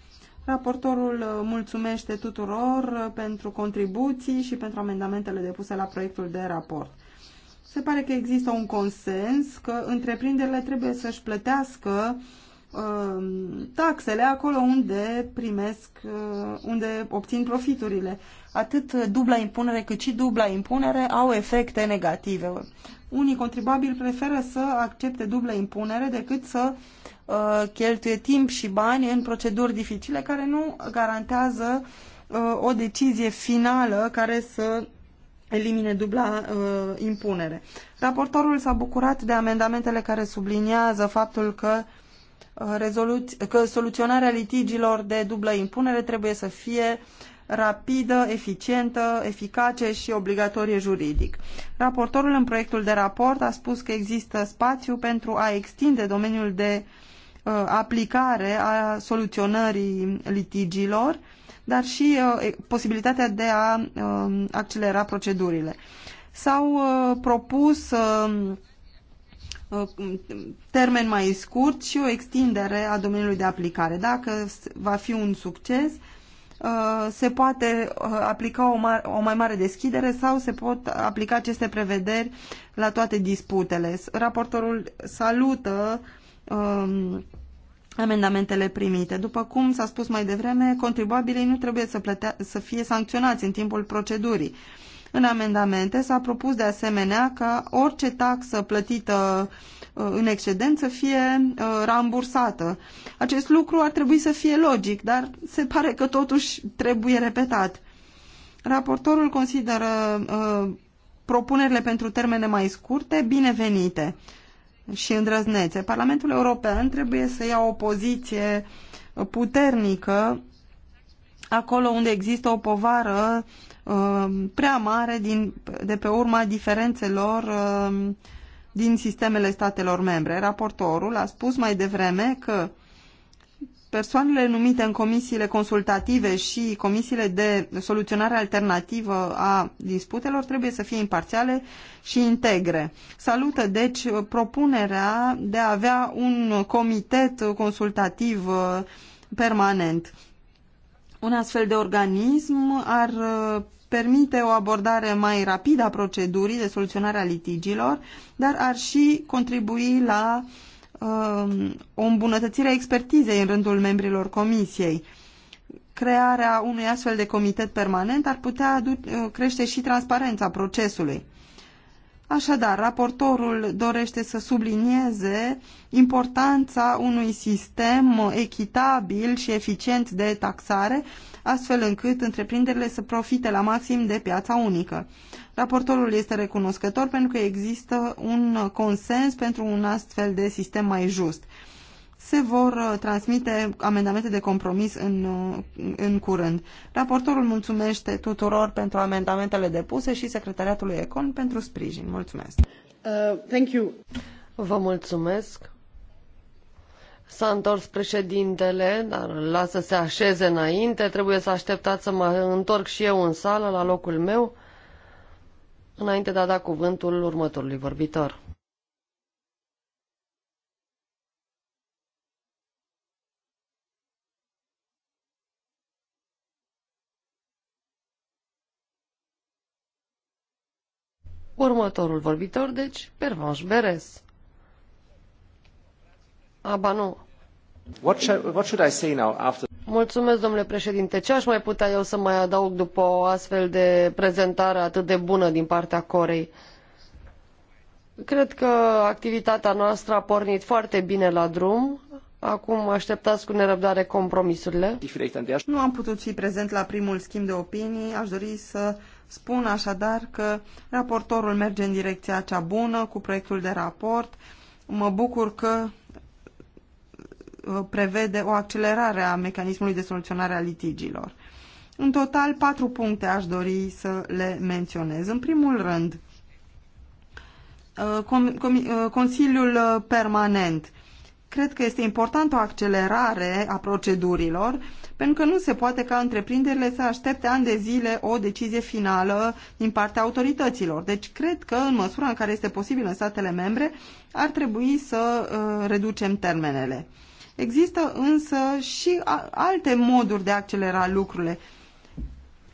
raportorul uh, mulțumește tuturor uh, pentru contribuții și pentru amendamentele depuse la proiectul de raport. Se pare că există un consens că întreprinderile trebuie să-și plătească uh, Um, taxele acolo unde primesc, uh, unde obțin profiturile. Atât dubla impunere cât și dubla impunere au efecte negative. Unii contribuabili preferă să accepte dubla impunere decât să uh, cheltuie timp și bani în proceduri dificile care nu garantează uh, o decizie finală care să elimine dubla impunere. Raportorul s-a bucurat de amendamentele care subliniază faptul că că soluționarea litigiilor de dublă impunere trebuie să fie rapidă, eficientă, eficace și obligatorie juridic. Raportorul în proiectul de raport a spus că există spațiu pentru a extinde domeniul de uh, aplicare a soluționării litigiilor, dar și uh, posibilitatea de a uh, accelera procedurile. S-au uh, propus uh, Uh, termen mai scurt și o extindere a domeniului de aplicare. Dacă va fi un succes, uh, se poate uh, aplica o, mai mare deschidere sau se pot aplica aceste prevederi la toate disputele. Raportorul salută um, amendamentele primite. După cum s-a spus mai devreme, contribuabilii nu trebuie să, plătea, să fie sancționați în timpul procedurii. Uh, în amendamente s-a propus de asemenea ca orice taxă plătită uh, în excedent să fie uh, rambursată. Acest lucru ar trebui să fie logic, dar se pare că totuși trebuie repetat. Raportorul consideră uh, propunerile pentru termene mai scurte binevenite și îndrăznețe. Parlamentul European trebuie să ia o poziție puternică acolo unde există o povară Um, prea mare din, de pe urma diferențelor um, din sistemele statelor membre. Raportorul a spus mai devreme că persoanele numite în comisiile consultative și comisiile de soluționare alternativă a disputelor trebuie să fie imparțiale și integre. Salută, deci, propunerea de a avea un comitet consultativ uh, permanent. Un astfel de organism ar uh, permite o abordare mai rapidă a procedurii de soluționare a litigilor, dar ar și contribui la uh, o îmbunătățire a expertizei în rândul membrilor comisiei. Crearea unui astfel de comitet permanent ar putea crește și transparența procesului. Așadar, raportorul dorește să sublinieze importanța unui sistem echitabil și eficient de taxare, astfel încât întreprinderile să profite la maxim de piața unică. Raportorul este recunoscător pentru că există un consens pentru un astfel de sistem mai just se vor uh, transmite amendamente de compromis în, uh, în curând. Raportorul mulțumește tuturor pentru amendamentele depuse și secretariatului Econ pentru sprijin. Mulțumesc! Uh, thank you. Vă mulțumesc! S-a întors președintele, dar lasă să se așeze înainte. Trebuie să așteptați să mă întorc și eu în sală, la locul meu, înainte de a da cuvântul următorului vorbitor. Următorul vorbitor, deci, Pervanș Beres. Aba nu. What should, what should I say now after... Mulțumesc, domnule președinte. Ce aș mai putea eu să mai adaug după o astfel de prezentare atât de bună din partea Corei? Cred că activitatea noastră a pornit foarte bine la drum. Acum așteptați cu nerăbdare compromisurile. Nu am putut fi prezent la primul schimb de opinii. Aș dori să Spun așadar că raportorul merge în direcția cea bună cu proiectul de raport. Mă bucur că uh, prevede o accelerare a mecanismului de soluționare a litigiilor. În total, patru puncte aș dori să le menționez. În primul rând, uh, uh, Consiliul Permanent. Cred că este important o accelerare a procedurilor, pentru că nu se poate ca întreprinderile să aștepte ani de zile o decizie finală din partea autorităților. Deci cred că în măsura în care este posibil în statele membre, ar trebui să uh, reducem termenele. Există însă și alte moduri de a accelera lucrurile.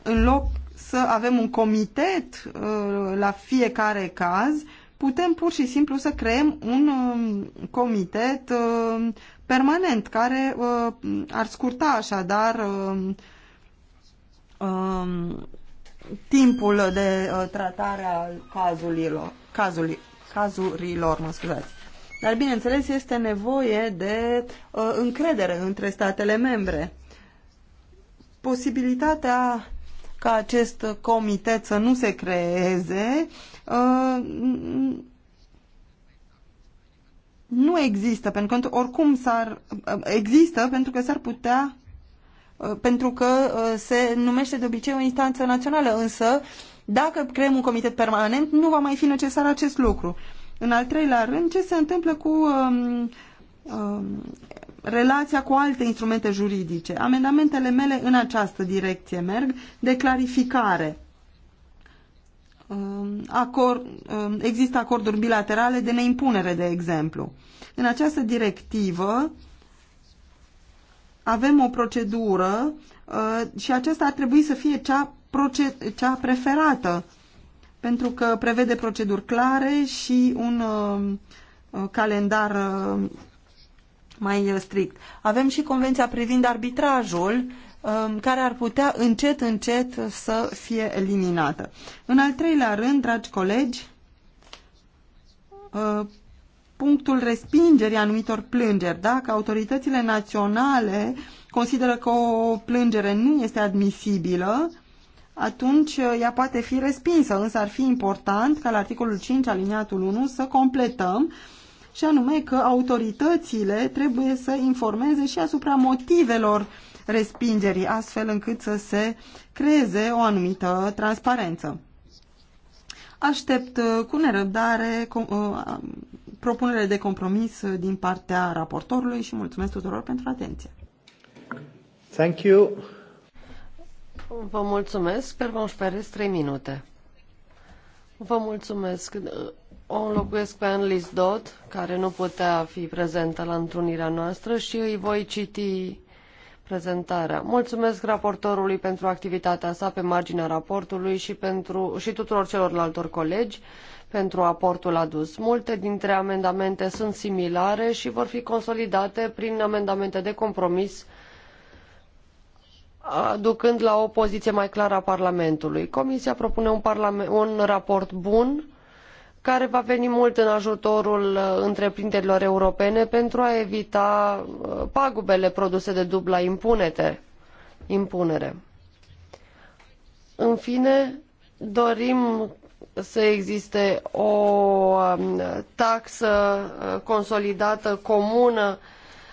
În loc să avem un comitet uh, la fiecare caz, putem pur și simplu să creăm un um, comitet um, permanent care uh, ar scurta așadar um, timpul de uh, tratare al cazurilor, cazuri cazurilor mă scuzați. Dar, bineînțeles, este nevoie de uh, încredere între statele membre. Posibilitatea ca acest comitet să nu se creeze Uh, nu există, pentru că oricum s-ar, uh, există pentru că s-ar putea uh, pentru că se numește de obicei o instanță națională, însă dacă creăm un comitet permanent, nu va mai fi necesar acest lucru. În al treilea rând, ce se întâmplă cu um, um, relația cu alte instrumente juridice? Amendamentele mele în această direcție merg de clarificare. Um, acord, um, există acorduri bilaterale de neimpunere, de exemplu. În această directivă avem o procedură uh, și aceasta ar trebui să fie cea, cea preferată, pentru că prevede proceduri clare și un um, uh, calendar uh, mai strict. Avem și convenția privind arbitrajul Um, care ar putea încet, încet să fie eliminată. În al treilea rând, dragi colegi, uh, punctul respingerii anumitor plângeri. Dacă autoritățile naționale consideră că o plângere nu este admisibilă, atunci uh, ea poate fi respinsă, însă ar fi important ca la articolul 5 aliniatul 1 să completăm și anume că autoritățile trebuie să informeze și asupra motivelor respingerii, astfel încât să se creeze o anumită transparență. Aștept uh, cu nerăbdare uh, propunere de compromis uh, din partea raportorului și mulțumesc tuturor pentru atenție. Thank you. Vă mulțumesc. Sper vom șperez 3 minute. Vă mulțumesc. O înlocuiesc pe Anne Dodd, care nu putea fi prezentă la întrunirea noastră și îi voi citi prezentarea. Mulțumesc raportorului pentru activitatea sa pe marginea raportului și, pentru, și tuturor celorlaltor colegi pentru aportul adus. Multe dintre amendamente sunt similare și vor fi consolidate prin amendamente de compromis aducând la o poziție mai clară a Parlamentului. Comisia propune un, un raport bun care va veni mult în ajutorul uh, întreprinderilor europene pentru a evita uh, pagubele produse de dubla impunete, impunere. În fine, dorim să existe o um, taxă uh, consolidată comună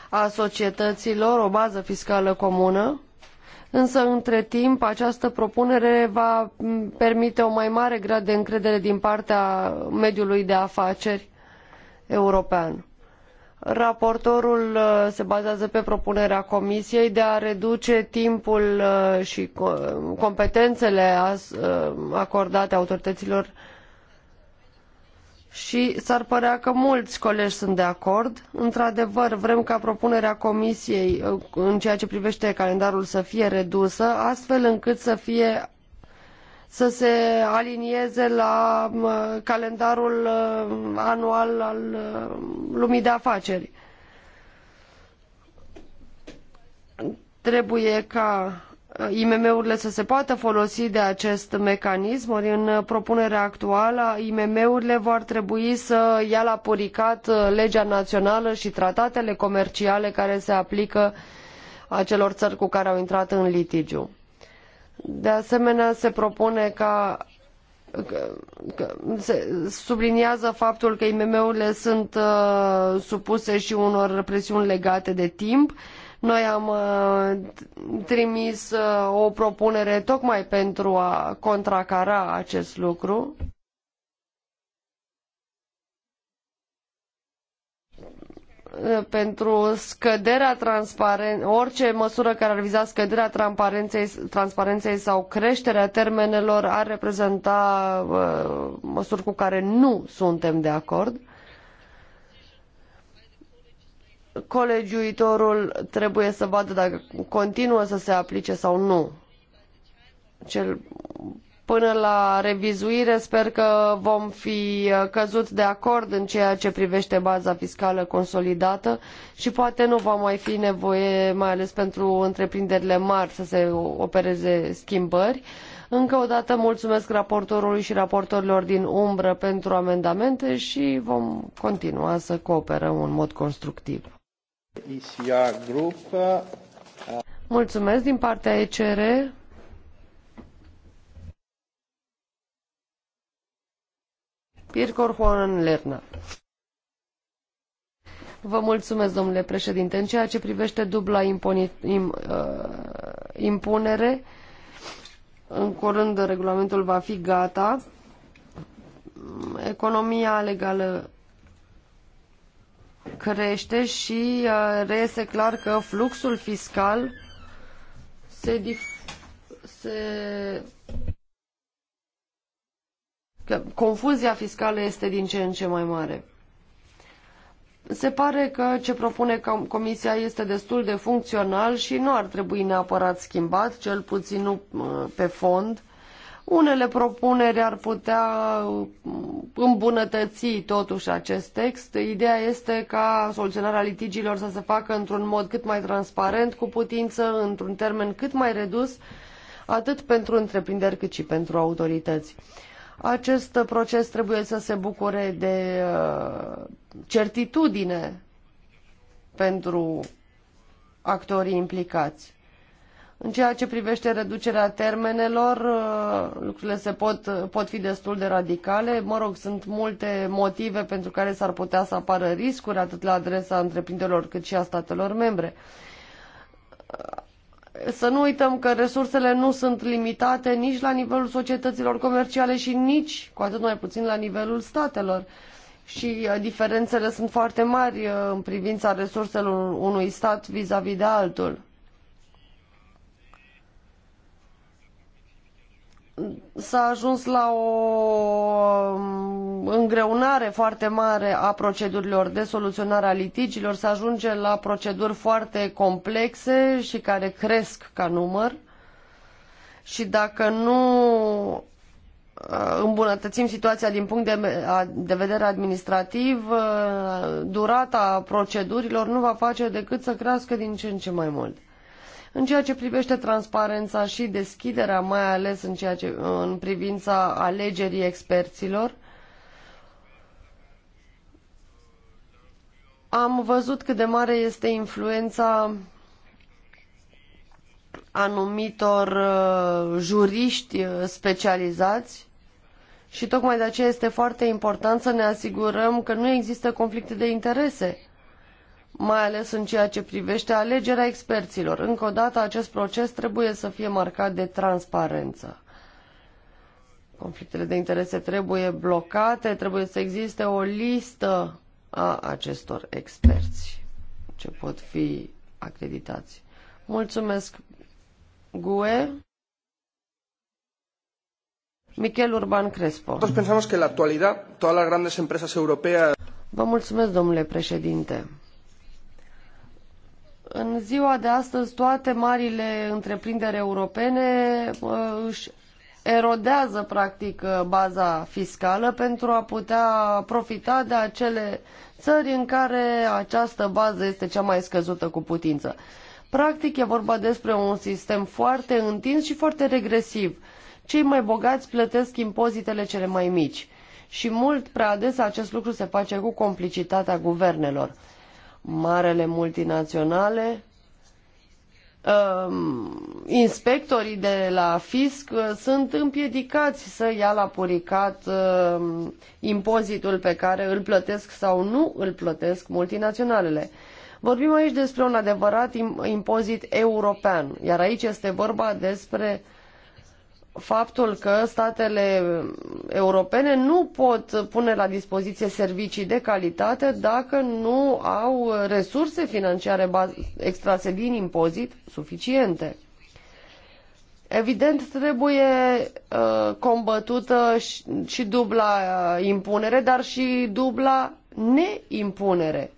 a societăților, o bază fiscală comună, însă între timp această propunere va permite un mai mare grad de încredere din partea mediului de afaceri european. Raportorul uh, se bazează pe propunerea Comisiei de a reduce timpul uh, și competențele uh, acordate autorităților și s-ar părea că mulți colegi sunt de acord. Într-adevăr, vrem ca propunerea Comisiei uh, în ceea ce privește calendarul să fie redusă, astfel încât să fie să se alinieze la uh, calendarul uh, anual al lumii de afaceri. Trebuie ca IMM-urile să se poată folosi de acest mecanism, ori în propunerea actuală IMM-urile vor trebui să ia la puricat uh, legea națională și tratatele comerciale care se aplică acelor țări cu care au intrat în litigiu. De asemenea, se propune ca se subliniază faptul că IMM-urile sunt uh, supuse și unor presiuni legate de timp, uh, noi am uh, trimis uh, o propunere tocmai pentru a contracara acest lucru. Uh, pentru scăderea transparenței, orice măsură care ar viza scăderea transparenței, transparenței sau creșterea termenelor ar reprezenta uh, măsuri cu care nu suntem de acord colegiuitorul trebuie să vadă dacă continuă să se aplice sau nu. Cel, până la revizuire sper că vom fi uh, căzut de acord în ceea ce privește baza fiscală consolidată și poate nu va mai fi nevoie, mai ales pentru întreprinderile mari, să se opereze schimbări. Încă o dată mulțumesc raportorului și raportorilor din umbră pentru amendamente și vom continua să cooperăm în mod constructiv. Mulțumesc din partea ECR. Pircor Juan Lerna. Vă mulțumesc, domnule președinte. În ceea ce privește dubla im, uh, impunere, în curând regulamentul va fi gata. Economia legală crește și uh, reiese clar că fluxul fiscal se, dif- se că confuzia fiscală este din ce în ce mai mare. Se pare că ce propune Comisia este destul de funcțional și nu ar trebui neapărat schimbat, cel puțin nu uh, pe fond, unele propuneri ar putea îmbunătăți totuși acest text. Ideea este ca soluționarea litigiilor să se facă într-un mod cât mai transparent, cu putință, într-un termen cât mai redus, atât pentru întreprinderi cât și pentru autorități. Acest proces trebuie să se bucure de uh, certitudine pentru actorii implicați. În ceea ce privește reducerea termenelor, uh, lucrurile se pot, pot fi destul de radicale. Mă rog, sunt multe motive pentru care s-ar putea să apară riscuri atât la adresa întreprinderilor cât și a statelor membre. Uh, să nu uităm că resursele nu sunt limitate nici la nivelul societăților comerciale și nici, cu atât mai puțin, la nivelul statelor. Și uh, diferențele sunt foarte mari în privința resurselor unui stat vis-a-vis -vis de altul. s-a ajuns la o um, îngreunare foarte mare a procedurilor de soluționare a litigiilor, se ajunge la proceduri foarte complexe și care cresc ca număr și dacă nu uh, îmbunătățim situația din punct de vedere administrativ, uh, durata procedurilor nu va face decât să crească din ce în ce mai mult. În ceea ce privește transparența și deschiderea, mai ales în, ceea ce, în privința alegerii experților, am văzut cât de mare este influența anumitor uh, juriști uh, specializați și tocmai de aceea este foarte important să ne asigurăm că nu există conflicte de interese mai ales în ceea ce privește alegerea experților. Încă o dată, acest proces trebuie să fie marcat de transparență. Conflictele de interese trebuie blocate, trebuie să existe o listă a acestor experți ce pot fi acreditați. Mulțumesc, GUE. Michel Urban Crespo. Nosotros pensamos que en la actualidad todas las grandes empresas europeas. Vă mulțumesc, domnule președinte. În ziua de astăzi, toate marile întreprinderi europene uh, își erodează, practic, uh, baza fiscală pentru a putea profita de acele țări în care această bază este cea mai scăzută cu putință. Practic, e vorba despre un sistem foarte întins și foarte regresiv. Cei mai bogați plătesc impozitele cele mai mici și mult prea adesea acest lucru se face cu complicitatea guvernelor marele multinaționale, um, inspectorii de la fisc uh, sunt împiedicați să ia la puricat um, impozitul pe care îl plătesc sau nu îl plătesc multinaționalele. Vorbim aici despre un adevărat impozit european, iar aici este vorba despre uh, faptul că statele europene nu pot pune la dispoziție servicii de calitate dacă nu au resurse financiare extrase din impozit suficiente. Evident, trebuie uh, combătută și, și dubla uh, impunere, dar și dubla neimpunere.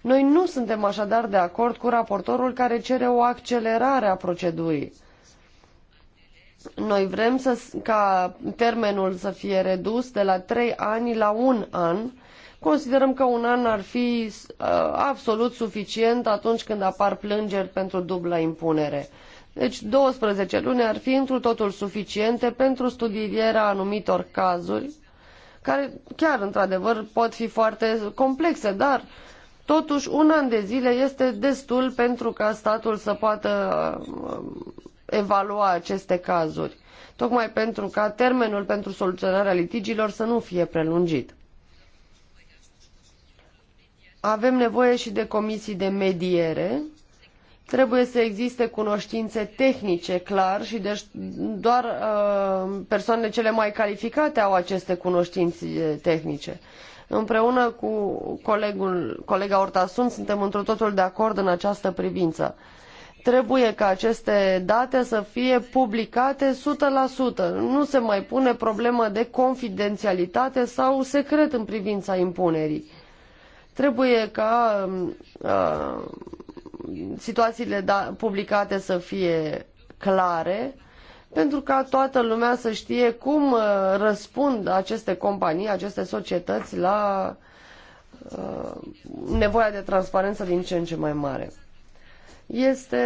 Noi nu suntem așadar de acord cu raportorul care cere o accelerare a procedurii noi vrem să, ca termenul să fie redus de la 3 ani la un an. Considerăm că un an ar fi uh, absolut suficient atunci când apar plângeri pentru dubla impunere. Deci 12 luni ar fi într totul suficiente pentru studierea anumitor cazuri, care chiar într-adevăr pot fi foarte complexe, dar totuși un an de zile este destul pentru ca statul să poată uh, evalua aceste cazuri, tocmai pentru ca termenul pentru soluționarea litigiilor să nu fie prelungit. Avem nevoie și de comisii de mediere, trebuie să existe cunoștințe tehnice, clar, și deci doar uh, persoanele cele mai calificate au aceste cunoștințe tehnice. Împreună cu colegul, colega Ortasun suntem într totul de acord în această privință. Trebuie ca aceste date să fie publicate 100%. Nu se mai pune problemă de confidențialitate sau secret în privința impunerii. Trebuie ca um, uh, situațiile da publicate să fie clare, pentru ca toată lumea să știe cum uh, răspund aceste companii, aceste societăți la uh, nevoia de transparență din ce în ce mai mare. Este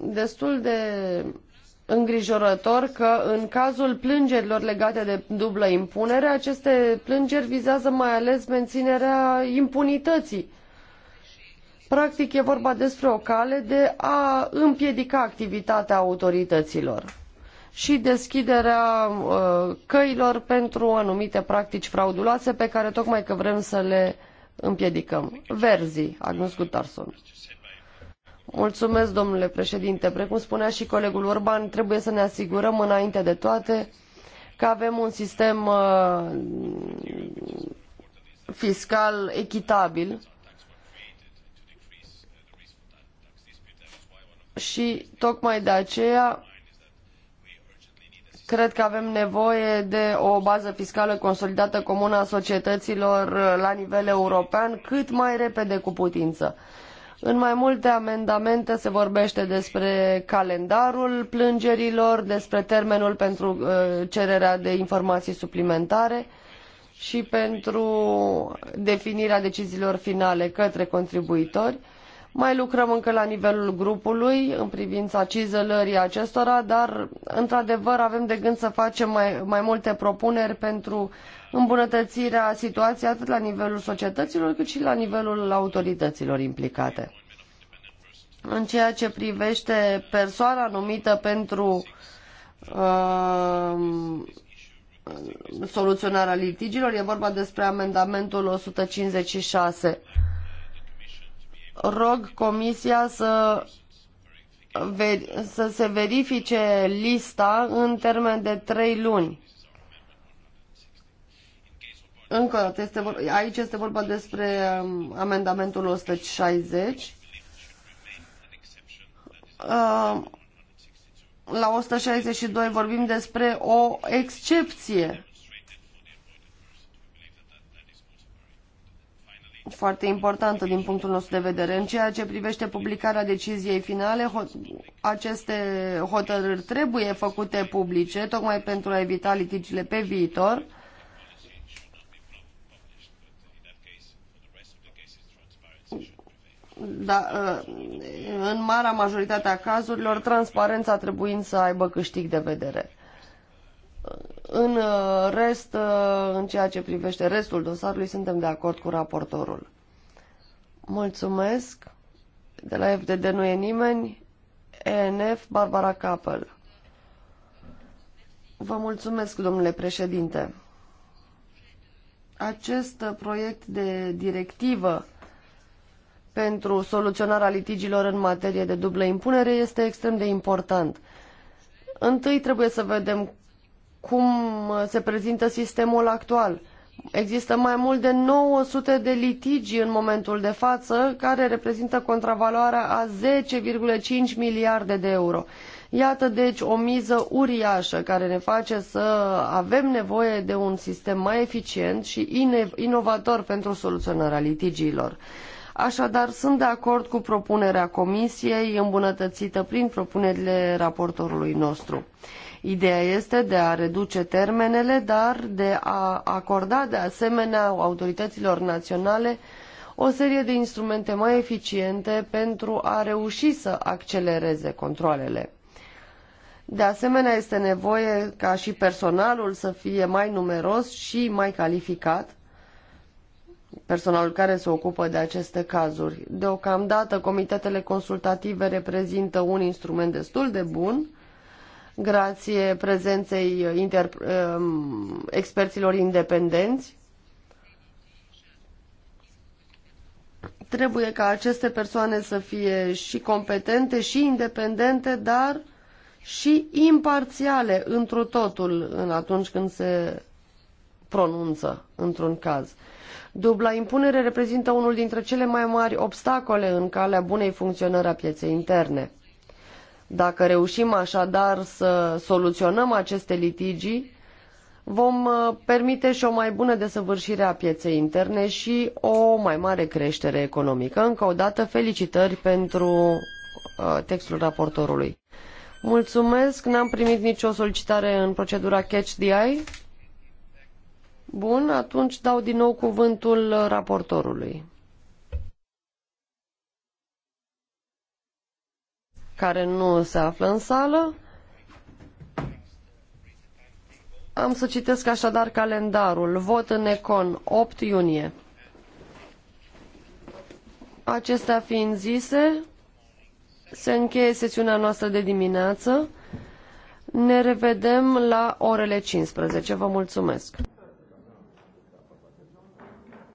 destul de îngrijorător că în cazul plângerilor legate de dublă impunere, aceste plângeri vizează mai ales menținerea impunității. Practic e vorba despre o cale de a împiedica activitatea autorităților și deschiderea uh, căilor pentru anumite practici frauduloase pe care tocmai că vrem să le împiedicăm. Verzi, Agnus Gutarson. Mulțumesc, domnule președinte. Precum spunea și colegul Urban, trebuie să ne asigurăm înainte de toate că avem un sistem uh, fiscal echitabil și tocmai de aceea cred că avem nevoie de o bază fiscală consolidată comună a societăților uh, la nivel european cât mai repede cu putință. În mai multe amendamente se vorbește despre calendarul plângerilor, despre termenul pentru uh, cererea de informații suplimentare și pentru definirea deciziilor finale către contribuitori. Uh, mai lucrăm încă la nivelul grupului în privința cizelării acestora, dar într-adevăr avem de gând să facem mai, mai multe propuneri pentru îmbunătățirea situației atât la nivelul societăților cât și la nivelul autorităților implicate. În ceea ce privește persoana numită pentru uh, soluționarea litigiilor, e vorba despre amendamentul 156 rog Comisia să, să se verifice lista în termen de trei luni. Încă o dată, este vorba, aici este vorba despre um, amendamentul 160. Uh, la 162 vorbim despre o excepție foarte importantă din punctul nostru de vedere. În ceea ce privește publicarea deciziei finale, aceste hotărâri trebuie făcute publice, tocmai pentru a evita litigiile pe viitor. Da, în marea majoritatea cazurilor, transparența trebuie să aibă câștig de vedere. În uh, rest, uh, în ceea ce privește restul dosarului, suntem de acord cu raportorul. Mulțumesc. De la FDD nu e nimeni. ENF, Barbara Capel. Vă mulțumesc, domnule președinte. Acest proiect de directivă pentru soluționarea litigiilor în materie de dublă impunere este extrem de important. Întâi trebuie să vedem cum uh, se prezintă sistemul actual. Există mai mult de 900 de litigi în momentul de față, care reprezintă contravaloarea a 10,5 miliarde de euro. Iată deci o miză uriașă care ne face să avem nevoie de un sistem mai eficient și inovator pentru soluționarea litigiilor. Așadar, sunt de acord cu propunerea Comisiei, îmbunătățită prin propunerile raportorului nostru. Ideea este de a reduce termenele, dar de a acorda de asemenea autorităților naționale o serie de instrumente mai eficiente pentru a reuși să accelereze controlele. De asemenea, este nevoie ca și personalul să fie mai numeros și mai calificat, personalul care se ocupă de aceste cazuri. Deocamdată, comitetele consultative reprezintă un instrument destul de bun, grație prezenței inter, um, experților independenți. Trebuie ca aceste persoane să fie și competente și independente, dar și imparțiale întru totul în atunci când se pronunță într-un caz. Dubla impunere reprezintă unul dintre cele mai mari obstacole în calea bunei funcționări a pieței interne. Dacă reușim așadar să soluționăm aceste litigii, vom uh, permite și o mai bună desăvârșire a pieței interne și o mai mare creștere economică. Încă o dată, felicitări pentru uh, textul raportorului. Mulțumesc, n-am primit nicio solicitare în procedura Catch the Eye. Bun, atunci dau din nou cuvântul raportorului. care nu se află în sală. Am să citesc așadar calendarul. Vot în Econ, 8 iunie. Acestea fiind zise, se încheie sesiunea noastră de dimineață. Ne revedem la orele 15. Vă mulțumesc!